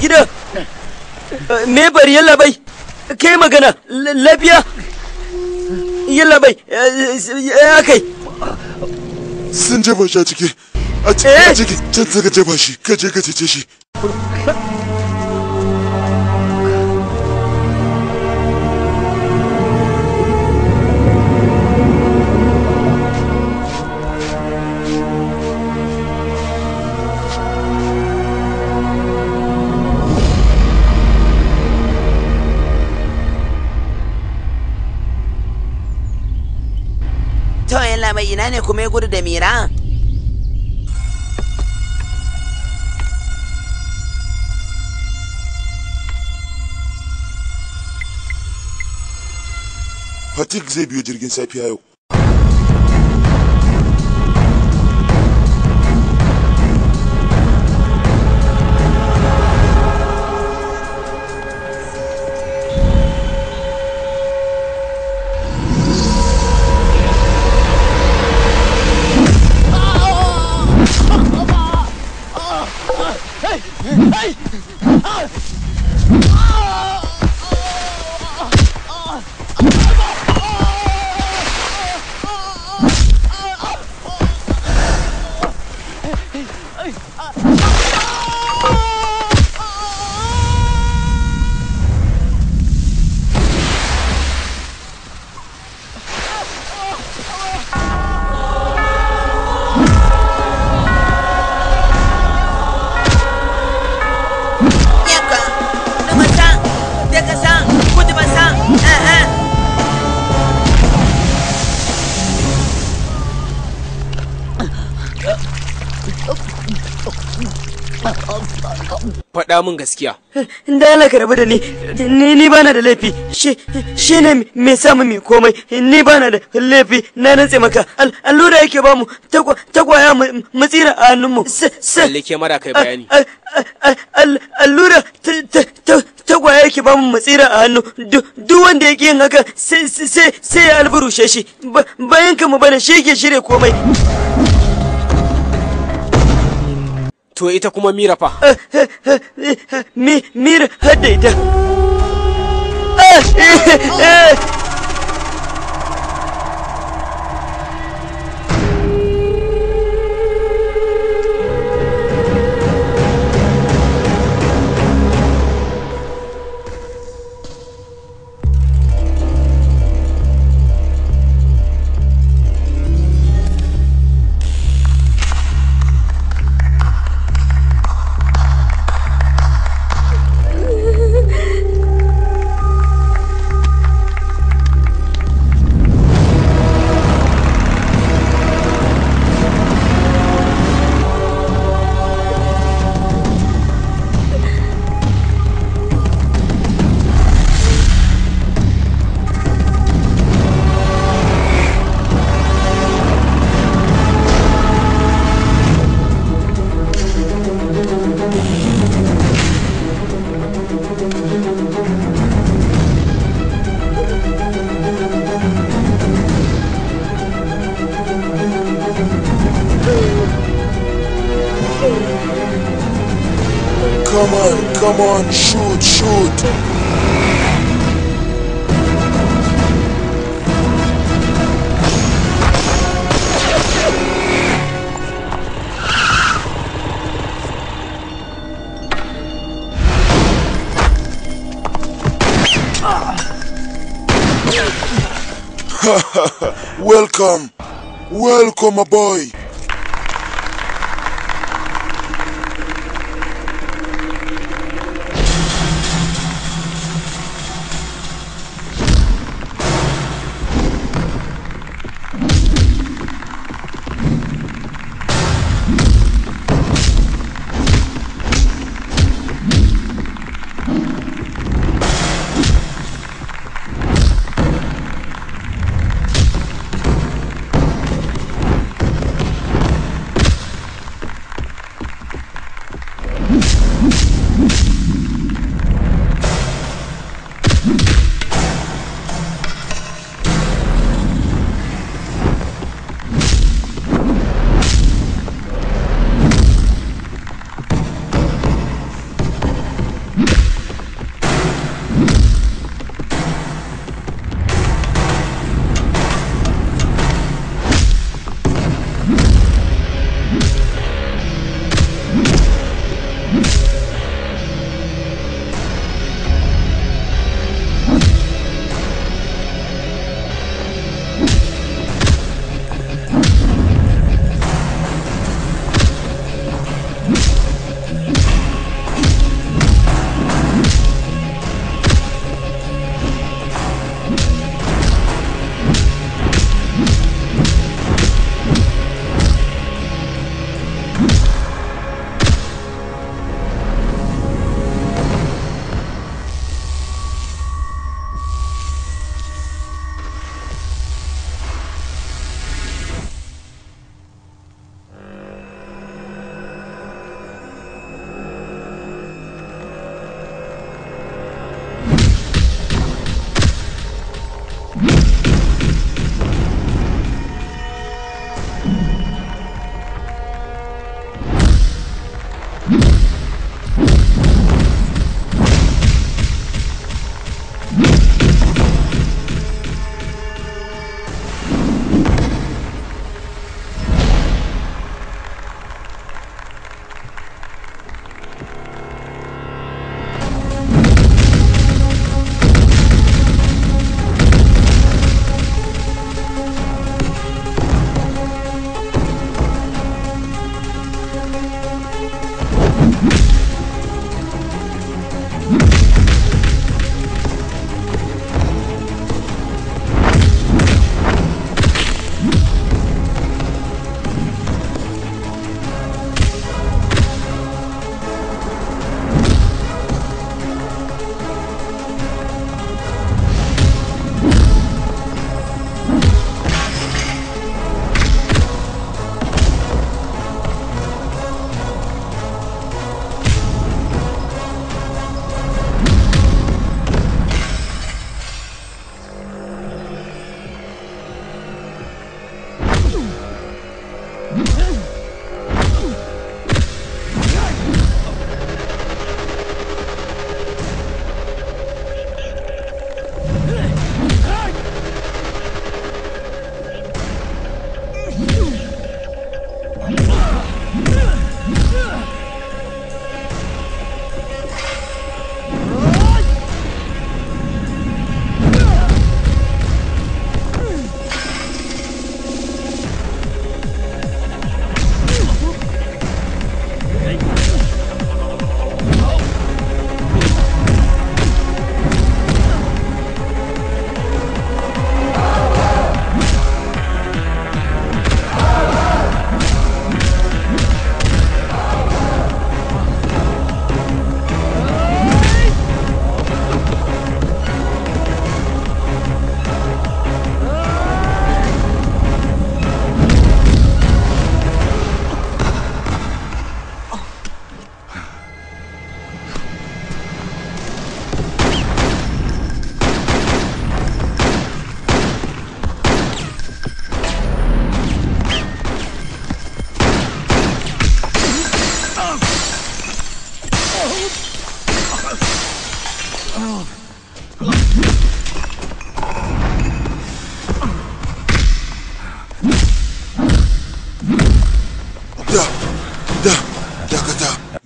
gida me bari yalla bai kai magana lafiya yalla bai ya kai sun jefa shi a ciki a ciki eh? can suka jefa shi kaje ka cece shi ina ne kuma ya gudu da mira Fatik zai biyo jirgin safiya yau Faɗa min gaskiya. Da Allah ka rabu da ni, ni ni bana da laifi, shi shi ne me sa mu mai komai, ni bana da laifi, na rantse maka, allura yake ba mu tagwaya mu tsira a hannunmu. Lalle ke mara kai bayani. Allura tagwaya yake ba mu matsira a hannu, duk wanda yake yin haka sai ya alburushe shi, bayan ka mu bane shi yake shirya komai. To ita kuma mira fa. Mira, hada ita. my boy.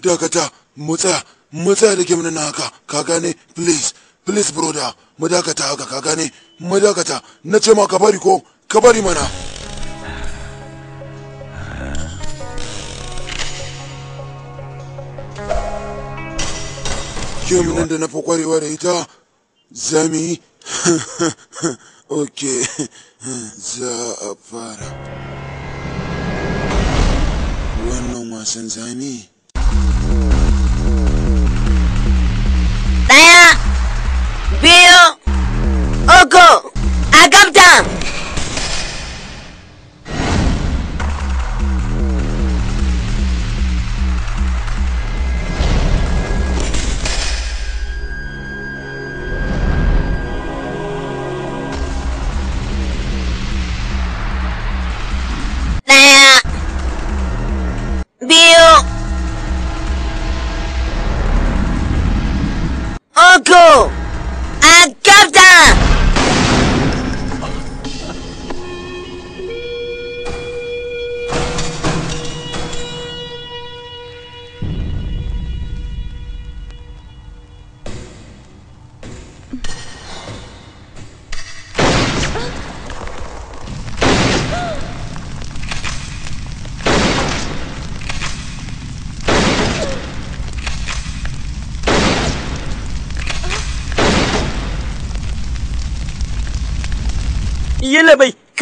dakata mu tsaya mu tsaya na haka ka gane please please broda mu dakata haka ka gane mu dakata na ce ma ka bari ko ka bari mana kimanin da na fi kwarewa da ita zami [laughs] ok [laughs] za a fara wannan wasan zami Bill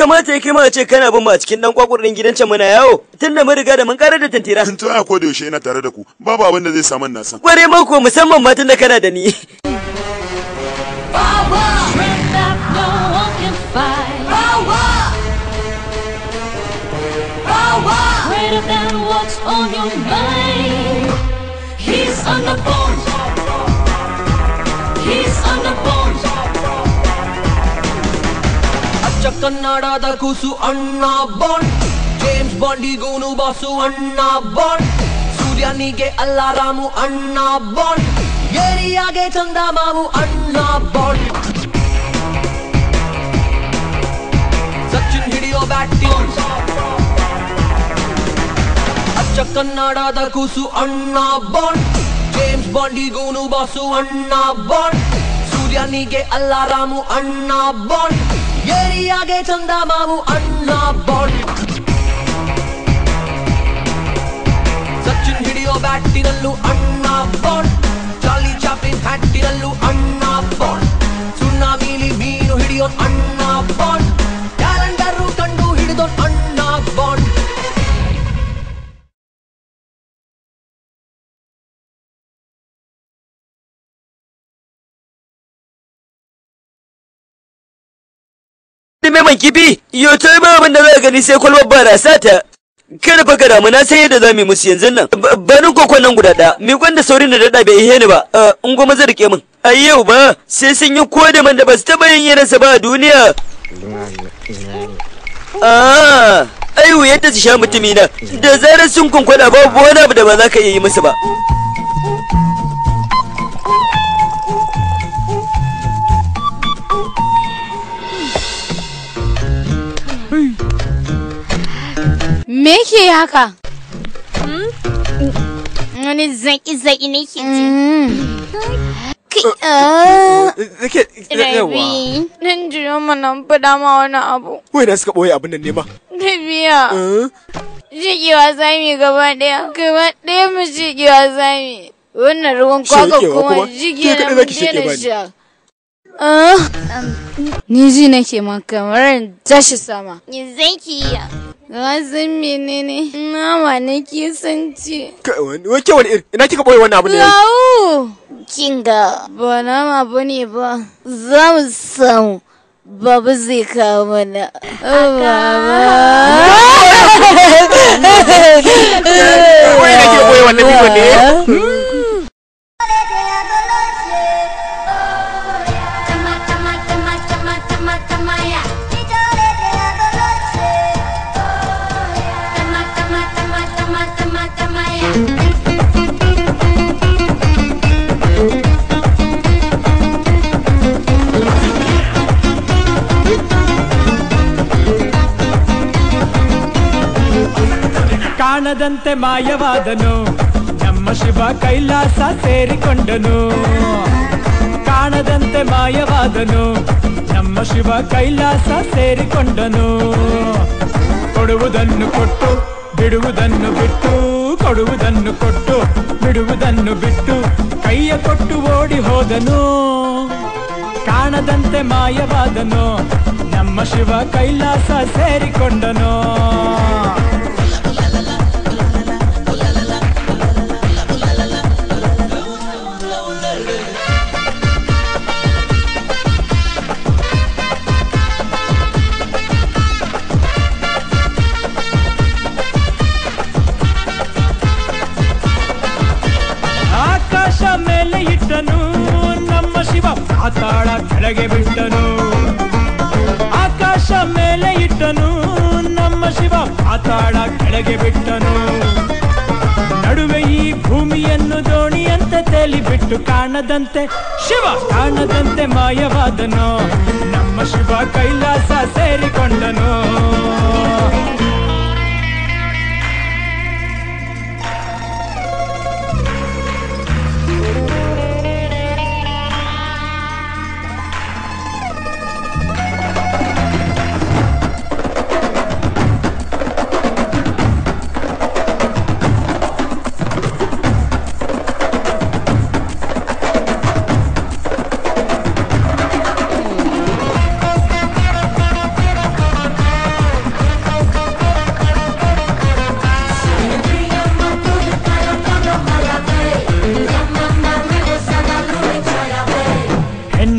kamata ya kima ce kana bin mu a cikin dan din gidan can muna yawo tunda mun riga da mun karar da tantira tun tun ko da yaushe ina tare da ku babu abin da zai samu na san kware mako musamman ma tunda kana da ni He's on the phone ಕನ್ನಡಾದಕುಸು Anna bond James ಬಾಂಡಿ ಗೋನು ಬಸುವಣ್ಣ ಅಣ್ಣ bond ಸೂರ್ಯನಿಗೆ ಅಲ್ಲಾ ರಾಮೂ ಅಣ್ಣ ಬಾಂಡ್ ಏರಿ ಆಗೆ ಚಂದಾ ಬಾವು ಅಣ್ಣ ಬಾಂಡ್ ಸಚ್ಚುನ್ ವಿಡಿಯೋ ಬ್ಯಾಟಿಂಗ್ ಅಬ್ಜ ಕನ್ನಡಾದಕುಸು ಅಣ್ಣ ಬಾಂಡ್ ಜೇಮ್ಸ್ ಬಾಂಡಿ ಗೋನು ಬಸುವಣ್ಣ ಅಣ್ಣ ಬಾಂಡ್ ಸೂರ್ಯನಿಗೆ ಅಲ್ಲಾ ರಾಮೂ ಅಣ್ಣ ಬಾಂಡ್ ఏరియాగే చందామాము అన్నా బాండ్ సచిన్ హిడియో బ్యాటినల్లు అన్నా బాండ్ చార్లీ చాప్లిన్ ಹ್ಯಾಟಿನಲ್ಲೂ ಅಣ್ಣ ಬಾಂಡ್ ಸುಣ್ಣ ಮೀಲಿ ಮೀನು ಹಿಡಿಯೋ Anna Bond mai man kifi yo to ba abin da za gani sai kwalbar barasa ta kada fa ka damu na san yadda zamu mu yi musu yanzu nan banin kokon nan guda ɗaya mi gwanda saurin da dada bai ihe ni ba eh, in goma zai rike min ayyau ba sai sun yi ko da da ba su taɓa yin sa ba a duniya ah, ai ayu yadda su sha mutumi na da zarar sun kunkwada babu wani abu da ba za ka yi musu ba Me ke haka? Hmm? Wani zaki-zaki ne ke Zake, yawa. Nan jiyo mana faɗa ma wani abu. Wai na suka ɓoye abin nan nema? ma. Rabiya. Eh? Jiƙewa zami gaba ɗaya. Gaba ɗaya mu wasa zami. Wannan ruwan kwakwa kuma jiƙe na mu daina sha. Ah. Ni ji nake ma kamar tashi sama. Ni zai ki Razin menene? nama wane ki san ce. Wake wani iri? Ina kika boye wannan abu ne? Lawu! Kinga. Ba na abu ne ba. Za mu samu. Babu zai kawo mana. Baba! Wai na kika boye wannan bidiyon ne? Hmm? ಕಾಣದಂತೆ ಮಾಯವಾದನು ನಮ್ಮ ಶಿವ ಕೈಲಾಸ ಸೇರಿಕೊಂಡನು ಕಾಣದಂತೆ ಮಾಯವಾದನು ನಮ್ಮ ಶಿವ ಕೈಲಾಸ ಸೇರಿಕೊಂಡನು ಕೊಡುವುದನ್ನು ಕೊಟ್ಟು ಬಿಡುವುದನ್ನು ಬಿಟ್ಟು ಕೊಡುವುದನ್ನು ಕೊಟ್ಟು ಬಿಡುವುದನ್ನು ಬಿಟ್ಟು ಕೈಯ ಕೊಟ್ಟು ಓಡಿ ಹೋದನು ಕಾಣದಂತೆ ಮಾಯವಾದನು ನಮ್ಮ ಶಿವ ಕೈಲಾಸ ಸೇರಿಕೊಂಡನು ಪಾತಾಳ ಕೆಳಗೆ ಬಿಟ್ಟನು ಆಕಾಶ ಮೇಲೆ ಇಟ್ಟನು ನಮ್ಮ ಶಿವ ಪಾತಾಳ ಕೆಳಗೆ ಬಿಟ್ಟನು ನಡುವೆ ಈ ಭೂಮಿಯನ್ನು ದೋಣಿಯಂತೆ ತೇಲಿ ಬಿಟ್ಟು ಕಾಣದಂತೆ ಶಿವ ಕಾಣದಂತೆ ಮಾಯವಾದನು ನಮ್ಮ ಶಿವ ಕೈಲಾಸ ಸೇರಿಕೊಂಡನು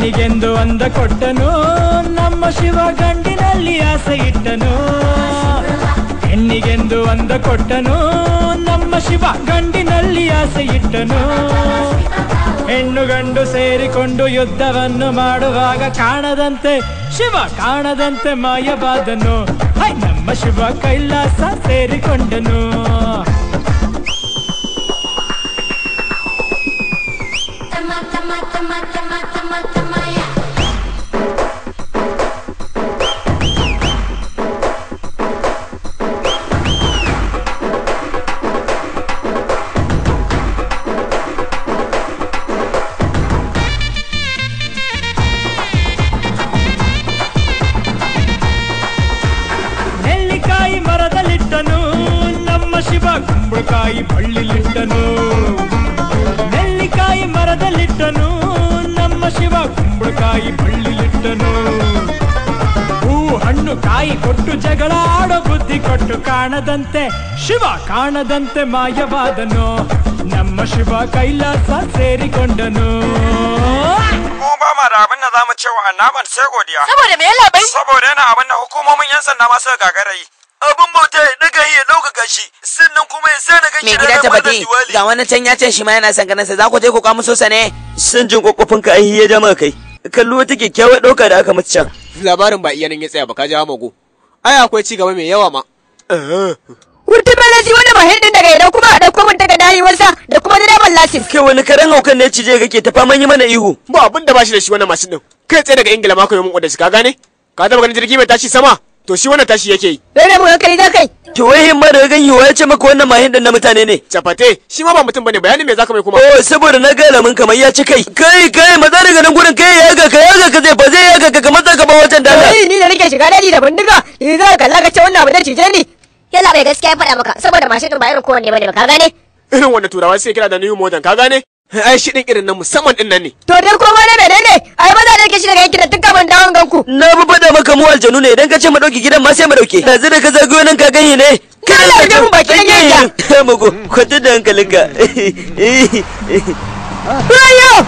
ಅವನಿಗೆಂದು ಅಂದ ಕೊಟ್ಟನು ನಮ್ಮ ಶಿವ ಗಂಡಿನಲ್ಲಿ ಆಸೆ ಇಟ್ಟನು ಹೆಣ್ಣಿಗೆಂದು ಅಂದ ಕೊಟ್ಟನು ನಮ್ಮ ಶಿವ ಗಂಡಿನಲ್ಲಿ ಆಸೆ ಇಟ್ಟನು ಹೆಣ್ಣು ಗಂಡು ಸೇರಿಕೊಂಡು ಯುದ್ಧವನ್ನು ಮಾಡುವಾಗ ಕಾಣದಂತೆ ಶಿವ ಕಾಣದಂತೆ ಮಾಯವಾದನು ಹೈ ನಮ್ಮ ಶಿವ ಕೈಲಾಸ ಸೇರಿಕೊಂಡನು ಕೊಟ್ಟು ಕಾಣದಂತೆ ಶಿವ ಕಾಣದಂತೆ ಮಾಯವಾದನು ನಮ್ಮ ಶಿವ ಕೈಲಾಸ ಸೇರಿಕೊಂಡನು ba ma da abin da zamu cewa annaban saboda bai saboda yana abin da hukumomin yan sanda ga wani can ya ce shi ma yana san sa za ku je ku kamo sosa ne san jin kokofin ka ai ya jama kai kallo wata kyakkyawar ɗauka da aka can labarin ba iyanin ya tsaya ba ka mago ai akwai ci gaba mai yawa ma eh. Wurti balaji wani mahindin daga idan kuma a ɗauko mun daga dayi wasa da kuma direban lasin. Kai wani karen haukan ne cije kake ta faman yi mana ihu. Ba abin da ba shi da shi wani mashin din. Kai tsaye daga Ingila mako yi mun shi ka gane? Ka taɓa ganin jirgi mai tashi sama? to shi wannan tashi yake yi dai mu hankali da kai ki wai himma da gani wai ce maka wannan mahin din na mutane ne chapate shi ma ba mutum bane bayani me zaka mai kuma oh saboda na ga lamun kamar ya ci kai kai kai maza daga nan gurin kai ya ga ka ya ga ka zai ba zai ya ga ka maza ka ba wajen da Allah ni da nake shiga daji da bindiga ni za ka laga ce wannan abu da cije ni yalla bai gaskiya faɗa maka saboda mashin din ba irin kowanne bane ba ka gane irin wanda turawa sai kira da new modern ka gane ai shi din irin nan musamman din nan ne to dai ko ma ne ne ai ba za da ke shi daga yankin da tun kaman dawon ganku na bu bada maka mu aljanu ne idan ka ce mu dauki gidan ma sai mu dauke yanzu da ka zago nan ka gani ne kana da [laughs] mu baki nan yanka mugo kwata da hankalinka ayyo [laughs]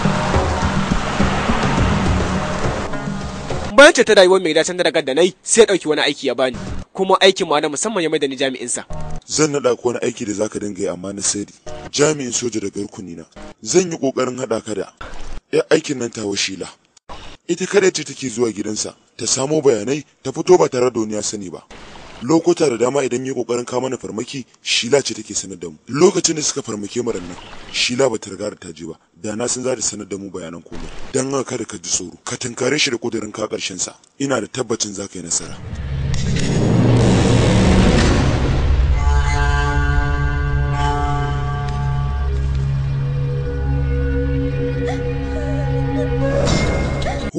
bayan ce ta mai dacen darakar da na yi sai ya dauki wani aiki ya bani kuma aikin ma na musamman ya mai da ni sa. Zan naɗa ko wani aiki da zaka dinga yi amma na sirri jami'in soja da garkuni na zan yi kokarin haɗa ka da ya aikin nan ta washila. Ita kada ce take zuwa gidansa ta samo bayanai ta fito ba tare da wani ya sani ba. lokuta da dama idan ya kokarin kawo mana farmaki shila ce take sanar da mu lokacin da suka farmake mu nan shila bata riga da ta je ba da na sun za ta sanar da mu bayanan komai dan haka kada ka ji tsoro ka tinkare shi da kudirin ka karshen sa ina da tabbacin zaka yi nasara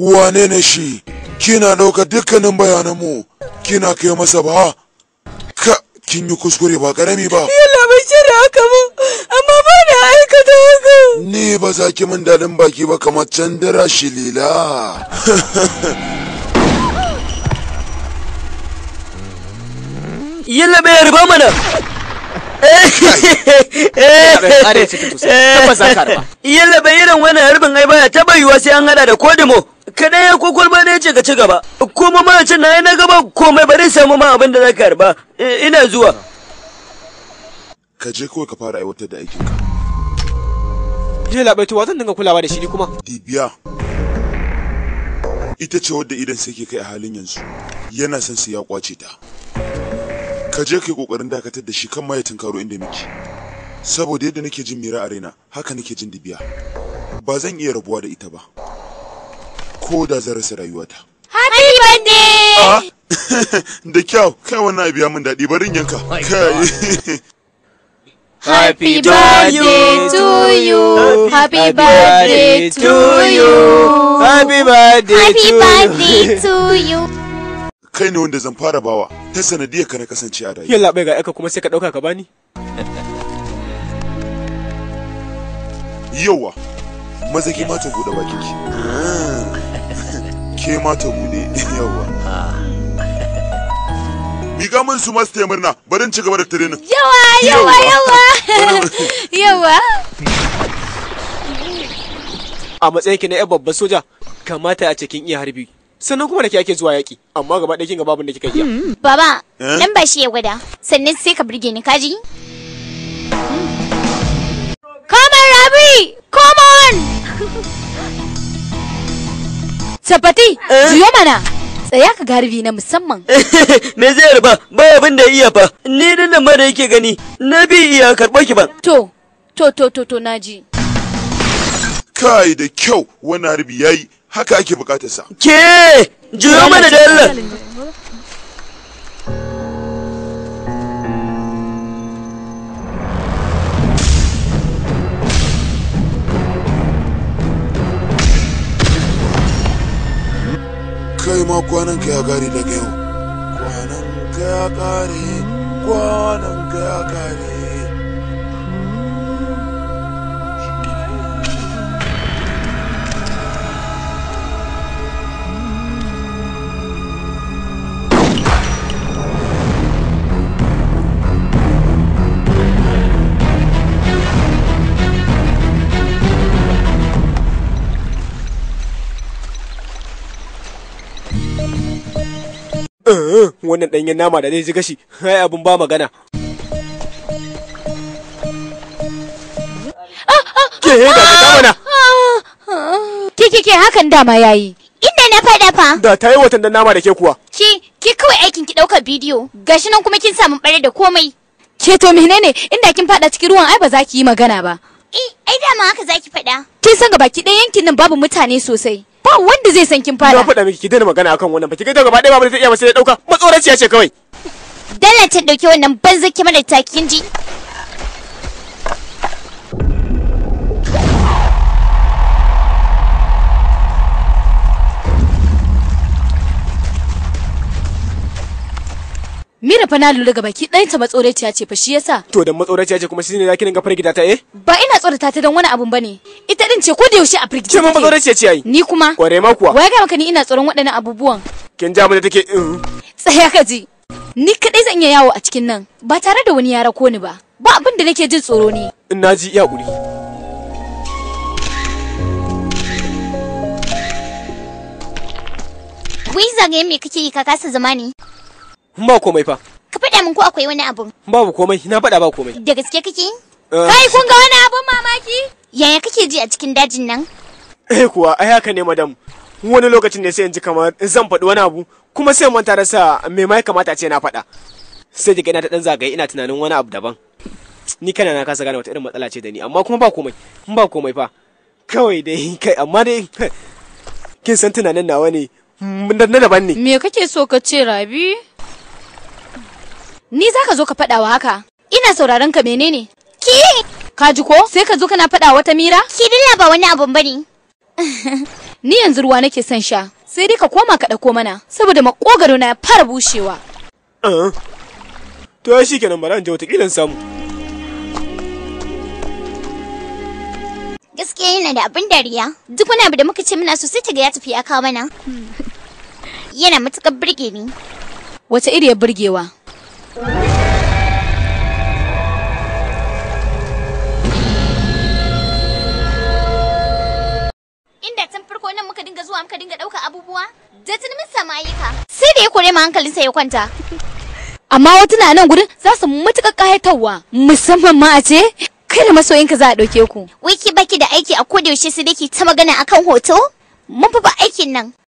Wane ne shi? kina ɗaukar dukkanin bayananmu kina kai masa ba ka kin yi kuskure ba ƙarami ba yalla bai shirya haka ba amma ba na aikata haka ni ba za ki min daɗin baki ba kamar candara shilila [laughs] yalla bai yarba mana [laughs] Yalla bai irin wani harbin ai baya ta bayuwa sai an haɗa da kodimo. kada ya kwakwalwa ne ce ka ci gaba kuma ma ce na na gaba komai bari samu ma abin da za ka ina zuwa ka je kawai ka fara aiwatar da aikin ka je labaituwa zan dinga kulawa da shi ni kuma dibiya ita ce wadda idan sai ke kai a halin yanzu yana son su ya kwace ta ka je kai kokarin dakatar da shi kan ma karo tunkaro inda muke saboda yadda nake jin mira a raina haka nake jin dibiya ba zan iya rabuwa da ita ba ko da zarasa rasa rayuwata happy birthday ah, [laughs] da kyau kai wannan abu ya min daɗi barin yanka oh kai [laughs] Happy birthday to you. Happy birthday to you. Happy birthday to you. Happy birthday to you. Kai ne wanda zan fara bawa ta sanadiyar ka na kasance a rayu. Yalla bai ga aika kuma sai ka ɗauka ka bani. Yawa. Maza ke ma ta bakin ki. Ah. ke ma ta bude yawa ga mun su masu taya murna barin ci gaba da tirenin yawa yawa yawa yawa [laughs] a matsayin ki na yan babban soja kamata a cikin iya harbi sannan kuma da ke ake zuwa yaƙi amma gaba ɗaya kin ga babun da kika iya hmm. baba eh? nan ba shi ya gwada sannan sai ka burge ni kaji Come on, Rabi! Come on! [laughs] sabati eh? biyo mana. Tsaya ka garbi na musamman. [laughs] Me zai yarba ba abin da iya ba Ni da ma yake gani, na bi iya karɓa ki ba. To, to, to, to, to, naji. Kai da kyau wani harbi yayi, haka ake bukatarsa. Ke, juyo mana da Allah. kai ma kwanan ka ya kare daga yau kwanan ka ya kare kwanan ka ya kare Eh, wannan ɗanyen nama da zai ji gashi hai abin ba magana ke da ka mana ke ke ke hakan dama yayi inda na faɗa fa da ta yi watan nama da ke kuwa ki ki kawai aikin ki ɗaukar bidiyo gashi nan kuma kin samu ɓare da komai ke to menene inda kin faɗa cikin ruwan ai ba za ki yi magana ba eh ai dama haka za ki faɗa kin san gabaki ɗaya yankin nan babu mutane sosai ba wanda zai san kin fara na faɗa miki ki daina magana akan wannan ba ki ga gaba ɗaya babu zai iya ba sai ya ɗauka matsoraciya ce kawai dalla ta ɗauki wannan banza kimar da takin ji Mira fa na lura ga baki dan ta matsoraciya ce fa shi yasa. To dan matsoraciya ce kuma shine zaki dinga firgita ta eh? Ba ina tsorata ta dan wani abun bane. Ita din ce ko da yaushe a firgita. Ce mun matsoraciya ce ai. Ni kuma. Kware ma kuwa. Wai ga maka ni ina tsoron waɗannan abubuwan. Kin ja mu da take. Tsaya ka ji. Ni kadai zan iya yawo a cikin nan ba tare da wani yara ko ni ba. Ba abin da nake jin tsoro ne. Ina ji iya guri. Wai zagaye me kake yi ka kasa zama ne? ba komai fa ka faɗa min ko akwai wani abun babu komai na faɗa ba komai da gaske kake eh. kai kun ga wani abun mamaki yaya kake ji a cikin dajin nan eh kuwa ai haka ne madam wani lokacin ne sai in ji kamar zan faɗi wani abu kuma sai manta rasa me ma kamata ce na faɗa sai daga ina ta ɗan zagaye ina tunanin wani abu daban ni kana na kasa gane wata irin matsala ce da ni amma kuma ba komai ba komai fa kawai dai [laughs] kai amma dai [laughs] kin san tunanin nawa ne na daban ne me kake so ka ce rabi Ni za ka zo ka faɗawa haka. Ina sauraron ka menene? Ki! Ka ji ko? Sai ka zo kana fadawa wata mira? Ki dilla ba wani abun bane. [laughs] Ni yanzu ruwa nake son sha. Sai dai ka koma ka ɗauko mana saboda makogaro na ya fara bushewa. Ah. To shi kenan bara in je wataƙila samu. Gaskiya yana da abin dariya. Duk wani abu da muka ce muna so sai ta ga ya tafi ya kawo mana. [laughs] Yana matuƙar burge ni. Wace iriyar burgewa? Inda tun farko nan muka dinga zuwa muka dinga ɗauka abubuwa, da tun min Sai da ya kore ma hankalinsa ya kwanta. [laughs] Amma na nan gurin za su matuƙar ƙayatarwa, musamman ma a ce kai da masoyinka za a ɗauke ku. Wiki baki da aiki a kodayaushe su dake ta magana akan hoto? Mun fi ba aikin nan.